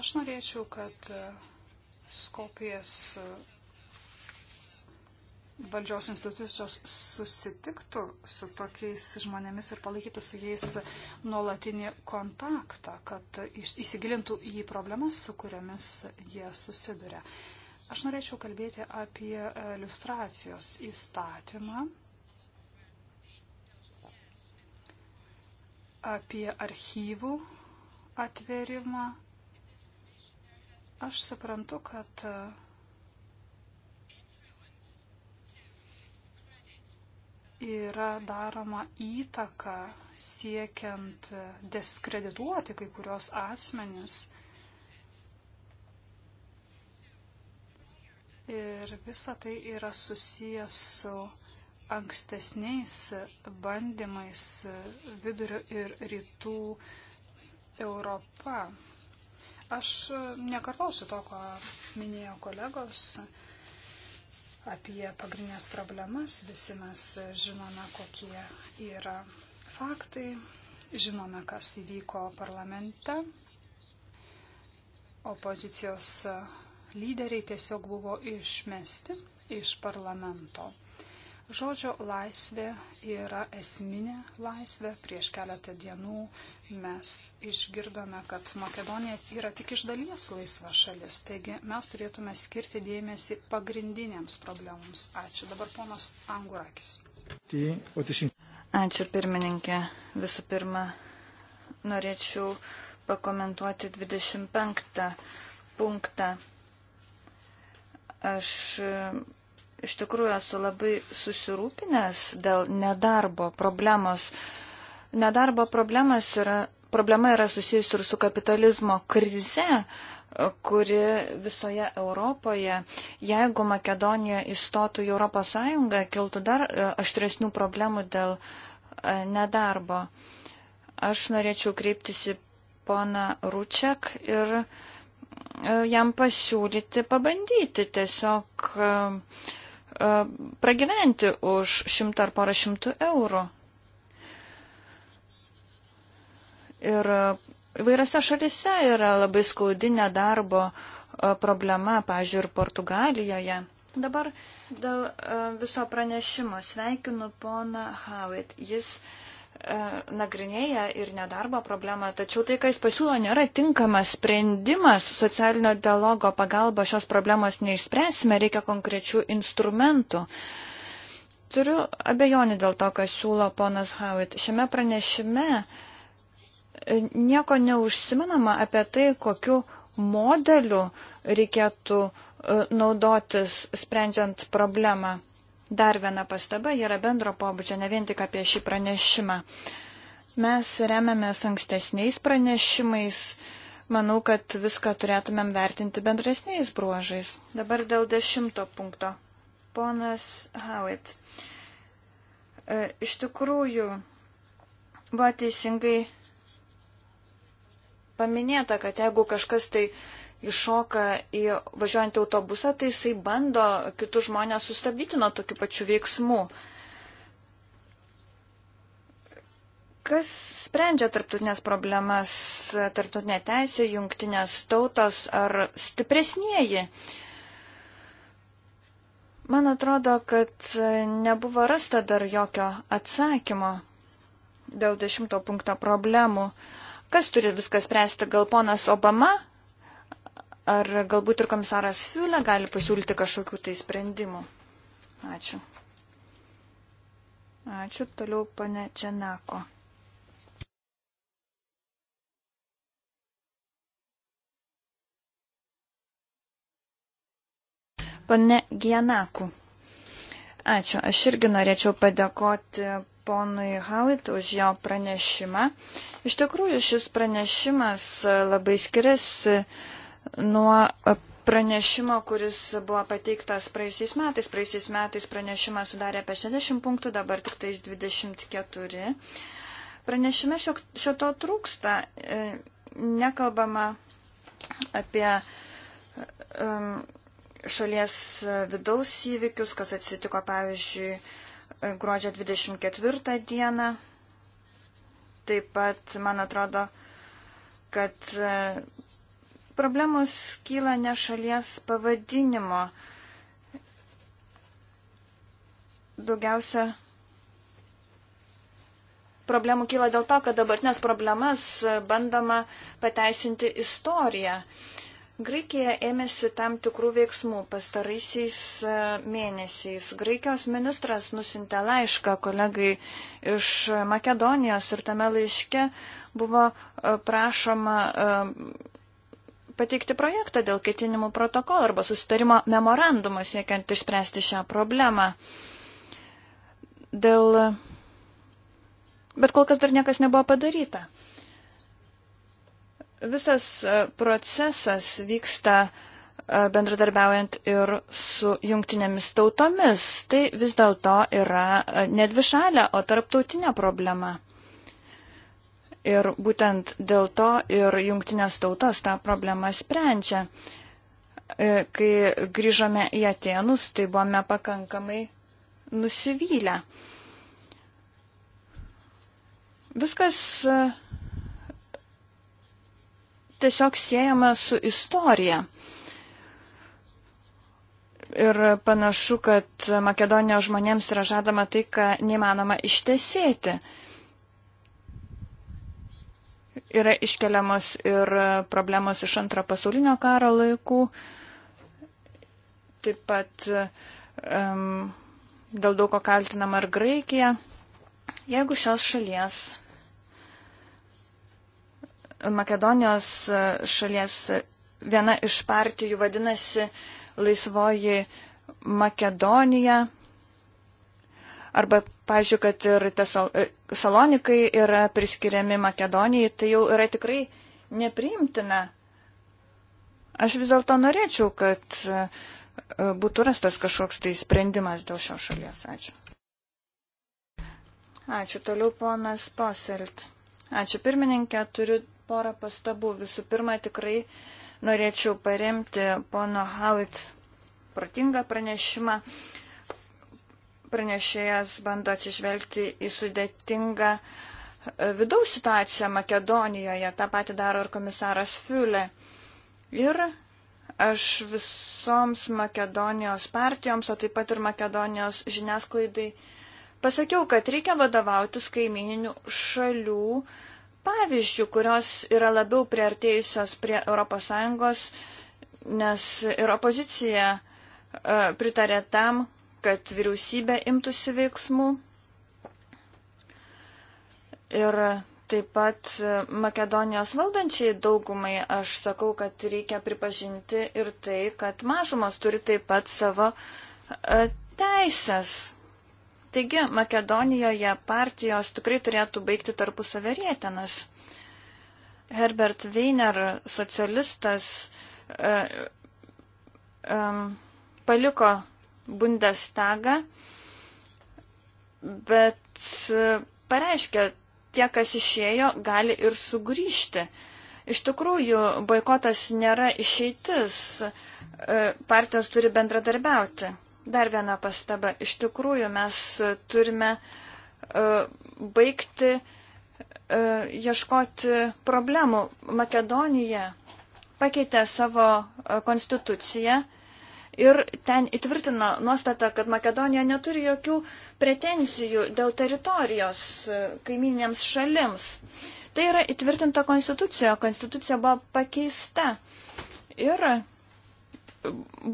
Aš norėčiau, kad Skopijas e, valdžios institucijos susitiktų su tokiais žmonėmis ir palaikytų su jais nuolatinį kontaktą, kad įsigilintų į problemas, su kuriamis jie susiduria. Aš norėčiau kalbėti apie e, iliustracijos įstatymą, apie archyvų atverimą Aš suprantu, kad e, yra daroma įtaka siekiant diskredituoti kai kurios asmenis. Ir visa tai yra susijęs su ankstesniais bandymais vidurio ir rytų Europą Aš nekartosiu to, ko minėjo kolegos apie pagrindinės problemas. Visi mes žinome, kokie yra faktai, žinome, kas įvyko parlamente. Opozicijos lyderiai tiesiog buvo išmesti iš parlamento. Žodžio laisvė yra esminė laisvė. Prieš keletą dienų mes išgirdome, kad Makedonija yra tik iš dalies laisva šalis. Taigi mes turėtume skirti dėmesį pagrindinėms problemams. Ačiū. Dabar ponas Angurakis. Ačiū pirmininkė. Visų pirma, norėčiau pakomentuoti 25 punktą. Aš iš tikrųjų esu labai susirūpinęs dėl nedarbo problemos. Nedarbo problemas yra, problema yra susijusi ir su kapitalizmo krize, kuri visoje Europoje, jeigu Makedonija įstotų į ES, kiltų dar e, aštresnių problemų dėl e, nedarbo. Aš norėčiau kreiptis į poną Ručiak ir e, jam pasiūlyti pabandyti tiesiog uh, E, pragyventi už šimtą ar porą šimtų eurų. Ir e, įvairiose šalise yra labai skaudinė darbo e, problema, pažiūrėjau, ir Portugalijoje. Dabar dėl viso pranešimo sveikinu poną Howitt. Jis uh, E, nagrinėja ir nedarbo problemą, tačiau tai, ką jis pasiūlo, nėra tinkamas sprendimas. Socialinio dialogo pagalba šios problemos neišspręsime, reikia konkrečių instrumentų. Turiu abejonį dėl to, ką siūlo ponas Howitt. Šiame pranešime e, nieko neužsiminama apie tai, kokiu modeliu reikėtų e, naudotis sprendžiant problemą. Dar viena pastaba yra bendro pobūdžio, ne vien tik apie šį pranešimą. Mes remiamės ankstesniais pranešimais, manau, kad viską turėtumėm vertinti bendresniais bruožais. Dabar dėl dešimto punkto. Ponas Howitt. E, iš tikrųjų, buvo teisingai paminėta, kad jeigu kažkas tai iššoka į važiuojantį autobusą, tai jisai bando kitus žmonės sustabdyti nuo tokių pačių veiksmų. Kas sprendžia tarptautinės problemas, tarptautinė teisė, jungtinės tautos ar stipresnieji? Man atrodo, kad nebuvo rasta dar jokio atsakymo dėl dešimto punkto problemų. Kas turi viską spręsti, gal ponas Obama Ar galbūt ir komisaras Fiulė gali pasiūlyti kažkokių tai sprendimų? Ačiū. Ačiū. Toliau pane Čenako. Pane Gianaku. Ačiū. Aš irgi norėčiau padėkoti ponui Howitt už jo pranešimą. Iš tikrųjų, šis pranešimas labai skiriasi nuo pranešimo, kuris buvo pateiktas praėjusiais metais. Praėjusiais metais pranešimą sudarė apie 60 punktų, dabar tik tais 24. Pranešime šio, šio to trūksta. E, nekalbama apie um, šalies vidaus įvykius, kas atsitiko, pavyzdžiui, e, gruodžio 24 dieną. Taip pat, man atrodo, kad Problemos kyla ne šalies pavadinimo. Daugiausia problemų kyla dėl to, kad dabartinės problemas bandoma pateisinti istoriją. Graikija ėmėsi tam tikrų veiksmų pastaraisiais e, mėnesiais. Graikijos ministras nusintė laišką kolegai iš Makedonijos ir tame laiške buvo e, prašoma e, pateikti projektą dėl ketinimų protokolo arba susitarimo memorandumo siekiant išspręsti šią problemą. Dėl... Bet kol kas dar niekas nebuvo padaryta. Visas e, procesas vyksta e, bendradarbiaujant ir su jungtinėmis tautomis. Tai vis dėlto yra e, ne dvišalė, o tarptautinė problema. Ir būtent dėl to ir jungtinės tautos tą problemą sprendžia. E, kai grįžome į Atenus, tai buvome pakankamai nusivylę. Viskas e, tiesiog siejama su istorija. Ir panašu, kad Makedonijos žmonėms yra žadama tai, ką neįmanoma ištesėti yra iškeliamos ir problemos iš antro pasaulinio karo laikų. Taip pat um, dėl daug ko kaltinama ir Graikija. Jeigu šios šalies, Makedonijos šalies viena iš partijų vadinasi Laisvoji Makedonija, arba, pažiūrėjau, kad ir, tesal, Salonikai yra priskiriami Makedonijai, tai jau yra tikrai nepriimtina. Aš vis dėlto norėčiau, kad e, būtų rastas kažkoks tai sprendimas dėl šios šalies. Ačiū. Ačiū toliau, ponas Poselt. Ačiū pirmininkė, turiu porą pastabų. Visų pirma, tikrai norėčiau paremti pono Howitt protingą pranešimą. Uh, pranešėjas bando atsižvelgti į sudėtingą e, vidaus situaciją Makedonijoje. Ta pati daro ir komisaras Fiulė. Ir aš visoms Makedonijos partijoms, o taip pat ir Makedonijos žiniasklaidai pasakiau, kad reikia vadovautis kaimininių šalių pavyzdžių, kurios yra labiau priartėjusios prie ES, nes ir opozicija e, pritarė tam, kad vyriausybė imtųsi veiksmų. Ir taip pat Makedonijos valdančiai daugumai aš sakau, kad reikia pripažinti ir tai, kad mažumas turi taip pat savo e, teisės. Taigi Makedonijoje partijos tikrai turėtų baigti tarpusaverėtenas. Herbert Weiner, socialistas, um, paliko Bundestagą, bet pareiškia, tie, kas išėjo, gali ir sugrįžti. Iš tikrųjų, boikotas nėra išeitis, e, partijos turi bendradarbiauti. Dar viena pastaba. Iš tikrųjų, mes turime e, baigti e, ieškoti problemų. Makedonija pakeitė savo konstituciją ir ten įtvirtina nuostatą, kad Makedonija neturi jokių pretenzijų dėl teritorijos e, kaiminėms šalims. Tai yra įtvirtinta konstitucija, konstitucija buvo pakeista ir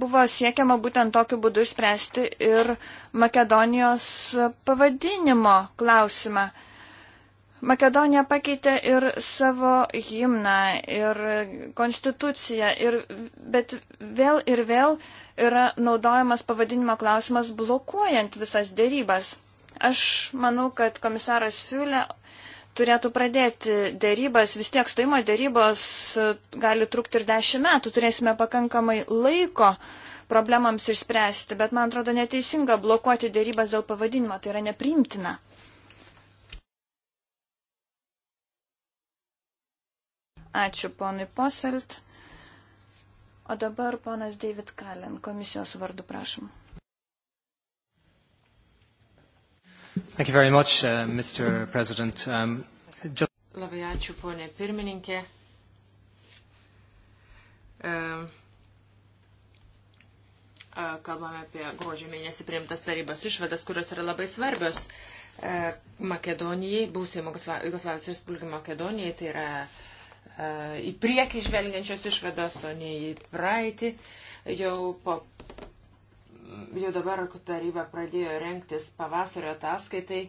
buvo siekiama būtent tokiu būdu išspręsti ir Makedonijos pavadinimo klausimą. Makedonija pakeitė ir savo himną, ir konstituciją, ir, bet vėl ir vėl uh, yra naudojamas pavadinimo klausimas blokuojant visas dėrybas. Aš manau, kad komisaras Fiulė turėtų pradėti dėrybas, vis tiek stojimo dėrybos e, gali trukti ir dešimt metų, turėsime pakankamai laiko problemams išspręsti, bet man atrodo neteisinga blokuoti dėrybas dėl pavadinimo, tai yra neprimtina. Ačiū ponui Poselt. O dabar ponas David Kalin, komisijos vardu prašom. Thank you very much, uh, Mr. President. Um, just... Labai ačiū, ponė pirmininkė. Um, kalbame apie gruodžio mėnesį priimtas tarybos išvadas, kurios yra labai svarbios e, Makedonijai, būsimo Jugoslavijos Respublikai Makedonijai, tai yra uh, E, į priekį žvelgiančios išvados, o ne į praeitį. Jau, po, jau dabar taryba pradėjo renktis pavasario ataskaitai,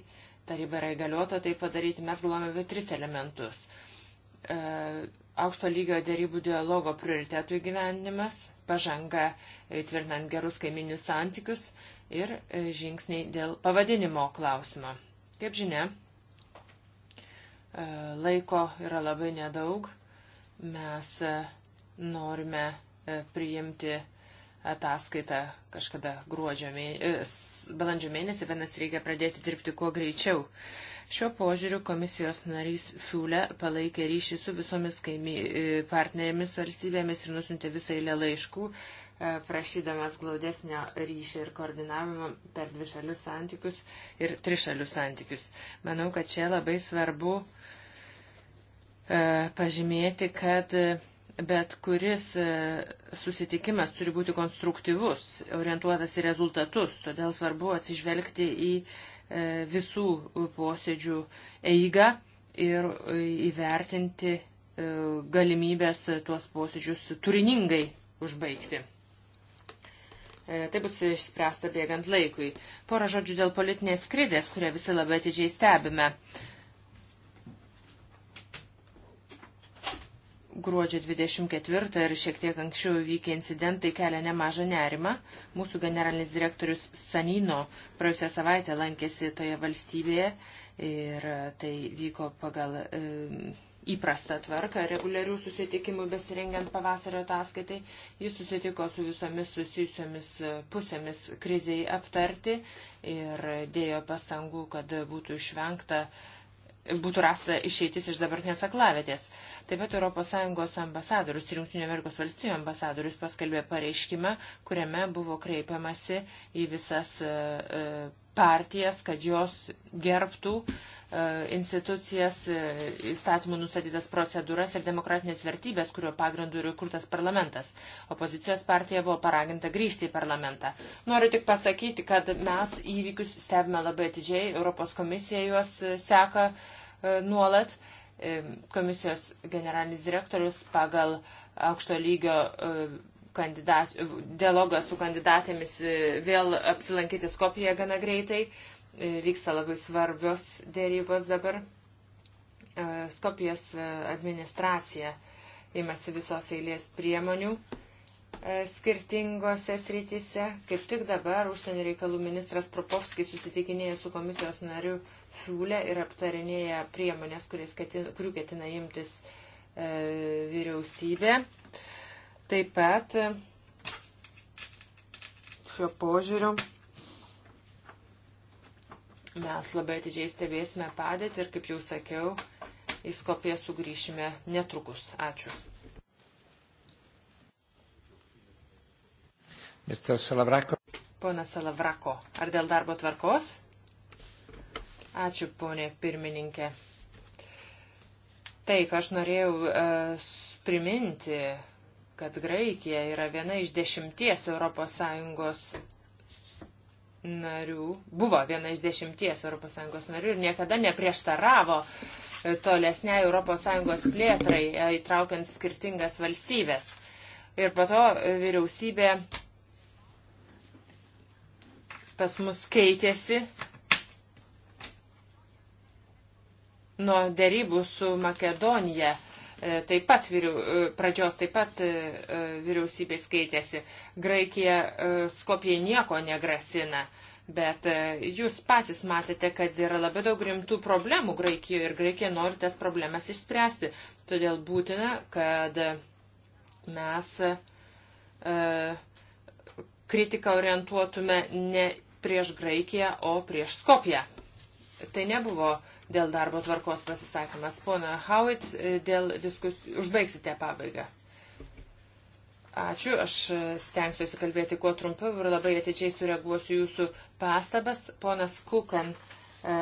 taryba yra įgaliota tai padaryti, mes galvojame apie tris elementus. E, aukšto lygio dėrybų dialogo prioritetų įgyvendinimas, pažanga e, tvirtinant gerus kaiminius santykius ir e, žingsniai dėl pavadinimo klausimo. Kaip žinia, E, laiko yra labai nedaug. Mes e, norime e, priimti ataskaitą kažkada gruodžio mėnesį, balandžio mėnesį, vienas reikia pradėti dirbti kuo greičiau. Šiuo požiūriu komisijos narys Fiule palaikė ryšį su visomis kaimi, partnerėmis valstybėmis ir nusintė visą eilę laiškų E, prašydamas glaudesnio ryšio ir koordinavimo per dvišalius santykius ir trišalius santykius. Manau, kad čia labai svarbu e, pažymėti, kad bet kuris e, susitikimas turi būti konstruktyvus, orientuotas į rezultatus, todėl svarbu atsižvelgti į visų posėdžių eigą ir įvertinti galimybės tuos posėdžius turiningai užbaigti. E, tai bus išspręsta bėgant laikui. Porą žodžių dėl politinės krizės, kurią visi labai atidžiai stebime. Gruodžio 24 ir šiek tiek anksčiau vykę incidentai kelia nemažą nerimą. Mūsų generalinis direktorius Sanino praėjusią savaitę lankėsi toje valstybėje ir tai vyko pagal. E, įprastą tvarką reguliarių susitikimų besirengiant pavasario ataskaitai. Jis susitiko su visomis susijusiomis pusėmis kriziai aptarti ir dėjo pastangų, kad būtų išvengta būtų rasta išeitis iš dabartinės aklavėtės. Taip pat ES ambasadorius ir JAV ambasadorius paskelbė pareiškimą, kuriame buvo kreipiamasi į visas e, partijas, kad jos gerbtų e, institucijas, e, įstatymų nustatytas procedūras ir demokratinės vertybės, kurio pagrindu yra kurtas parlamentas. Opozicijos partija buvo paraginta grįžti į parlamentą. Noriu tik pasakyti, kad mes įvykius stebime labai atidžiai, Europos komisija juos e, seka nuolat. Komisijos generalinis direktorius pagal aukšto lygio kandidat, dialogą su kandidatėmis e, vėl apsilankyti Skopijoje gana greitai. E, vyksta labai svarbios dėrybos dabar. E, Skopijas administracija imasi visos eilės priemonių skirtingose srityse. Kaip tik dabar užsienio reikalų ministras Propovskis susitikinėja su komisijos nariu Fiulė ir aptarinėja priemonės, ketina, kurių ketina imtis e, vyriausybė. E, Taip pat šiuo požiūriu mes labai atidžiai stebėsime padėtį ir, kaip jau sakiau, į Skopiją sugrįšime netrukus. Ačiū. Mr. Salavrako. Pona Salavrako, ar dėl darbo tvarkos? Ačiū, ponė pirmininkė. Taip, aš norėjau uh, priminti kad Graikija yra viena iš dešimties ES narių, buvo viena iš dešimties ES narių ir niekada neprieštaravo tolesniai ES plėtrai, e, įtraukiant skirtingas valstybės. Ir po to vyriausybė pas mus keitėsi nuo dėrybų su Makedonija E, taip pat e, pradžios taip pat e, vyriausybės keitėsi. Graikija Skopijai nieko negrasina, bet jūs patys matėte, kad yra labai daug rimtų problemų Graikijoje ir Graikija nori tas problemas išspręsti. Todėl būtina, kad mes kritiką orientuotume ne prieš Graikiją, o prieš Skopiją. Tai nebuvo uh, dėl darbo tvarkos pasisakymas. Pona Howitt, e, dėl diskusijų. Užbaigsite pabaigą. Ačiū, aš stengsiuosi kalbėti kuo trumpiau ir labai atidžiai sureaguosiu jūsų pastabas. Ponas Kukan e,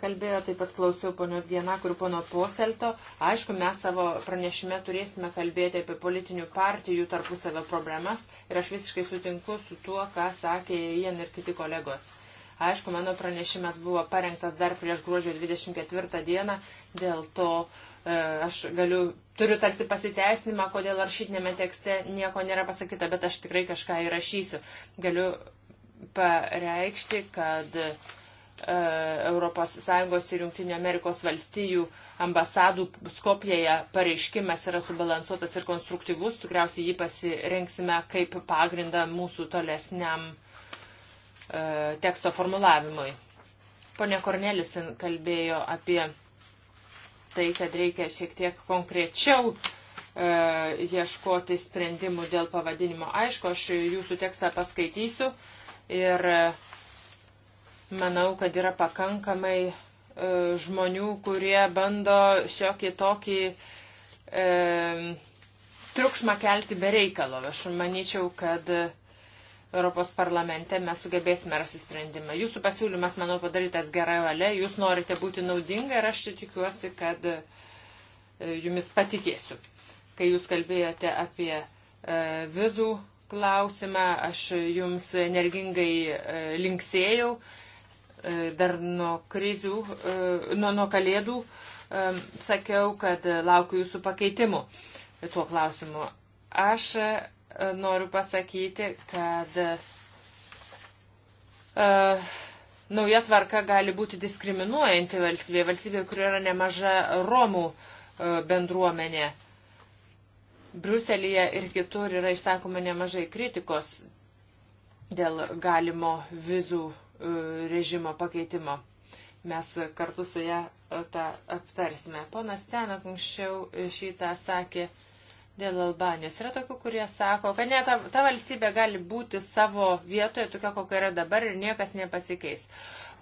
kalbėjo, taip pat klausiau ponios Gienakų ir pono Poselto. Aišku, mes savo pranešime turėsime kalbėti apie politinių partijų tarpusavio problemas ir aš visiškai sutinku su tuo, ką sakė Jan ir kiti kolegos. Aišku, mano pranešimas buvo parengtas dar prieš gruodžio 24 dieną, dėl to e, aš galiu, turiu tarsi pasiteisinimą, kodėl rašytinėme tekste nieko nėra pasakyta, bet aš tikrai kažką įrašysiu. Galiu pareikšti, kad e, ES ir JAV ambasadų Skopijoje pareiškimas yra subalansuotas ir konstruktyvus. Tikriausiai jį pasirinksime kaip pagrindą mūsų tolesniam E, teksto formulavimui. Pone Kornelisin kalbėjo apie tai, kad reikia šiek tiek konkrečiau e, ieškoti sprendimų dėl pavadinimo. Aišku, aš jūsų tekstą paskaitysiu ir e, manau, kad yra pakankamai e, žmonių, kurie bando šiokį tokį e, triukšmą kelti be reikalo. Aš manyčiau, kad e, Europos parlamente mes sugebėsime rasti sprendimą. Jūsų pasiūlymas, manau, padarytas gerai valia, jūs norite būti naudinga ir aš tikiuosi, kad e, jumis patikėsiu. Kai jūs kalbėjote apie e, vizų klausimą, aš jums energingai e, linksėjau dar nuo krizių, nuo, nuo kalėdų sakiau, kad laukiu jūsų pakeitimų tuo klausimu. Aš noriu pasakyti, kad uh, nauja tvarka gali būti diskriminuojanti valstybė, valstybė, kur yra nemaža Romų uh, bendruomenė. Bruselėje ir kitur yra išsakoma nemažai kritikos dėl galimo vizų e, režimo pakeitimo. Mes kartu su ją tą aptarsime. Ponas Tenok anksčiau šitą sakė dėl Albanijos. Yra tokių, kurie sako, kad ne, ta, ta valstybė gali būti savo vietoje tokia, kokia yra dabar ir niekas nepasikeis.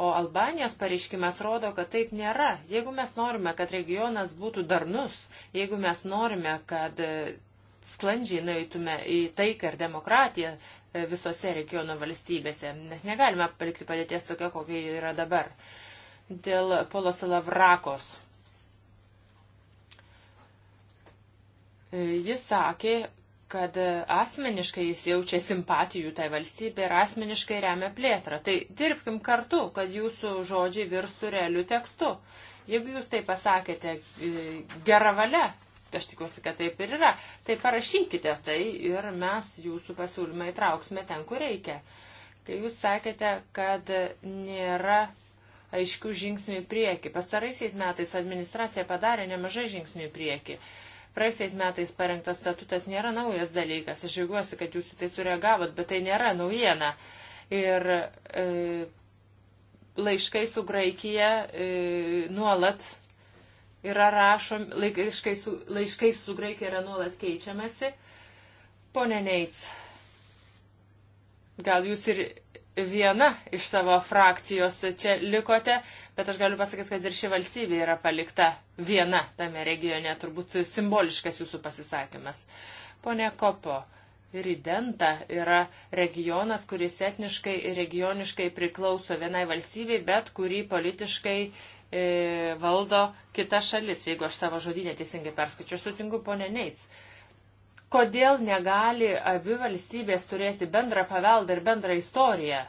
O Albanijos pareiškimas rodo, kad taip nėra. Jeigu mes norime, kad regionas būtų darnus, jeigu mes norime, kad e, sklandžiai nueitume į taiką ir demokratiją e, visose regiono valstybėse, nes negalime palikti padėties tokia, kokia yra dabar. Dėl Polo Salavrakos Jis sakė, kad asmeniškai jis jaučia simpatijų tai valstybė ir asmeniškai remia plėtrą. Tai dirbkim kartu, kad jūsų žodžiai virstų realiu tekstu. Jeigu jūs tai pasakėte e, gerą valią, aš tikiuosi, kad taip ir yra, tai parašykite tai ir mes jūsų pasiūlymą įtrauksime ten, kur reikia. Kai jūs sakėte, kad nėra aiškių žingsnių į priekį. Pastaraisiais metais administracija padarė nemažai žingsnių į priekį. Uh, Praėjusiais metais parengtas statutas nėra naujas dalykas. Aš žiūriuosi, kad jūs į tai sureagavot, bet tai nėra naujiena. Ir e, laiškai su Graikija e, nuolat yra rašomi, laiškai su, laiškai su Graikija yra nuolat keičiamasi. Pone Neits, gal jūs ir viena iš savo frakcijos čia likote, bet aš galiu pasakyti, kad ir ši valstybė yra palikta viena tame regione, turbūt simboliškas jūsų pasisakymas. Pone Kopo, Ridenta yra regionas, kuris etniškai ir regioniškai priklauso vienai valstybei, bet kurį politiškai e, valdo kita šalis. Jeigu aš savo žodinę teisingai perskaičiu, sutinku, ponė Neits, Kodėl negali abi valstybės turėti bendrą paveldą ir bendrą istoriją?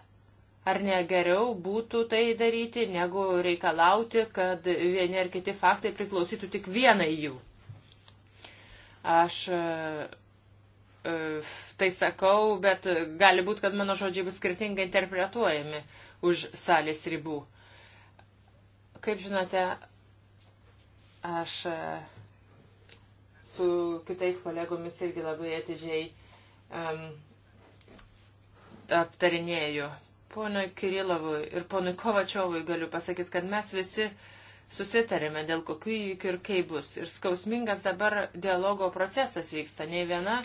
Ar negeriau būtų tai daryti, negu reikalauti, kad vieni ar kiti faktai priklausytų tik vienai jų? Aš e, e, tai sakau, bet gali būti, kad mano žodžiai bus skirtingai interpretuojami už salės ribų. Kaip žinote, aš. Uh, su kitais kolegomis irgi labai atidžiai um, aptarinėju. Ponui Kirilovui ir ponui Kovačiovui galiu pasakyti, kad mes visi susitarėme dėl kokių įvykių ir kaip bus. Ir skausmingas dabar dialogo procesas vyksta. Nei viena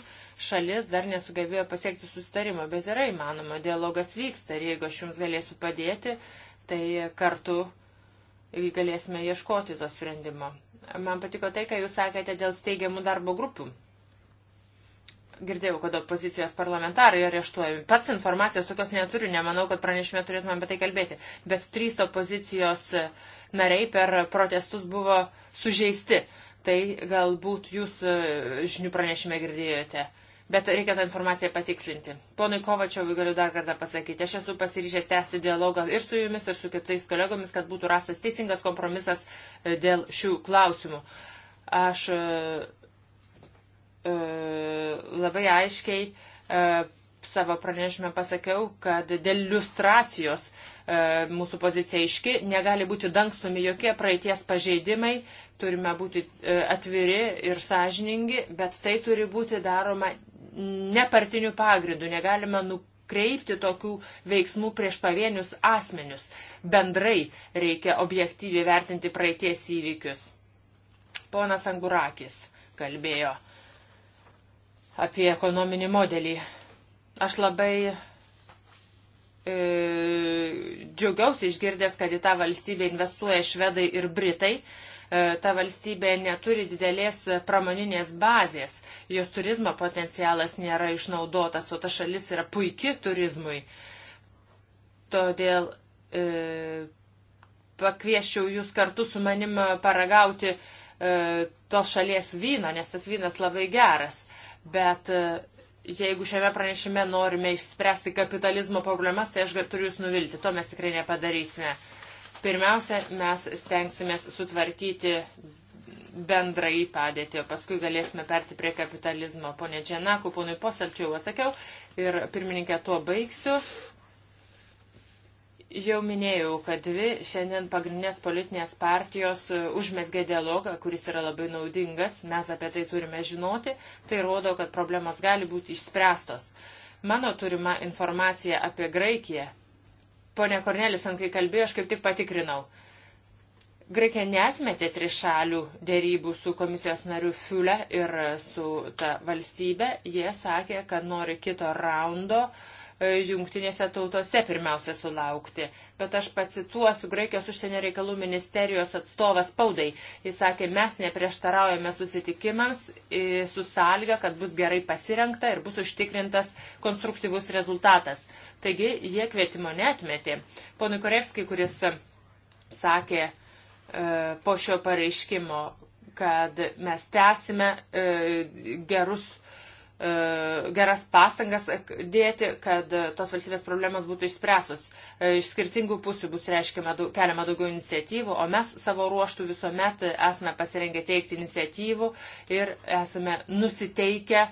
šalis dar nesugebėjo pasiekti susitarimo, bet yra įmanoma, dialogas vyksta ir jeigu aš jums galėsiu padėti, tai kartu galėsime ieškoti to sprendimo. Man patiko tai, ką jūs sakėte dėl steigiamų darbo grupių. Girdėjau, kad opozicijos parlamentarai areštuojami. Pats informacijos tokios neturiu, nemanau, kad pranešime turėtume apie tai kalbėti. Bet trys opozicijos nariai per protestus buvo sužeisti. Tai galbūt jūs e, žinių pranešime girdėjote. Uh, bet reikia tą informaciją patikslinti. Ponui Kovačiovui galiu dar kartą pasakyti, aš esu pasiryžęs tęsti dialogą ir su jumis, ir su kitais kolegomis, kad būtų rastas teisingas kompromisas e, dėl šių klausimų. Aš e, e, labai aiškiai e, savo pranešime pasakiau, kad dėl iliustracijos e, mūsų pozicija aiški, negali būti dangstomi jokie praeities pažeidimai, turime būti e, atviri ir sąžiningi, bet tai turi būti daroma nepartiniu pagrindu, negalime nukreipti tokių veiksmų prieš pavienius asmenius. Bendrai reikia objektyviai vertinti praeities įvykius. Ponas Angurakis kalbėjo apie ekonominį modelį. Aš labai e, džiaugiausi išgirdęs, kad į tą valstybę investuoja švedai ir britai, E, ta valstybė neturi didelės pramoninės bazės, jos turizmo potencialas nėra išnaudotas, o ta šalis yra puiki turizmui. Todėl e, pakvieščiau jūs kartu su manim paragauti e, tos šalies vyno, nes tas vynas labai geras. Bet e, jeigu šiame pranešime norime išspręsti kapitalizmo problemas, tai aš turiu jūs nuvilti, to mes tikrai nepadarysime. E, Pirmiausia, mes stengsimės sutvarkyti bendrai padėtį, o paskui galėsime perti prie kapitalizmo. Pone Dženaku, ponui Posalčiau atsakiau ir pirmininkė tuo baigsiu. Jau minėjau, kad dvi šiandien pagrindinės politinės partijos užmesgė dialogą, kuris yra labai naudingas, mes apie tai turime žinoti, tai rodo, kad problemos gali būti išspręstos. Mano turima informacija apie Graikiją Pone Kornelis, kai kalbėjo, aš kaip tik patikrinau. Uh, Graikija netmetė trišalių dėrybų su komisijos nariu Fiule ir su ta valstybė. Jie sakė, kad nori kito raundo e, jungtinėse tautose pirmiausia sulaukti. Bet aš pacituosiu Graikijos užsienio reikalų ministerijos atstovas spaudai. Jis sakė, mes neprieštaraujame susitikimams e, su sąlyga, kad bus gerai pasirengta ir bus užtikrintas konstruktyvus rezultatas. Taigi jie kvietimo netmetė. Ponui Korevskai, kuris sakė, E, po šio pareiškimo, kad mes tęsime e, gerus e, geras pasangas dėti, kad tos valstybės problemos būtų išspręsos. Iš skirtingų pusių bus reiškiama, keliama daugiau iniciatyvų, o mes savo ruoštų visuomet esame pasirengę teikti iniciatyvų ir esame nusiteikę e,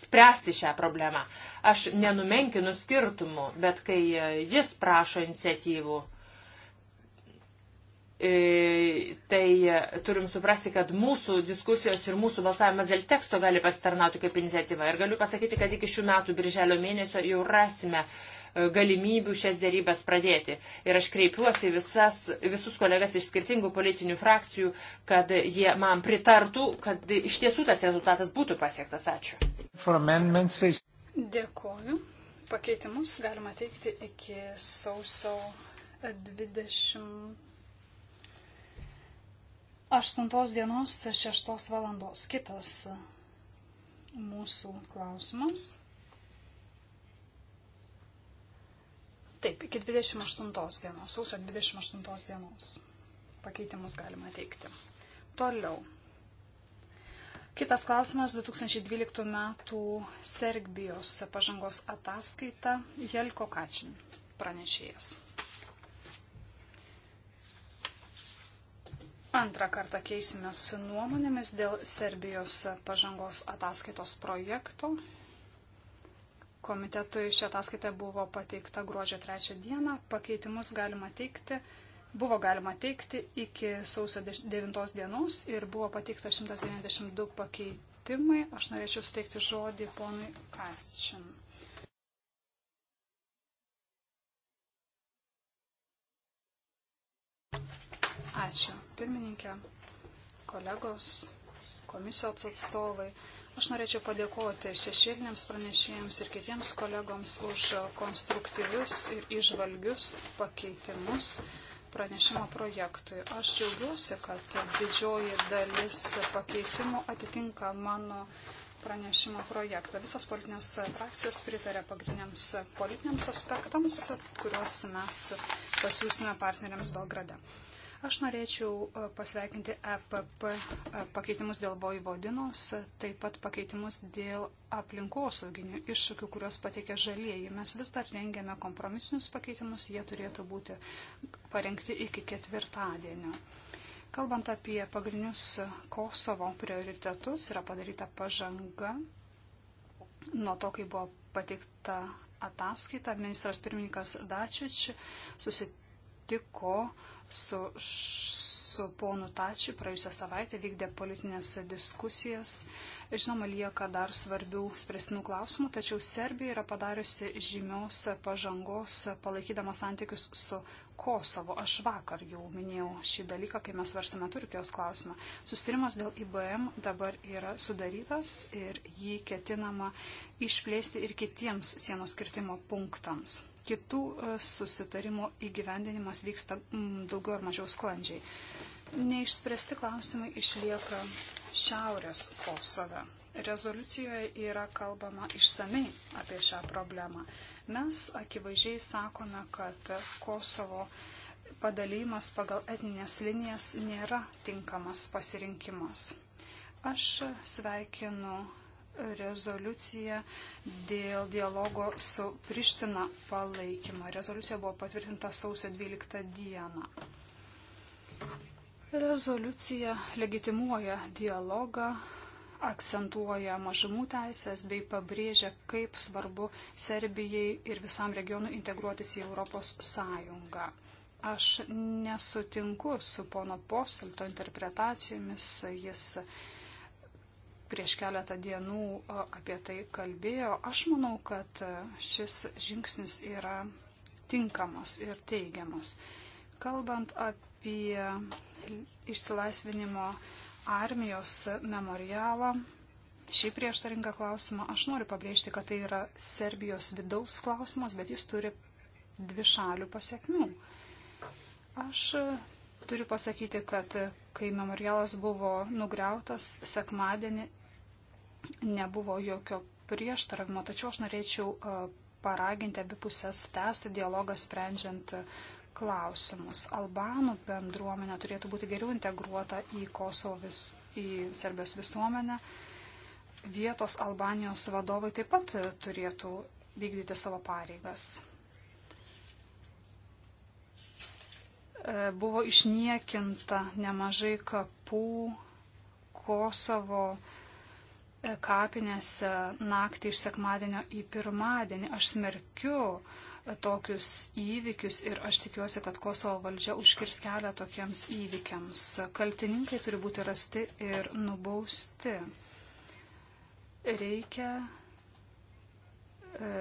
spręsti šią problemą. Aš nenumenkinu skirtumų, bet kai jis prašo iniciatyvų, E, tai e, turim suprasti, kad mūsų diskusijos ir mūsų balsavimas dėl teksto gali pasitarnauti kaip iniciatyva. Ir galiu pasakyti, kad iki šių metų birželio mėnesio jau rasime e, galimybių šias dėrybas pradėti. Ir aš kreipiuosi visas, visus kolegas iš skirtingų politinių frakcijų, kad jie man pritartų, kad iš tiesų tas rezultatas būtų pasiektas. Ačiū. Dėkoju. Pakeitimus galima teikti iki sausio 20. 8 dienos 6 valandos. Kitas mūsų klausimas. Taip, iki 28 dienos, sausio 28 dienos pakeitimus galima teikti. Toliau. Kitas klausimas 2012 metų Serbijos pažangos ataskaita Jelko Kačin pranešėjas. Antrą kartą keisimės nuomonėmis dėl Serbijos pažangos ataskaitos projekto. Komitetui ši ataskaita buvo pateikta gruodžio 3 dieną. Pakeitimus galima teikti, buvo galima teikti iki sausio 9 dienos ir buvo pateikta 192 pakeitimai. Aš norėčiau suteikti žodį ponui Kačin. Ačiū. Pirmininkė, kolegos, komisijos atstovai. Aš norėčiau padėkoti šešėliniams pranešėjams ir kitiems kolegoms už konstruktyvius ir išvalgius pakeitimus pranešimo projektui. Aš džiaugiuosi, kad didžioji dalis pakeitimų atitinka mano pranešimo projektą. Visos politinės frakcijos pritarė pagrindiniams politiniams aspektams, kuriuos mes pasiūsime partneriams Belgrade. Aš norėčiau e, pasveikinti EPP e, pakeitimus dėl Vojvodinos, taip pat pakeitimus dėl aplinkosauginių iššūkių, kuriuos pateikė žalieji. Mes vis dar rengiame kompromisinius pakeitimus, jie turėtų būti parengti iki ketvirtadienio. Kalbant apie pagrindinius Kosovo prioritetus, yra padaryta pažanga nuo to, kai buvo pateikta ataskaita. Ministras pirmininkas Dačič susitiko su, su ponu Tačiu praėjusią savaitę vykdė politinės diskusijas. Žinoma, lieka dar svarbių spręstinų klausimų, tačiau Serbija yra padariusi žymios pažangos palaikydama santykius su Kosovo. Aš vakar jau minėjau šį dalyką, kai mes varstame Turkijos klausimą. Sustarimas dėl IBM dabar yra sudarytas ir jį ketinama išplėsti ir kitiems sienos kirtimo punktams kitų e, susitarimų įgyvendinimas vyksta mm, daugiau ar mažiau sklandžiai. Neišspręsti klausimai išlieka Šiaurės Kosove. Rezoliucijoje yra kalbama išsamei apie šią problemą. Mes akivaizdžiai sakome, kad Kosovo padalymas pagal etninės linijas nėra tinkamas pasirinkimas. Aš sveikinu rezoliuciją dėl dialogo su Priština palaikymą. Rezoliucija buvo patvirtinta sausio 12 dieną. Rezoliucija legitimuoja dialogą, akcentuoja mažumų teisės bei pabrėžia, kaip svarbu Serbijai ir visam regionui integruotis į Europos Sąjungą. Aš nesutinku su pono Poselto interpretacijomis, jis prieš keletą dienų apie tai kalbėjo, aš manau, kad e, šis žingsnis yra tinkamas ir teigiamas. Kalbant apie išsilaisvinimo armijos memorialą, šį prieštaringą klausimą, aš noriu pabrėžti, kad tai yra Serbijos vidaus klausimas, bet jis turi dvi šalių pasiekmių. Aš e, turiu pasakyti, kad e, kai memorialas buvo nugriautas, sekmadienį nebuvo jokio prieštaravimo, tačiau aš norėčiau e, paraginti abipusės tęsti dialogą sprendžiant e, klausimus. Albanų bendruomenė turėtų būti geriau integruota į Kosovo, vis, į Serbijos visuomenę. Vietos Albanijos vadovai taip pat e, turėtų vykdyti savo pareigas. Buvo išniekinta nemažai kapų Kosovo kapinėse naktį iš sekmadienio į pirmadienį. Aš smerkiu e, tokius įvykius ir aš tikiuosi, kad Kosovo valdžia užkirs kelią tokiems įvykiams. Kaltininkai turi būti rasti ir nubausti. Reikia e,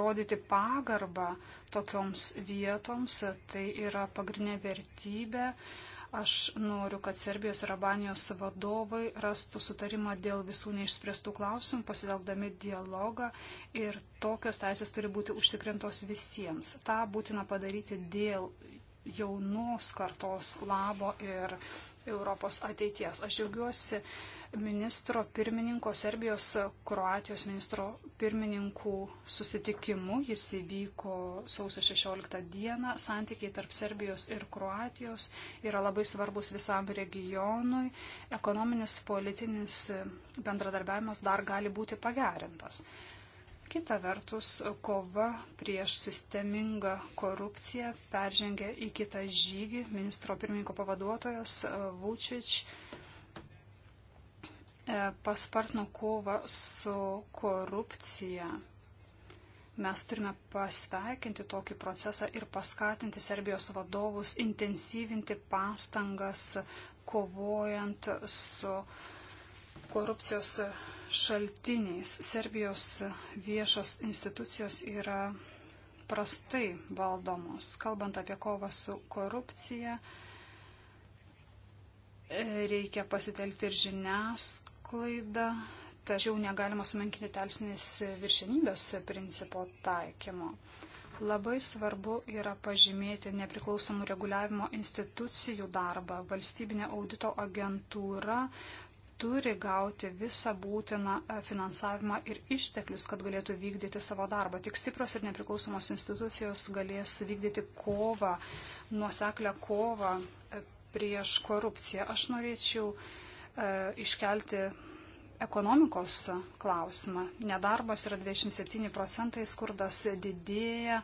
rodyti pagarbą tokioms vietoms, tai yra pagrindinė vertybė. E, Aš noriu, kad Serbijos ir Albanijos vadovai rastų sutarimą dėl visų neišspręstų klausimų, pasidelgdami dialogą ir tokios teisės turi būti užtikrintos visiems. Ta būtina padaryti dėl jaunos kartos labo ir Europos ateities. Aš džiaugiuosi ministro pirmininko Serbijos Kroatijos ministro pirmininkų susitikimu. Jis įvyko sausio 16 dieną. Santykiai tarp Serbijos ir Kroatijos yra labai svarbus visam regionui. Ekonominis, politinis bendradarbiavimas dar gali būti pagerintas. Kita vertus, kova prieš sistemingą korupciją peržengė į kitą žygį ministro pirmininko pavaduotojas e, Vučič e, paspartino kovą su korupcija. Mes turime pasveikinti tokį procesą ir paskatinti Serbijos vadovus intensyvinti pastangas kovojant su korupcijos šaltiniais. Serbijos viešos institucijos yra prastai valdomos. Kalbant apie kovą su korupcija, reikia pasitelkti ir žiniasklaidą, tačiau negalima sumenkinti teisinės viršenybės principo taikymo. Labai svarbu yra pažymėti nepriklausomų reguliavimo institucijų darbą. Valstybinė audito agentūra turi gauti visą būtiną e, finansavimą ir išteklius, kad galėtų vykdyti savo darbą. Tik stipros ir nepriklausomos institucijos galės vykdyti kovą, nuoseklę kovą e, prieš korupciją. Aš norėčiau e, iškelti ekonomikos klausimą. Nedarbas yra 27 procentai, skurdas didėja.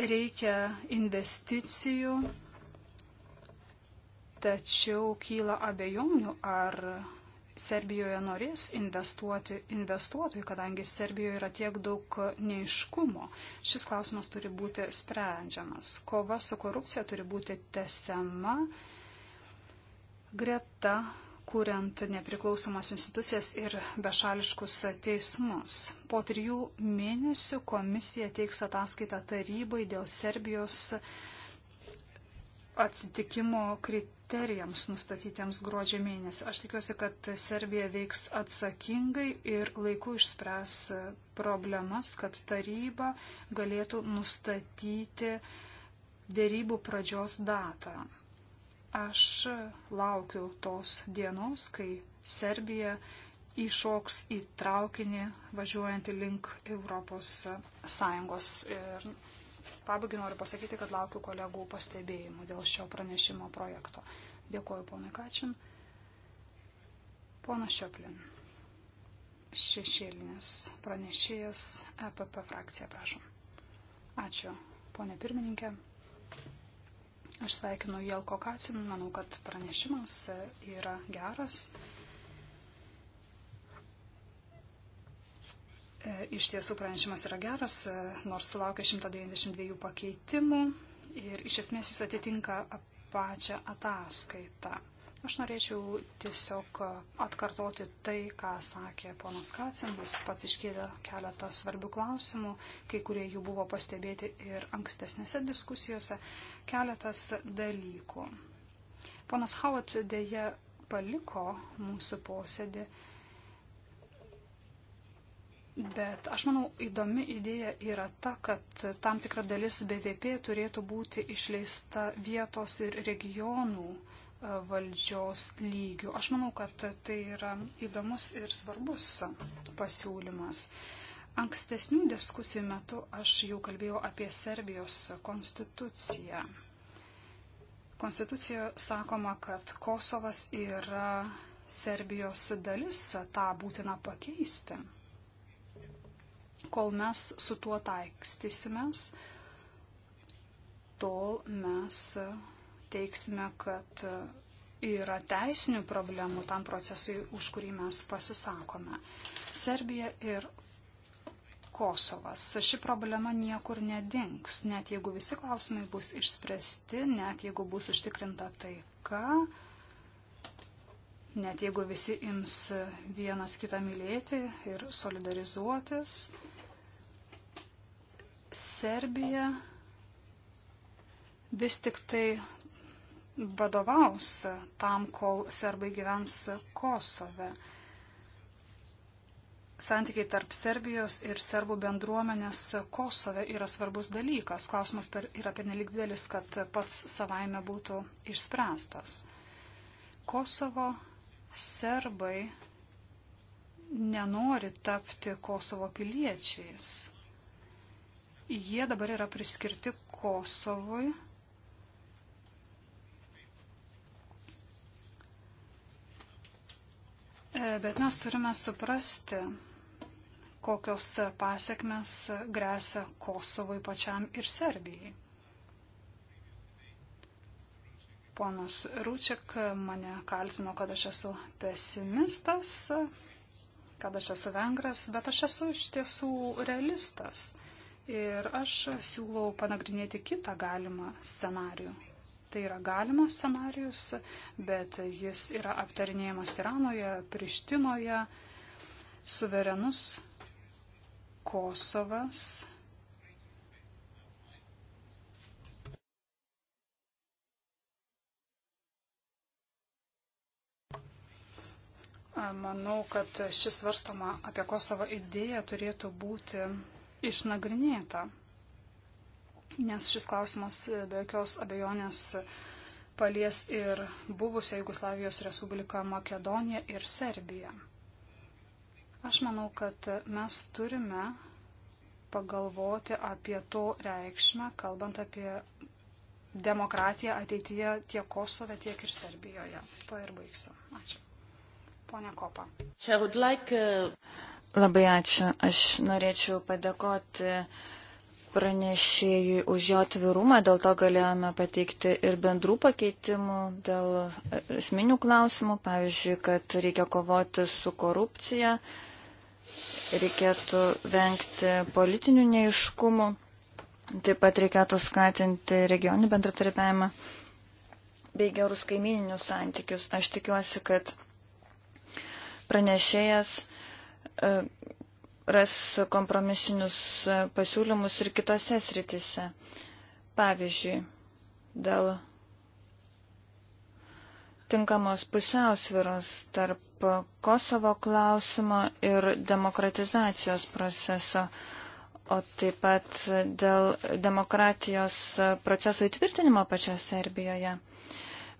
Reikia investicijų Tačiau kyla abejonių, ar Serbijoje norės investuoti investuotojai, kadangi Serbijoje yra tiek daug neiškumo. Šis klausimas turi būti sprendžiamas. Kova su korupcija turi būti tesiama greta, kuriant nepriklausomas institucijas ir bešališkus teismus. Po trijų mėnesių komisija teiks ataskaitą tarybai dėl Serbijos atsitikimo kriterijų kriterijams nustatytiems gruodžio mėnesį. Aš tikiuosi, kad Serbija veiks atsakingai ir laiku išspręs problemas, kad taryba galėtų nustatyti dėrybų pradžios datą. Aš laukiu tos dienos, kai Serbija įšoks į traukinį važiuojantį link Europos Sąjungos. Ir Pabaigai noriu pasakyti, kad laukiu kolegų pastebėjimų dėl šio pranešimo projekto. Dėkuoju, ponai Kačin. Pona Šioplin, šešėlinis pranešėjas EPP frakcija, prašom. Ačiū, ponė pirmininkė. Aš sveikinu Jelko Kacin, manau, kad pranešimas yra geras E, iš tiesų pranešimas yra geras, e, nors sulaukė 192 pakeitimų ir iš esmės jis atitinka pačią ataskaitą. Aš norėčiau tiesiog atkartoti tai, ką sakė ponas Kacin, jis pats iškėlė keletą svarbių klausimų, kai kurie jų buvo pastebėti ir ankstesnėse diskusijose, keletas dalykų. Ponas Howard dėja paliko mūsų posėdį, Bet aš manau, įdomi idėja yra ta, kad tam tikra dalis BVP turėtų būti išleista vietos ir regionų e, valdžios lygių. Aš manau, kad tai yra įdomus ir svarbus pasiūlymas. Ankstesnių diskusijų metu aš jau kalbėjau apie Serbijos konstituciją. Konstitucijoje sakoma, kad Kosovas yra Serbijos dalis, tą būtina pakeisti. Kol mes su tuo taikstysimės, tol mes teiksime, kad yra teisinių problemų tam procesui, už kurį mes pasisakome. Serbija ir Kosovas. Ši problema niekur nedings, net jeigu visi klausimai bus išspręsti, net jeigu bus užtikrinta taika, net jeigu visi ims vienas kitą mylėti ir solidarizuotis, Serbija vis tik tai vadovaus tam, kol serbai gyvens Kosove. Santykiai tarp Serbijos ir serbų bendruomenės Kosove yra svarbus dalykas. Klausimas per, yra pernelik didelis, kad pats savaime būtų išspręstas. Kosovo serbai nenori tapti Kosovo piliečiais. Jie dabar yra priskirti Kosovui. E, bet mes turime suprasti, kokios pasiekmes grėsia Kosovui pačiam ir Serbijai. Ponas Rūčiak mane kaltino, kad aš esu pesimistas, kad aš esu vengras, bet aš esu iš tiesų realistas. Ir aš siūlau panagrinėti kitą galimą scenarių. Tai yra galimas scenarius, bet jis yra aptarinėjamas Tiranoje, Prištinoje, suverenus Kosovas. Manau, kad šis svarstama apie Kosovo idėją turėtų būti išnagrinėta. Nes šis klausimas be jokios abejonės palies ir buvusią Jugoslavijos Respubliką Makedoniją ir Serbiją. Aš manau, kad mes turime pagalvoti apie to reikšmę, kalbant apie demokratiją ateityje tiek Kosove, tiek ir Serbijoje. To ir baigsiu. Ačiū. Pone Kopa. Like, uh... Labai ačiū. Aš norėčiau padėkoti pranešėjui už jo atvirumą, dėl to galėjome pateikti ir bendrų pakeitimų, dėl esminių klausimų, pavyzdžiui, kad reikia kovoti su korupcija, reikėtų vengti politinių neiškumų, taip pat reikėtų skatinti regionį bendratarpiavimą bei gerus kaimininius santykius. Aš tikiuosi, kad pranešėjas ras kompromisinius pasiūlymus ir kitose sritise. Pavyzdžiui, dėl tinkamos pusiausviros tarp Kosovo klausimo ir demokratizacijos proceso, o taip pat dėl demokratijos proceso įtvirtinimo pačioje Serbijoje.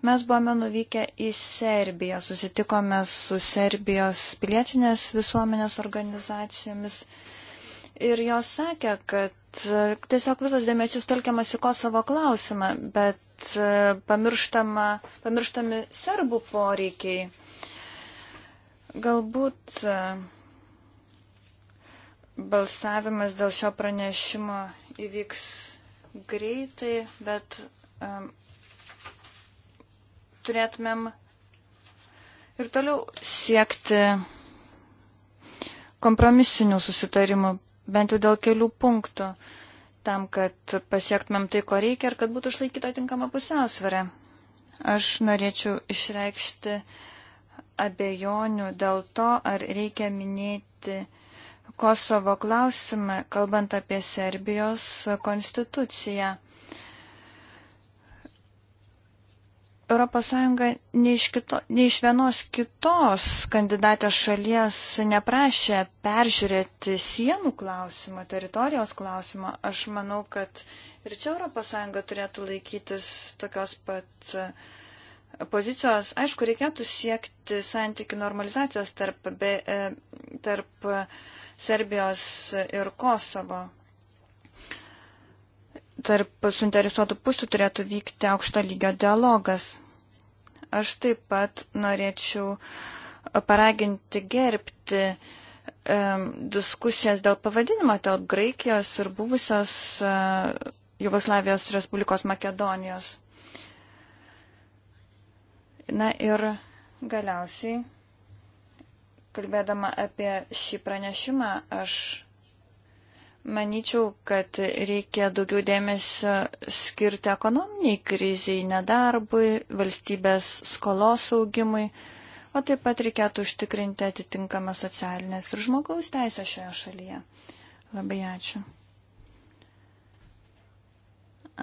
Mes buvome nuvykę į Serbiją, susitikome su Serbijos pilietinės visuomenės organizacijomis ir jos sakė, kad e, tiesiog visas dėmesys telkiamas į Kosovo klausimą, bet e, pamirštami serbų poreikiai. Galbūt e, balsavimas dėl šio pranešimo įvyks greitai, bet um, turėtumėm ir toliau siekti kompromisinių susitarimų, bent jau dėl kelių punktų, tam, kad pasiektumėm tai, ko reikia ir kad būtų išlaikyta tinkama pusiausvara. Aš norėčiau išreikšti abejonių dėl to, ar reikia minėti Kosovo klausimą, kalbant apie Serbijos konstituciją. ES nei iš, kito, nei iš vienos kitos kandidatės šalies neprašė peržiūrėti sienų klausimą, teritorijos klausimą. Aš manau, kad ir čia ES turėtų laikytis tokios pat e, pozicijos. Aišku, reikėtų siekti santykių normalizacijos tarp, be, tarp Serbijos ir Kosovo tarp suinteresuotų pusių turėtų vykti aukšto lygio dialogas. Aš taip pat norėčiau paraginti gerbti um, diskusijas dėl pavadinimo tarp Graikijos ir buvusios uh, Jugoslavijos Respublikos Makedonijos. Na ir galiausiai, kalbėdama apie šį pranešimą, aš Maničiau, kad reikia daugiau dėmesio skirti ekonominiai kriziai, nedarbui, valstybės skolos augimui, o taip pat reikėtų užtikrinti atitinkamą socialinės ir žmogaus teisę šioje šalyje. Labai ačiū.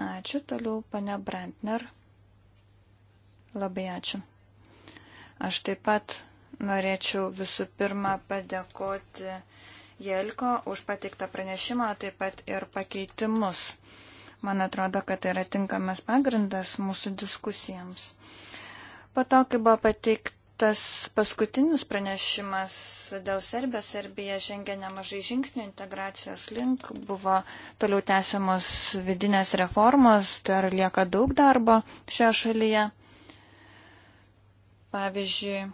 Ačiū toliau, pane Brantner. Labai ačiū. Aš taip pat norėčiau visų pirma padėkoti Jelko už pateiktą pranešimą, taip pat ir pakeitimus. Man atrodo, kad tai yra tinkamas pagrindas mūsų diskusijams. Po to, kai buvo pateiktas paskutinis pranešimas dėl Serbijos, Serbija žengė nemažai žingsnių integracijos link, buvo toliau tęsiamos vidinės reformos, tai ar lieka daug darbo šioje šalyje. Pavyzdžiui,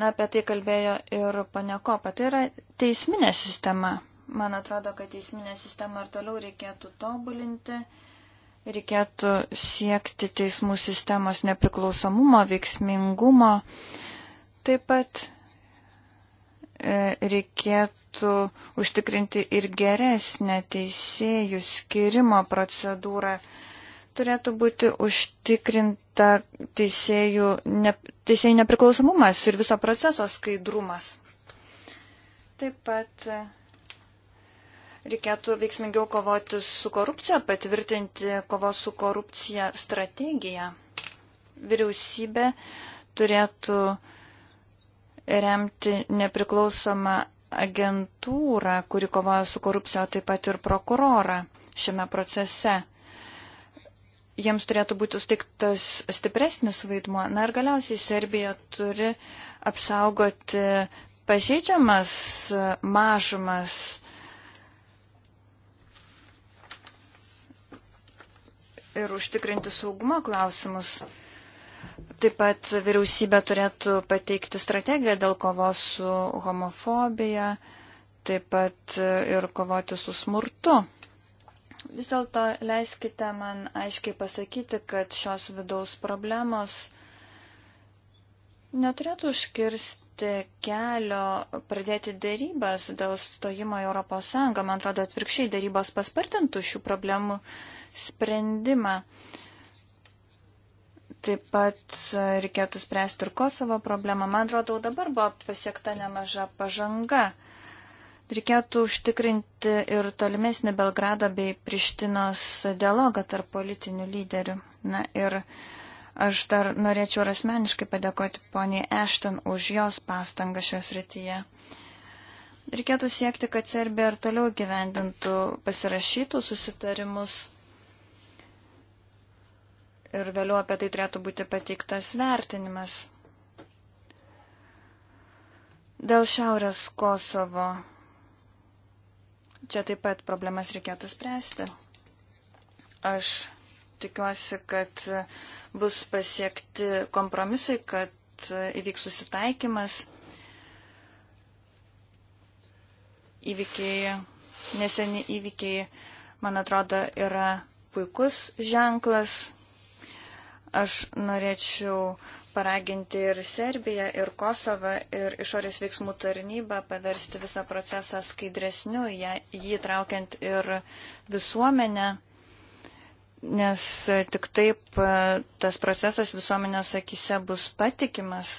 Na, apie tai kalbėjo ir panekopa. Tai yra teisminė sistema. Man atrodo, kad teisminė sistema ir toliau reikėtų tobulinti. Reikėtų siekti teismų sistemos nepriklausomumo, veiksmingumo. Taip pat e, reikėtų užtikrinti ir geresnę teisėjų skirimo procedūrą turėtų būti užtikrinta teisėjų, ne, teisėjų nepriklausomumas ir viso proceso skaidrumas. Taip pat e, reikėtų veiksmingiau kovoti su korupcija, patvirtinti kovos su korupcija strategiją. Vyriausybė turėtų remti nepriklausomą agentūrą, kuri kovoja su korupcija, taip pat ir prokurorą šiame procese jiems turėtų būti sutiktas stipresnis vaidmuo. Na ir galiausiai Serbija turi apsaugoti pažeidžiamas mažumas. Ir užtikrinti saugumo klausimus. Taip pat vyriausybė turėtų pateikti strategiją dėl kovos su homofobija, taip pat ir kovoti su smurtu. Vis dėlto leiskite man aiškiai pasakyti, kad šios vidaus problemos neturėtų užkirsti kelio pradėti dėrybas dėl stojimo į Europos Sąjungą. Man atrodo, atvirkščiai dėrybos paspartintų šių problemų sprendimą. Taip pat reikėtų spręsti ir Kosovo problemą. Man atrodo, dabar buvo pasiekta nemaža pažanga. Reikėtų užtikrinti ir tolimesnį Belgrado bei Prištinos dialogą tarp politinių lyderių. Na ir aš dar norėčiau ir asmeniškai padėkoti poniai Ešton už jos pastangą šios rytyje. Reikėtų siekti, kad Serbija ir toliau gyvendintų pasirašytų susitarimus ir vėliau apie tai turėtų būti pateiktas vertinimas. Dėl Šiaurės Kosovo Čia taip pat problemas reikėtų spręsti. Aš tikiuosi, kad bus pasiekti kompromisai, kad įvyks susitaikymas. Įvykiai, neseni įvykiai, man atrodo, yra puikus ženklas. Aš norėčiau paraginti ir Serbiją, ir Kosovą, ir išorės veiksmų tarnybą paversti visą procesą skaidresniu, jį traukiant ir visuomenę, nes tik taip e, tas procesas visuomenės akise bus patikimas.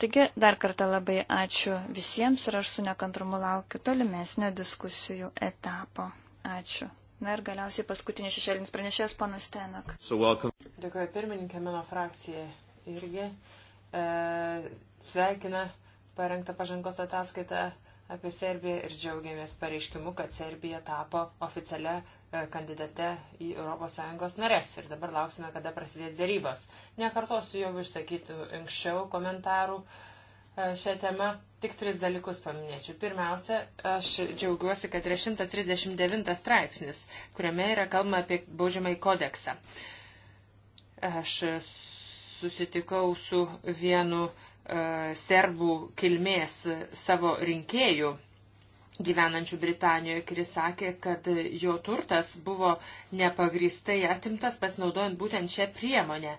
Taigi dar kartą labai ačiū visiems ir aš su nekantrumu laukiu tolimesnio diskusijų etapo. Ačiū. Na ir galiausiai paskutinis šešėlinis pranešėjas, panas Tenok. So welcome. Dėkuoju pirmininkė mano frakcijai irgi e, sveikina parengtą pažangos ataskaitą apie Serbiją ir džiaugiamės pareiškimu, kad Serbija tapo oficialia e, kandidate į ES narės ir dabar lauksime, kada prasidės dėrybos. Nekartosiu jau išsakytų anksčiau komentarų e, šią temą, tik tris dalykus paminėčiau. Pirmiausia, aš džiaugiuosi, kad yra 139 straipsnis, kuriame yra kalbama apie baudžiamąjį kodeksą. Aš susitikau su vienu e, serbų kilmės savo rinkėjų gyvenančių Britanijoje, kuris sakė, kad jo turtas buvo nepagristai atimtas pasinaudojant būtent šią priemonę.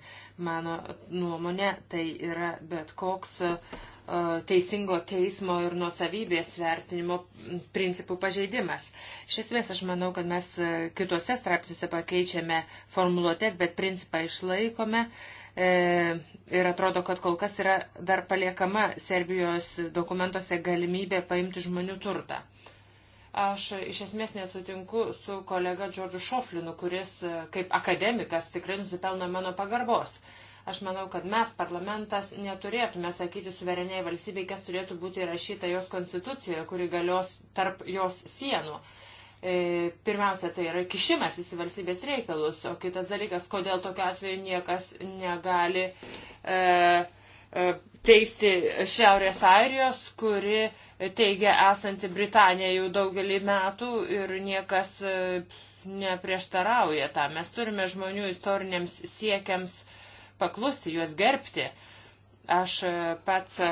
Mano nuomonė, tai yra bet koks uh, E, teisingo teismo ir nuosavybės vertinimo principų pažeidimas. Iš esmės, aš manau, kad mes e, kitose straipsniuose pakeičiame formuluotės, bet principą išlaikome. E, ir atrodo, kad kol kas yra dar paliekama Serbijos dokumentuose galimybė paimti žmonių turtą. Aš iš esmės nesutinku su kolega Džordžu Šoflinu, kuris kaip akademikas tikrai nusipelno mano pagarbos. Uh, Aš manau, kad mes, parlamentas, neturėtume sakyti suvereniai valstybei, kas turėtų būti įrašyta jos konstitucijoje, kuri galios tarp jos sienų. E, pirmiausia, tai yra kišimas į valstybės reikalus, o kitas dalykas, kodėl tokiu atveju niekas negali e, e, teisti Šiaurės Airijos, kuri teigia esanti Britanija jau daugelį metų ir niekas. E, neprieštarauja tam. Mes turime žmonių istoriniams siekiams paklusti, juos gerbti. Aš e, pats e,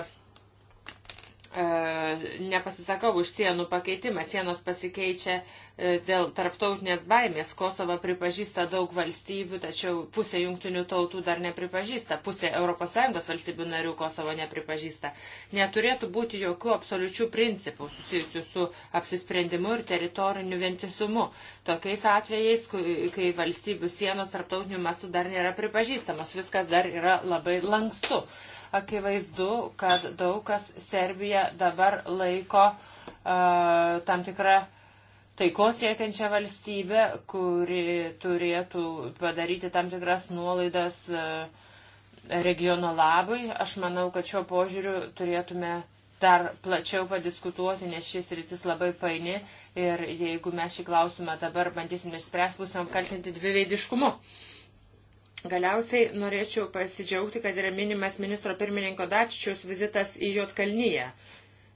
nepasisakau už sienų pakeitimą, sienos pasikeičia e, E, dėl tarptautinės baimės. Kosovą pripažįsta daug valstybių, tačiau pusė jungtinių tautų dar nepripažįsta, pusė ES valstybių narių Kosovo nepripažįsta. Neturėtų būti jokių absoliučių principų susijusių su apsisprendimu ir teritoriniu vientisumu. Tokiais atvejais, kai valstybių sienos tarptautiniu mastu dar nėra pripažįstamos, viskas dar yra labai lankstu. Akivaizdu, kad daug kas Serbija dabar laiko uh, tam tikrą taikos siekiančią valstybę, kuri turėtų padaryti tam tikras nuolaidas e, regiono labui. Aš manau, kad šio požiūriu turėtume dar plačiau padiskutuoti, nes šis rytis labai paini ir jeigu mes šį klausimą dabar bandysime išspręsti, būsime apkaltinti dviveidiškumu. Galiausiai norėčiau pasidžiaugti, kad yra minimas ministro pirmininko Dačičiaus vizitas į Jotkalnyje.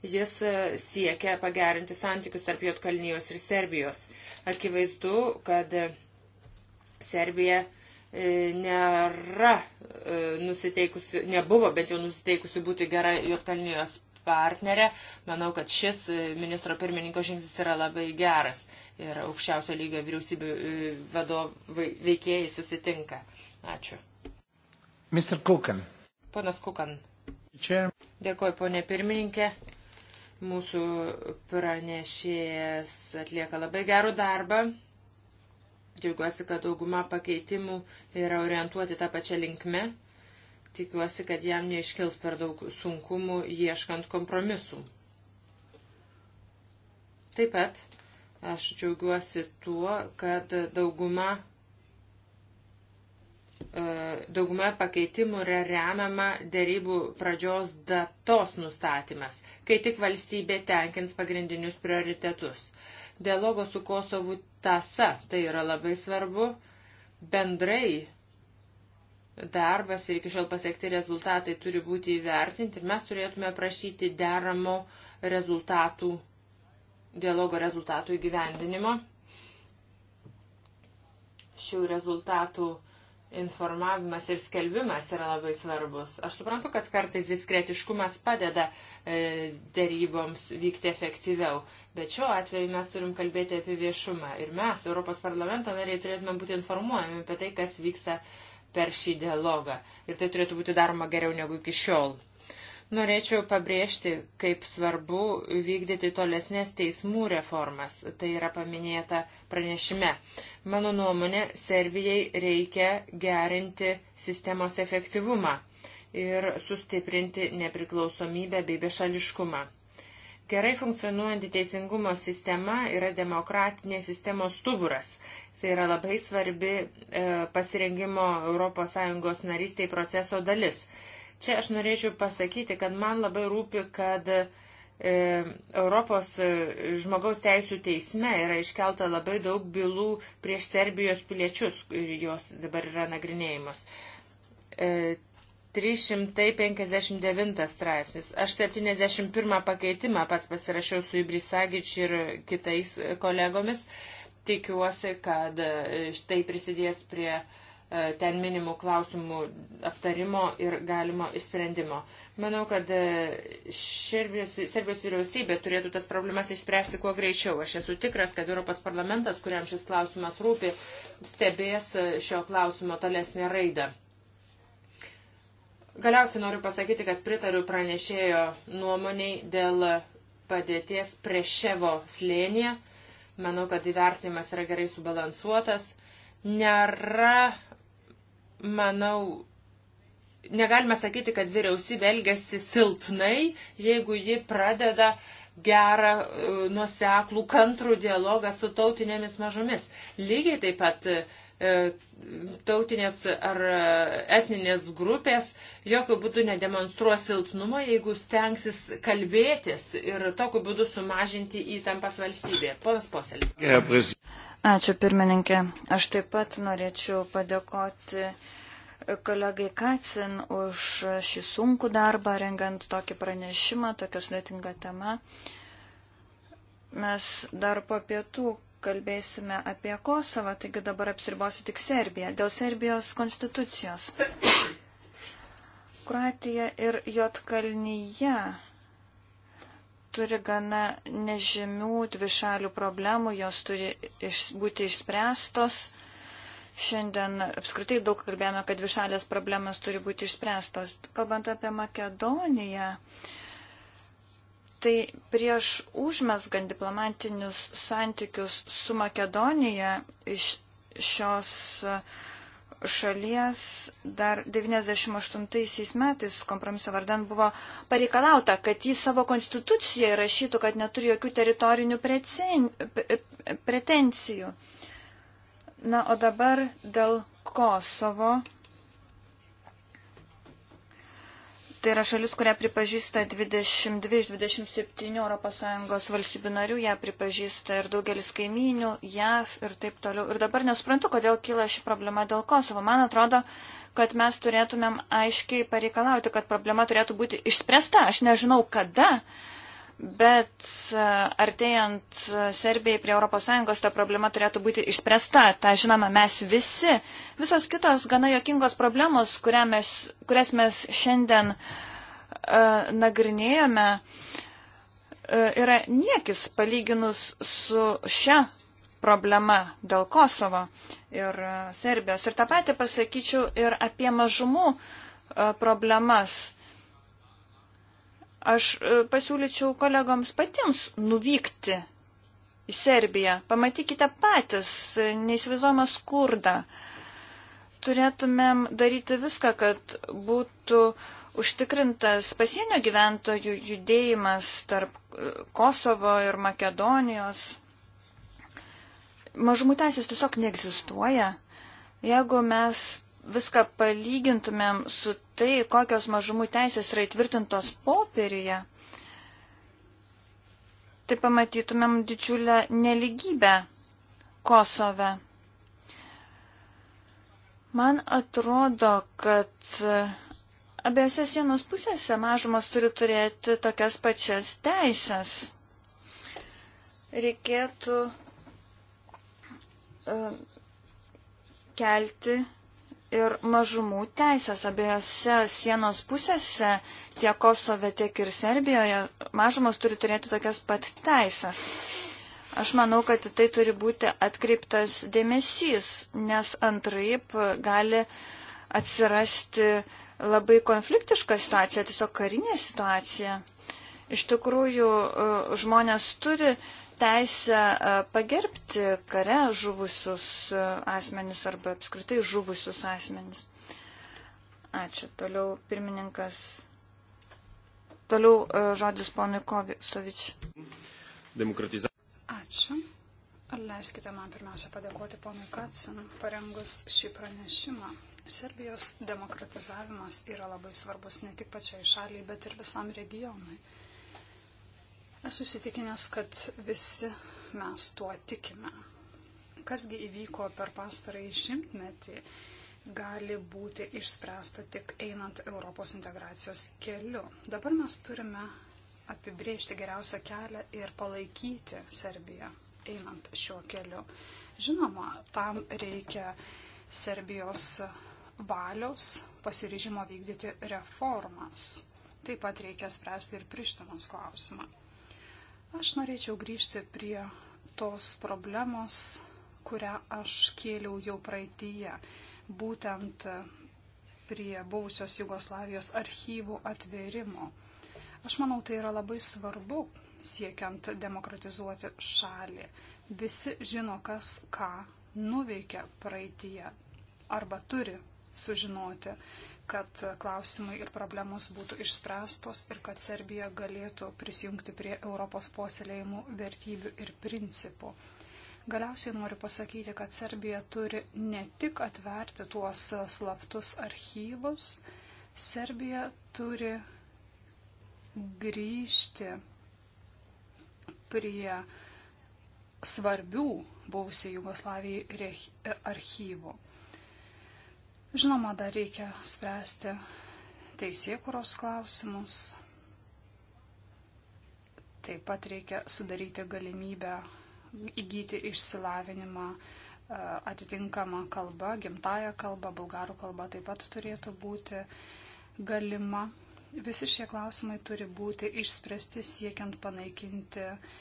Jis e, siekia pagerinti santykius tarp Jotkalnijos ir Serbijos. Akivaizdu, kad e, Serbija e, nėra nusiteikusi, nebuvo bent jau nusiteikusi būti gera Jotkalnijos partnerė. Manau, kad šis ministro pirmininko žingsnis yra labai geras ir aukščiausio lygio vyriausybių vadovai veikėjai susitinka. Ačiū. Mr. Kukan. Ponas Kukan. Čia. Dėkuoju, ponė pirmininkė. Mūsų pranešėjas atlieka labai gerų darbą. Džiaugiuosi, kad dauguma pakeitimų yra orientuoti tą pačią linkmę. Tikiuosi, kad jam neiškils per daug sunkumų ieškant kompromisų. Taip pat aš džiaugiuosi tuo, kad dauguma E, dauguma pakeitimų yra remiama dėrybų pradžios datos nustatymas, kai tik valstybė tenkins pagrindinius prioritetus. Dialogo su Kosovu tasa, tai yra labai svarbu. Bendrai darbas ir iki šiol pasiekti rezultatai turi būti įvertinti ir mes turėtume prašyti deramo rezultatų, dialogo rezultatų įgyvendinimo. Šių rezultatų informavimas ir skelbimas yra labai svarbus. Aš suprantu, kad kartais diskretiškumas padeda e, dėryboms vykti efektyviau, bet šiuo atveju mes turim kalbėti apie viešumą ir mes, Europos parlamento nariai, turėtume būti informuojami apie tai, kas vyksta per šį dialogą. Ir tai turėtų būti daroma geriau negu iki šiol. Norėčiau pabrėžti, kaip svarbu vykdyti tolesnės teismų reformas. Tai yra paminėta pranešime. Mano nuomonė, Servijai reikia gerinti sistemos efektyvumą ir sustiprinti nepriklausomybę bei bešališkumą. Gerai funkcionuojanti teisingumo sistema yra demokratinės sistemos stuburas. Tai yra labai svarbi e, pasirengimo ES narystiai proceso dalis. Čia aš norėčiau pasakyti, kad man labai rūpi, kad e, Europos e, žmogaus teisų teisme yra iškelta labai daug bylų prieš Serbijos piliečius ir jos dabar yra nagrinėjimas. E, 359 straipsnis. Aš 71 pakeitimą pats pasirašiau su Ibrisagič ir kitais kolegomis. Tikiuosi, kad štai prisidės prie uh, E, ten minimų klausimų aptarimo ir galimo išsprendimo. Manau, kad Serbijos, e, Serbijos vyriausybė turėtų tas problemas išspręsti kuo greičiau. Aš esu tikras, kad Europos parlamentas, kuriam šis klausimas rūpi, stebės e, šio klausimo tolesnę raidą. Galiausiai noriu pasakyti, kad pritariu pranešėjo nuomoniai dėl padėties prie Ševo slėnyje. Manau, kad įvertinimas yra gerai subalansuotas. Nėra manau, negalime sakyti, kad vyriausybė elgesi silpnai, jeigu ji pradeda gerą, e, nuseklų, kantrų dialogą su tautinėmis mažomis. Lygiai taip pat e, tautinės ar etninės grupės jokių būdų nedemonstruos silpnumo, jeigu stengsis kalbėtis ir tokiu būdu sumažinti įtampas valstybėje. Ponas Poselis. Ačiū pirmininkė. Aš taip pat norėčiau padėkoti kolegai Kacin už šį sunkų darbą, rengiant tokį pranešimą, tokią sudėtingą temą. Mes dar po pietų kalbėsime apie Kosovą, taigi dabar apsiribosiu tik Serbiją. Dėl Serbijos konstitucijos. Kroatija ir Jotkalnyje turi gana nežymių dvišalių problemų, jos turi iš, būti išspręstos. Šiandien apskritai daug kalbėjome, kad dvišalės problemas turi būti išspręstos. Kalbant apie Makedoniją, tai prieš užmesgant diplomatinius santykius su Makedonija iš šios uh, šalies dar 98 metais kompromiso vardan buvo pareikalauta, kad jis savo konstituciją rašytų, kad neturi jokių teritorinių pretencijų. Na, o dabar dėl Kosovo Tai yra šalis, kurią pripažįsta 22 iš 27 ES valstybių narių, ją pripažįsta ir daugelis kaimynių, JAV ir taip toliau. Ir dabar nesuprantu, kodėl kyla ši problema dėl Kosovo. Man atrodo, kad mes turėtumėm aiškiai pareikalauti, kad problema turėtų būti išspręsta. Aš nežinau kada, Bet e, artėjant e, Serbijai prie ES, ta problema turėtų būti išspręsta. Ta žinoma, mes visi, visos kitos gana jokingos problemos, mes, kurias mes šiandien uh, nagrinėjome, uh, yra niekis palyginus su šia problema dėl Kosovo ir uh, Serbijos. Ir tą patį pasakyčiau ir apie mažumų uh, problemas Aš e, pasiūlyčiau kolegoms patiems nuvykti į Serbiją. Pamatykite patys e, neįsivizuomą skurdą. Turėtumėm daryti viską, kad būtų užtikrintas pasienio gyventojų judėjimas tarp e, Kosovo ir Makedonijos. Mažumų teisės tiesiog neegzistuoja. Jeigu mes viską palygintumėm su tai, kokios mažumų teisės yra įtvirtintos popieryje, tai pamatytumėm didžiulę neligybę Kosove. Man atrodo, kad abiejose sienos pusėse mažumas turi turėti tokias pačias teisės. Reikėtų e, kelti ir mažumų teisės abiejose sienos pusėse, tiek Kosove, tiek ir Serbijoje, mažumos turi turėti tokias pat teisės. Aš manau, kad tai turi būti atkreiptas dėmesys, nes antraip gali atsirasti labai konfliktiška situacija, tiesiog karinė situacija. Iš tikrųjų, žmonės turi teisę e, pagerbti kare žuvusius e, asmenis arba apskritai žuvusius asmenis. Ačiū. Toliau pirmininkas. Toliau e, žodis ponui Kovisovič. Demokratizacija. Ačiū. Leiskite man pirmiausia padėkoti ponui Katsinui parengus šį pranešimą. Serbijos demokratizavimas yra labai svarbus ne tik pačiai šaliai, bet ir visam regionui. Esu įsitikinęs, kad visi mes tuo tikime. Kasgi įvyko per pastarąjį šimtmetį gali būti išspręsta tik einant Europos integracijos keliu. Dabar mes turime apibriežti geriausią kelią ir palaikyti Serbiją einant šiuo keliu. Žinoma, tam reikia Serbijos valios pasiryžimo vykdyti reformas. Taip pat reikia spręsti ir Prištinos klausimą. Aš norėčiau grįžti prie tos problemos, kurią aš kėliau jau praeitįje, būtent prie buvusios Jugoslavijos archyvų atvėrimo. Aš manau, tai yra labai svarbu siekiant demokratizuoti šalį. Visi žino, kas ką nuveikia praeitie arba turi sužinoti kad klausimai ir problemos būtų išspręstos ir kad Serbija galėtų prisijungti prie Europos posėlėjimų vertybių ir principų. Galiausiai noriu pasakyti, kad Serbija turi ne tik atverti tuos slaptus archyvus, Serbija turi grįžti prie svarbių buvusiai Jugoslavijai archyvų. Žinoma, dar reikia spręsti teisėkuros klausimus. Taip pat reikia sudaryti galimybę įgyti išsilavinimą e, atitinkama kalba, gimtaja kalba, bulgarų kalba taip pat turėtų būti galima. Visi šie klausimai turi būti išspręsti siekiant panaikinti uh,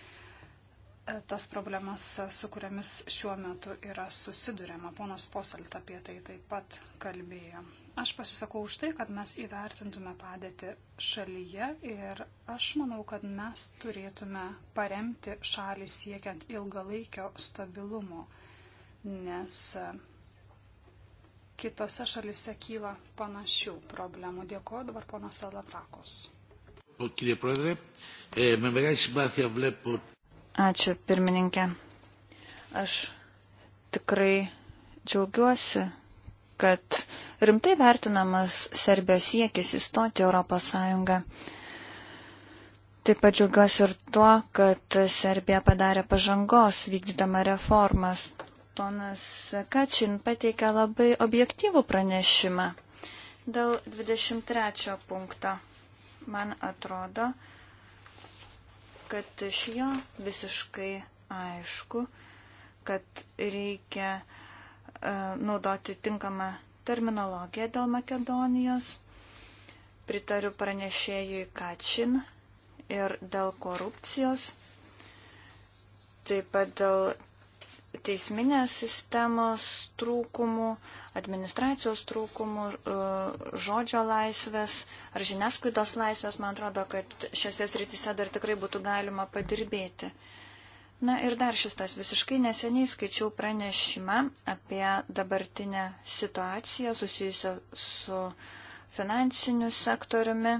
tas problemas, su kuriamis šiuo metu yra susidurėma. Ponas Posalt apie tai taip pat kalbėjo. Aš pasisakau už tai, kad mes įvertintume padėtį šalyje ir aš manau, kad mes turėtume paremti šalį siekiant ilgalaikio stabilumo, nes kitose šalise kyla panašių problemų. Dėkuoju dabar ponas Salavrakos. Κύριε Πρόεδρε, ε, με μεγάλη συμπάθεια βλέπω Ačiū, pirmininkė. Aš tikrai džiaugiuosi, kad rimtai vertinamas Serbijos siekis įstoti Europos Sąjungą. Taip pat džiaugiuosi ir tuo, kad Serbija padarė pažangos vykdydama reformas. Ponas Kačin pateikė labai objektyvų pranešimą dėl 23 punkto. Man atrodo, kad iš jo visiškai aišku, kad reikia e, naudoti tinkamą terminologiją dėl Makedonijos. Pritariu pranešėjui Kačin ir dėl korupcijos, taip pat dėl teisminės sistemos trūkumų, administracijos trūkumų, e, žodžio laisvės ar žiniasklaidos laisvės, man atrodo, kad šiose srityse dar tikrai būtų galima padirbėti. Na ir dar šis tas visiškai neseniai skaičiau pranešimą apie dabartinę situaciją susijusią su finansiniu sektoriumi,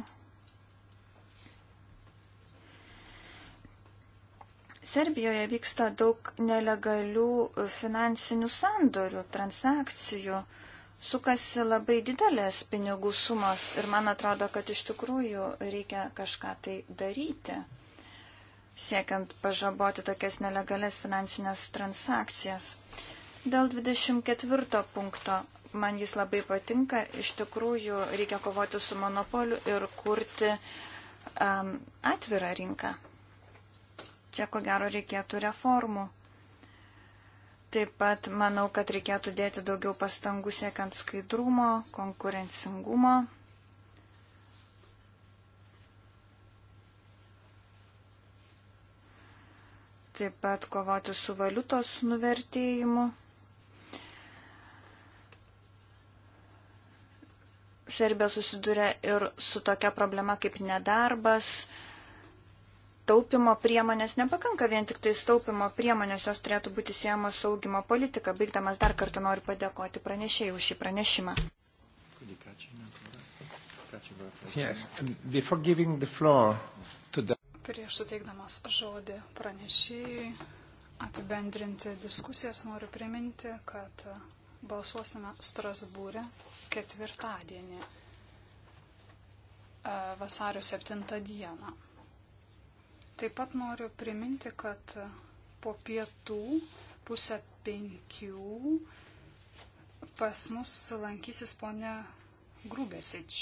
Serbijoje vyksta daug nelegalių finansinių sandorių, transakcijų, sukasi labai didelės pinigų sumos ir man atrodo, kad iš tikrųjų reikia kažką tai daryti, siekiant pažaboti tokias nelegalias finansinės transakcijas. Dėl 24 punkto man jis labai patinka, iš tikrųjų reikia kovoti su monopoliu ir kurti um, atvirą rinką. Čia ko gero reikėtų reformų. Taip pat manau, kad reikėtų dėti daugiau pastangų siekiant skaidrumo, konkurencingumo. Taip pat kovoti su valiutos nuvertėjimu. Serbija susiduria ir su tokia problema kaip nedarbas, taupimo priemonės nepakanka vien tik tai taupimo priemonės, jos turėtų būti siejamos su augimo politika. Baigdamas dar kartą noriu padėkoti pranešėjai už šį pranešimą. Yes. The... Prieš suteikdamas žodį pranešėjai apibendrinti diskusijas noriu priminti, kad balsuosime Strasbūrė ketvirtadienį e, vasario 7 dieną. Taip pat noriu priminti, kad po pietų pusę penkių pas mus lankysis ponia Grubesič.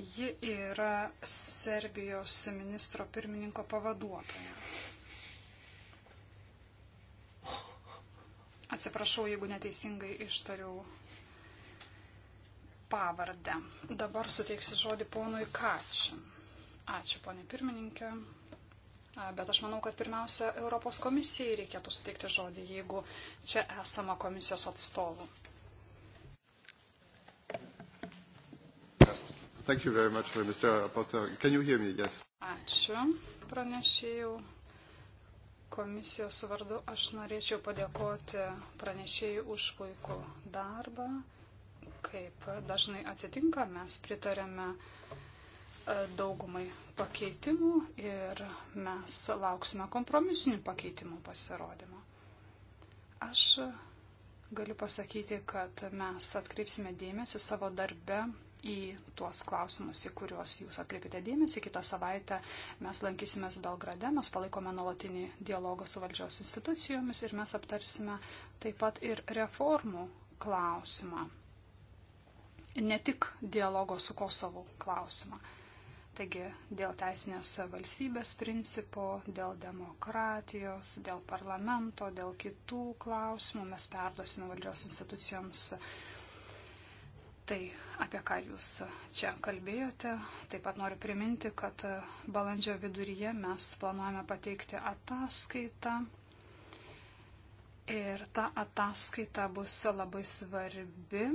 Ji yra Serbijos ministro pirmininko pavaduotoja. Atsiprašau, jeigu neteisingai ištariau pavardę. Dabar suteiksiu žodį ponui Kačin. Ačiū, ponė pirmininkė. Bet aš manau, kad pirmiausia, Europos komisijai reikėtų suteikti žodį, jeigu čia esama komisijos atstovų. Much, yes. Ačiū, pranešėjau. Komisijos vardu aš norėčiau padėkoti pranešėjai už puikų darbą kaip dažnai atsitinka, mes pritarėme e, daugumai pakeitimų ir mes lauksime kompromisinių pakeitimų pasirodymo. Aš galiu pasakyti, kad mes atkreipsime dėmesį savo darbe į tuos klausimus, į kuriuos jūs atkreipite dėmesį. Kitą savaitę mes lankysimės Belgrade, mes palaikome nuolatinį dialogą su valdžios institucijomis ir mes aptarsime taip pat ir reformų klausimą ne tik dialogo su Kosovu klausimą. Taigi dėl teisinės valstybės principų, dėl demokratijos, dėl parlamento, dėl kitų klausimų mes perduosime valdžios institucijoms tai, apie ką jūs čia kalbėjote. Taip pat noriu priminti, kad balandžio viduryje mes planuojame pateikti ataskaitą. Ir ta ataskaita bus labai svarbi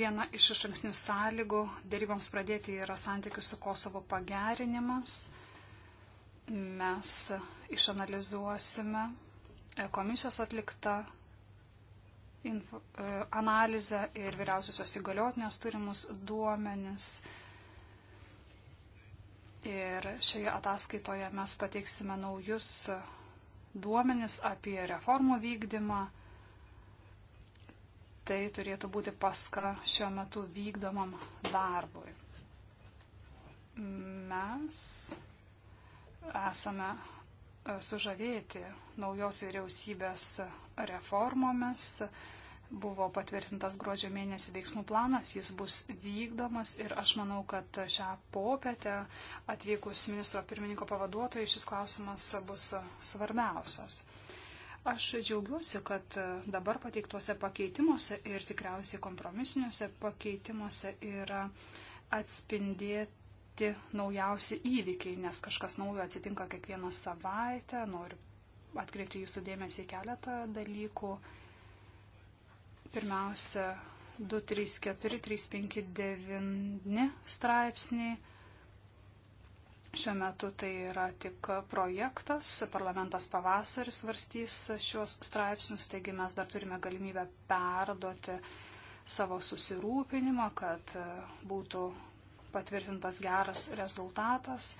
viena iš išankstinių sąlygų dėryboms pradėti yra santykių su Kosovo pagerinimas. Mes išanalizuosime e, komisijos atliktą info, e, analizę ir vyriausiosios įgaliotinės turimus duomenis. Ir šioje ataskaitoje mes pateiksime naujus duomenis apie reformų vykdymą tai turėtų būti paska šiuo metu vykdomam darbui. Mes esame sužavėti naujos vyriausybės reformomis. Buvo patvirtintas gruodžio mėnesį veiksmų planas, jis bus vykdomas ir aš manau, kad šią popietę atvykus ministro pirmininko pavaduotojai šis klausimas bus svarbiausias. Aš džiaugiuosi, kad dabar pateiktuose pakeitimuose ir tikriausiai kompromisiniuose pakeitimuose yra atspindėti naujausi įvykiai, nes kažkas naujo atsitinka kiekvieną savaitę. Noriu atkreipti jūsų dėmesį į keletą dalykų. Pirmiausia, 234, 359 straipsniai Šiuo metu tai yra tik projektas, parlamentas pavasarį svarstys šiuos straipsnius, taigi mes dar turime galimybę perduoti savo susirūpinimą, kad būtų patvirtintas geras rezultatas.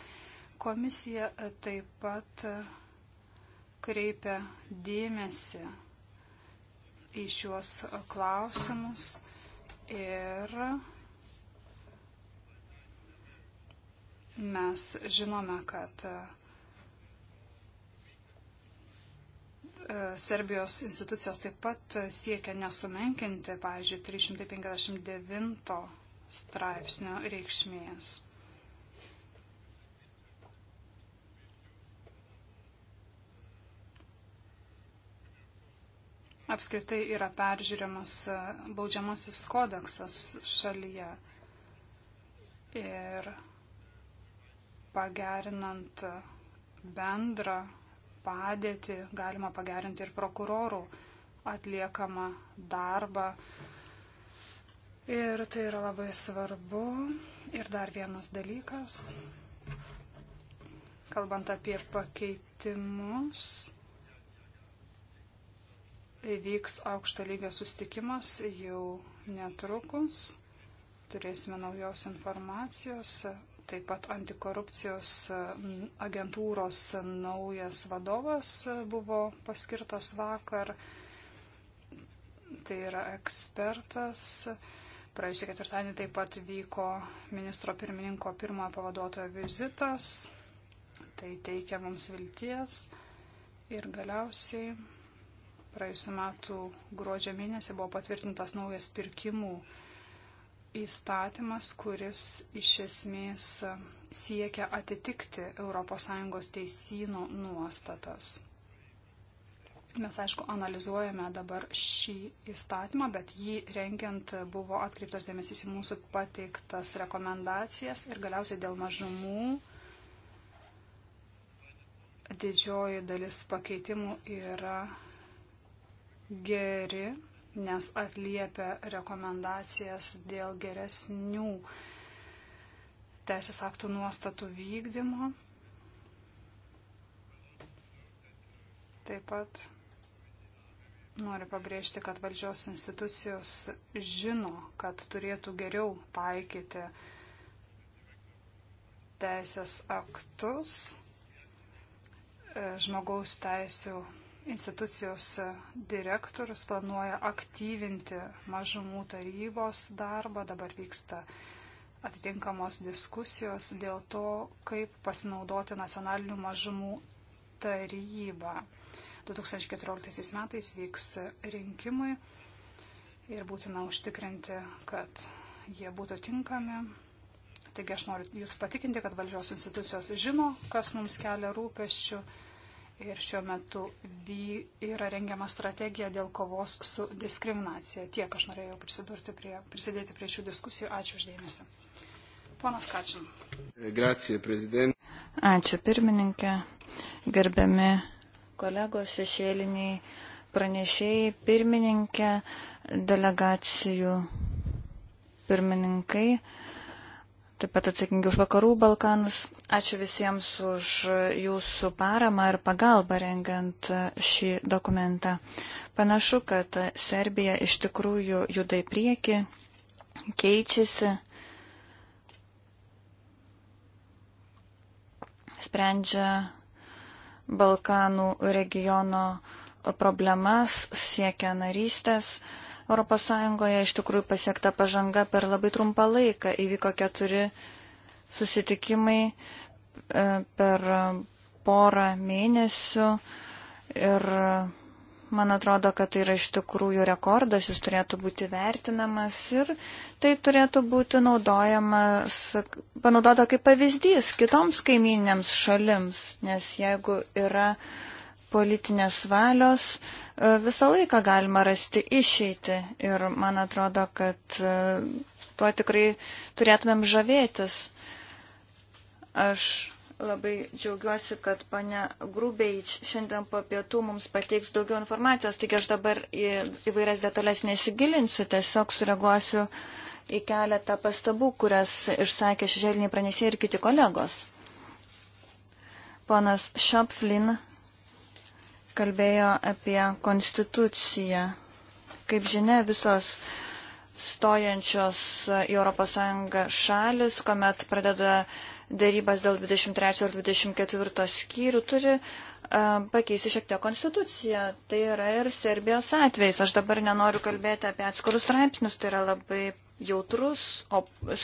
Komisija taip pat kreipia dėmesį į šiuos klausimus ir Mes žinome, kad e, e, Serbijos institucijos taip pat siekia nesumenkinti, pavyzdžiui, 359 straipsnio reikšmės. apskritai yra peržiūriamas e, baudžiamasis kodeksas šalyje. Ir pagerinant bendrą padėtį, galima pagerinti ir prokurorų atliekamą darbą. Ir tai yra labai svarbu. Ir dar vienas dalykas, kalbant apie pakeitimus, įvyks aukšto lygio sustikimas jau netrukus turėsime naujos informacijos taip pat antikorupcijos agentūros naujas vadovas buvo paskirtas vakar. Tai yra ekspertas. Praėjusią ketvirtadienį taip pat vyko ministro pirmininko pirmojo pavaduotojo vizitas. Tai teikia mums vilties. Ir galiausiai praėjusiu metu gruodžio mėnesį buvo patvirtintas naujas pirkimų įstatymas, kuris iš esmės siekia atitikti ES teisino nuostatas. Mes, aišku, analizuojame dabar šį įstatymą, bet jį rengiant buvo atkreiptas dėmesys į mūsų pateiktas rekomendacijas ir galiausiai dėl mažumų didžioji dalis pakeitimų yra geri nes atliepia rekomendacijas dėl geresnių teisės aktų nuostatų vykdymo. Taip pat noriu pabrėžti, kad valdžios institucijos žino, kad turėtų geriau taikyti teisės aktus e, žmogaus teisų institucijos direktorius planuoja aktyvinti mažumų tarybos darbą. Dabar vyksta atitinkamos diskusijos dėl to, kaip pasinaudoti nacionalinių mažumų tarybą. 2014 metais vyks rinkimai ir būtina užtikrinti, kad jie būtų tinkami. Taigi aš noriu Jūs patikinti, kad valdžios institucijos žino, kas mums kelia rūpeščių ir šiuo metu yra rengiama strategija dėl kovos su diskriminacija. Tiek aš norėjau prie, prisidėti prie šių diskusijų. Ačiū uždėmesi. Ponas Kačin. Gracija, prezidentė. Ačiū pirmininkė. Gerbiami kolegos šešėliniai pranešėjai, pirmininkė, delegacijų pirmininkai taip pat atsakingi už vakarų Balkanus. Ačiū visiems už jūsų paramą ir pagalbą rengiant šį dokumentą. Panašu, kad Serbija iš tikrųjų juda į priekį, keičiasi, sprendžia Balkanų regiono problemas, siekia narystės. ES iš tikrųjų pasiekta pažanga per labai trumpą laiką. Įvyko keturi susitikimai e, per porą mėnesių ir man atrodo, kad tai yra iš tikrųjų rekordas, jis turėtų būti vertinamas ir tai turėtų būti naudojamas, panaudota kaip pavyzdys kitoms kaiminėms šalims, nes jeigu yra uh, politinės valios, e, visą laiką galima rasti išeitį. Ir man atrodo, kad e, tuo tikrai turėtumėm žavėtis. Aš labai džiaugiuosi, kad ponia Grubeič šiandien po pietų mums pateiks daugiau informacijos, tik aš dabar į įvairias detalės nesigilinsiu, tiesiog sureaguosiu į keletą pastabų, kurias išsakė šešėliniai pranešėjai ir kiti kolegos. Ponas Šapflin kalbėjo apie konstituciją. Kaip žinia, visos stojančios į ES šalis, kuomet pradeda dėrybas dėl 23 ir 24 skyrių, turi e, pakeisti šiek tiek konstituciją. Tai yra ir Serbijos atvejs. Aš dabar nenoriu kalbėti apie atskirus straipsnius, tai yra labai jautrus,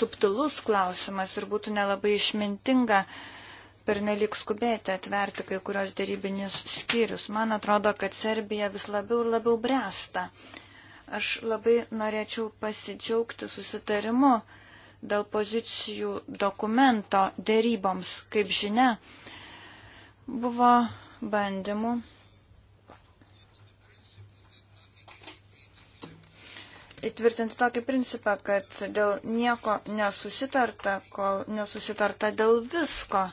subtilus klausimas ir būtų nelabai išmintinga uh, pernelik skubėti atverti kai kurios dėrybinius skyrius. Man atrodo, kad Serbija vis labiau ir labiau bręsta. Aš labai norėčiau pasidžiaugti susitarimu dėl pozicijų dokumento dėryboms. Kaip žinia, buvo bandymų įtvirtinti tokį principą, kad dėl nieko nesusitarta, kol nesusitarta dėl visko.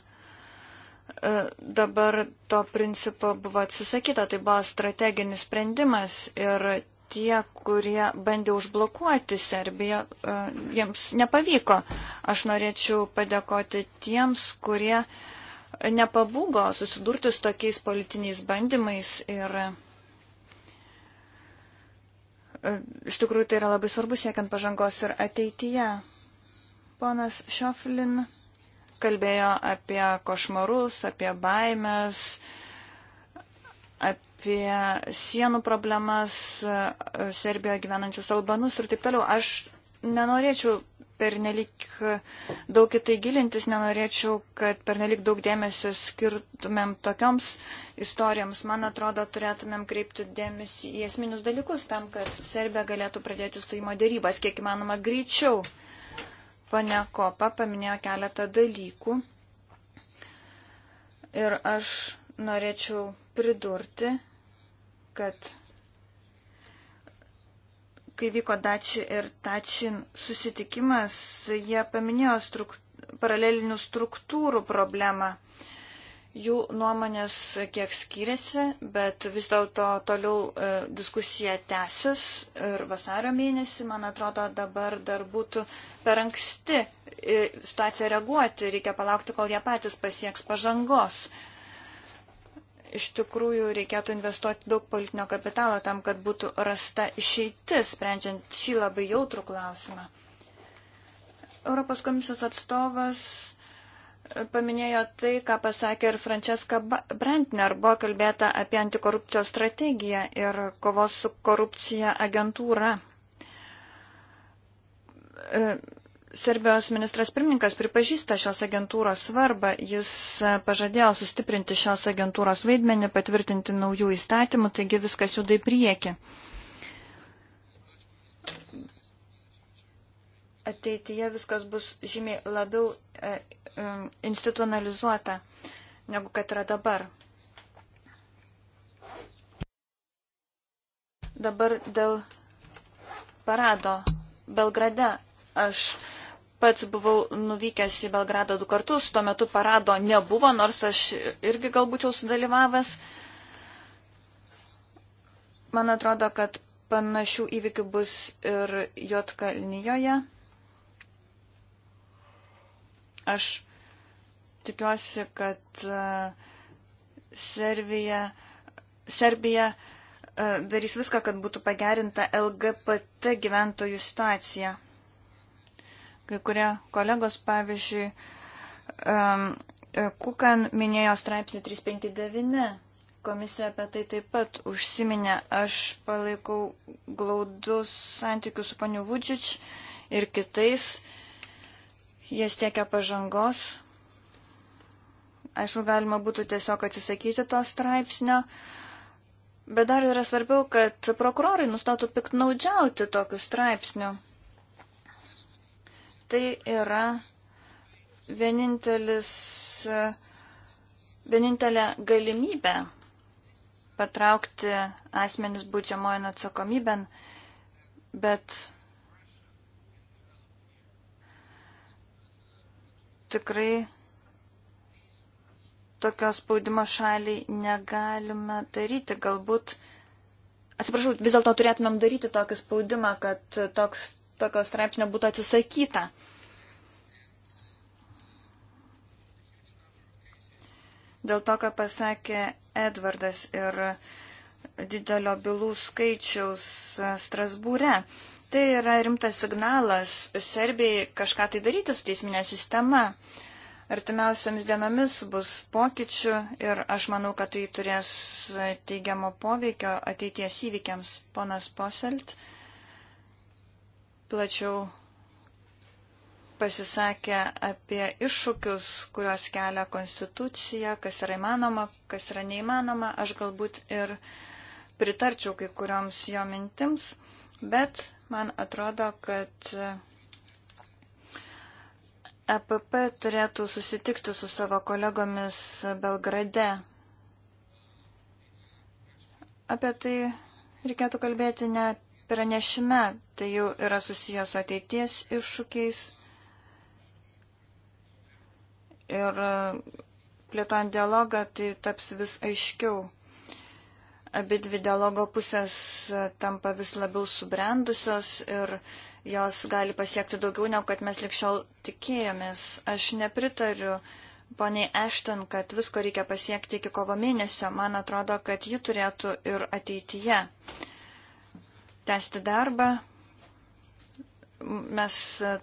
E, dabar to principo buvo atsisakyta, tai buvo strateginis sprendimas ir tie, kurie bandė užblokuoti Serbiją, e, jiems nepavyko. Aš norėčiau padėkoti tiems, kurie nepabūgo susidurti su tokiais politiniais bandymais ir e, iš tikrųjų tai yra labai svarbu siekiant pažangos ir ateityje. Ponas Šioflin kalbėjo apie košmarus, apie baimės, apie sienų problemas, e, Serbijoje gyvenančius albanus ir taip toliau. Aš nenorėčiau pernelik daug į tai gilintis, nenorėčiau, kad pernelik daug dėmesio skirtumėm tokioms istorijoms. Man atrodo, turėtumėm kreipti dėmesį į esminius dalykus tam, kad Serbija galėtų pradėti stojimo dėrybas, kiek įmanoma greičiau. Pane Kopa paminėjo keletą dalykų ir aš norėčiau pridurti, kad kai vyko Dači ir Tačin susitikimas, jie paminėjo struk paralelinių struktūrų problemą. Uh, Jų nuomonės kiek skiriasi, bet vis dėlto toliau e, diskusija tęsis ir vasario mėnesį, man atrodo, dabar dar būtų per anksti e, situaciją reaguoti, reikia palaukti, kol jie patys pasieks pažangos. Iš tikrųjų, reikėtų investuoti daug politinio kapitalo tam, kad būtų rasta išeitis, sprendžiant šį labai jautrų klausimą. Europos komisijos atstovas paminėjo tai, ką pasakė ir Franceska Brantner. Buvo kalbėta apie antikorupcijos strategiją ir kovos su korupcija agentūrą. E, Serbijos ministras pirmininkas pripažįsta šios agentūros svarbą. Jis pažadėjo sustiprinti šios agentūros vaidmenį, patvirtinti naujų įstatymų, taigi viskas juda į priekį. Ateityje viskas bus žymiai labiau e, E, institucionalizuota, negu kad yra dabar. Dabar dėl parado Belgrade aš pats buvau nuvykęs į Belgradą du kartus, tuo metu parado nebuvo, nors aš irgi gal būčiau sudalyvavęs. Man atrodo, kad panašių įvykių bus ir Jotkalnyjoje. Aš tikiuosi, kad e, Serbija, Serbija darys viską, kad būtų pagerinta LGBT gyventojų situacija. Kai kurie kolegos, pavyzdžiui, e, Kukan minėjo straipsnį 359, komisija apie tai taip pat užsiminė. Aš palaikau glaudus santykius su paniu Vudžič ir kitais uh, jie siekia pažangos. Aišku, galima būtų tiesiog atsisakyti to straipsnio. Bet dar yra svarbiau, kad prokurorai nustotų piknaudžiauti tokiu straipsniu. Tai yra vienintelis, vienintelė galimybė patraukti asmenis būdžiamojo atsakomybėn, bet tikrai tokio spaudimo šaliai negalime daryti. Galbūt, atsiprašau, vis dėlto turėtumėm daryti tokį spaudimą, kad toks, tokio straipsnio būtų atsisakyta. Dėl to, ką pasakė Edvardas ir didelio bylų skaičiaus Strasbūre. Uh, Tai yra rimtas signalas Serbijai kažką tai daryti su teisminė sistema. Artimiausiomis dienomis bus pokyčių ir aš manau, kad tai turės teigiamo poveikio ateities įvykiams. Ponas Poselt plačiau pasisakė apie iššūkius, kuriuos kelia konstitucija, kas yra įmanoma, kas yra neįmanoma. Aš galbūt ir pritarčiau kai kurioms jo mintims, bet Man atrodo, kad EPP turėtų susitikti su savo kolegomis Belgrade. Apie tai reikėtų kalbėti ne pranešime, tai jau yra susijęs su ateities iššūkiais ir plėtojant dialogą, tai taps vis aiškiau abi dvi dialogo pusės e, tampa vis labiau subrendusios ir jos gali pasiekti daugiau, negu kad mes likščiau tikėjomės. Aš nepritariu poniai Ešton, kad visko reikia pasiekti iki kovo mėnesio. Man atrodo, kad ji turėtų ir ateityje tęsti darbą. Mes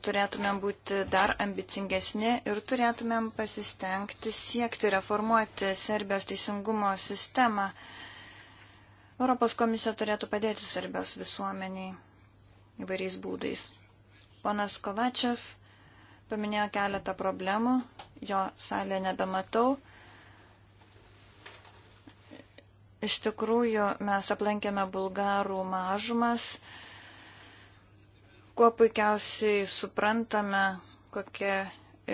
turėtumėm būti dar ambicingesni ir turėtumėm pasistengti siekti reformuoti Serbijos teisingumo sistemą. Europos komisija turėtų padėti Serbijos visuomeniai įvairiais būdais. Ponas Kovačev paminėjo keletą problemų, jo salė nebematau. Iš tikrųjų, mes aplankėme bulgarų mažumas, kuo puikiausiai suprantame, kokia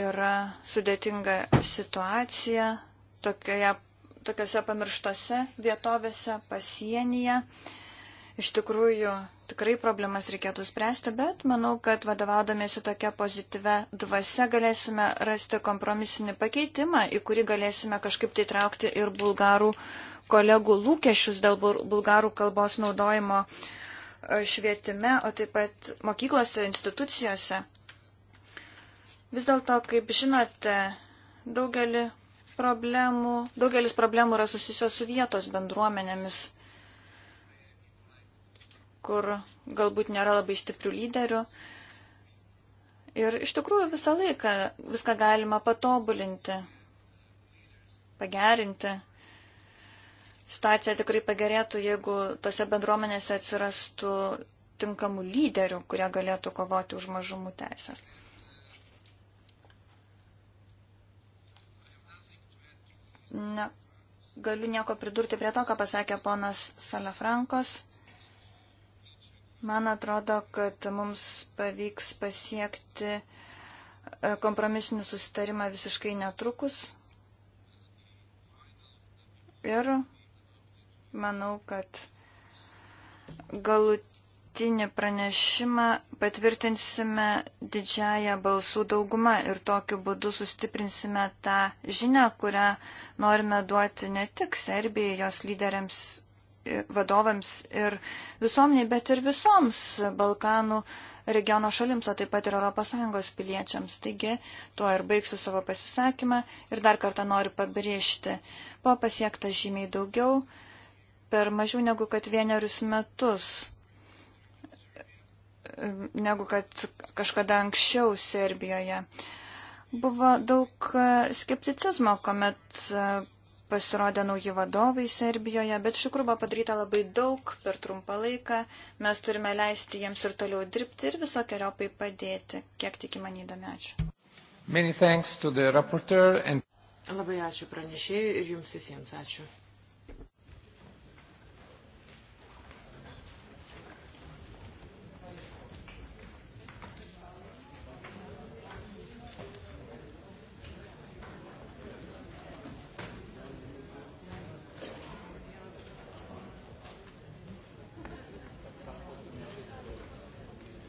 yra sudėtinga situacija tokioje tokiuose pamirštose vietovėse, pasienyje. Iš tikrųjų, tikrai problemas reikėtų spręsti, bet manau, kad vadovaudomėsi tokia pozityvę dvasia galėsime rasti kompromisinį pakeitimą, į kurį galėsime kažkaip tai traukti ir bulgarų kolegų lūkesčius dėl bulgarų kalbos naudojimo e, švietime, o taip pat mokyklose, institucijose. Vis dėlto, kaip žinote, daugelį problemų, daugelis problemų yra susijusios su vietos bendruomenėmis, kur galbūt nėra labai stiprių lyderių. Ir iš tikrųjų visą laiką viską galima patobulinti, pagerinti. Situacija tikrai pagerėtų, jeigu tose bendruomenėse atsirastų tinkamų lyderių, kurie galėtų kovoti už mažumų teisės. ne, galiu nieko pridurti prie to, ką pasakė ponas Salafrankos. Man atrodo, kad mums pavyks pasiekti e, kompromisinį susitarimą visiškai netrukus. Ir manau, kad galutinė galutinį pranešimą patvirtinsime didžiąją balsų daugumą ir tokiu būdu sustiprinsime tą žinę, kurią norime duoti ne tik Serbijai, jos lyderiams, e, vadovams ir visuomeniai, bet ir visoms Balkanų regiono šalims, o taip pat ir ES piliečiams. Taigi, tuo ir baigsiu savo pasisakymą ir dar kartą noriu pabrėžti, buvo pasiekta žymiai daugiau per mažiau negu kad vienerius metus negu kad kažkada anksčiau Serbijoje. Buvo daug e, skepticizmo, kuomet e, pasirodė nauji vadovai Serbijoje, bet iš tikrųjų buvo padaryta labai daug per trumpą laiką. Mes turime leisti jiems ir toliau dirbti ir visokiojopai padėti, kiek tik įmanydami. Ačiū. And... Labai ačiū pranešėjai ir jums visiems ačiū.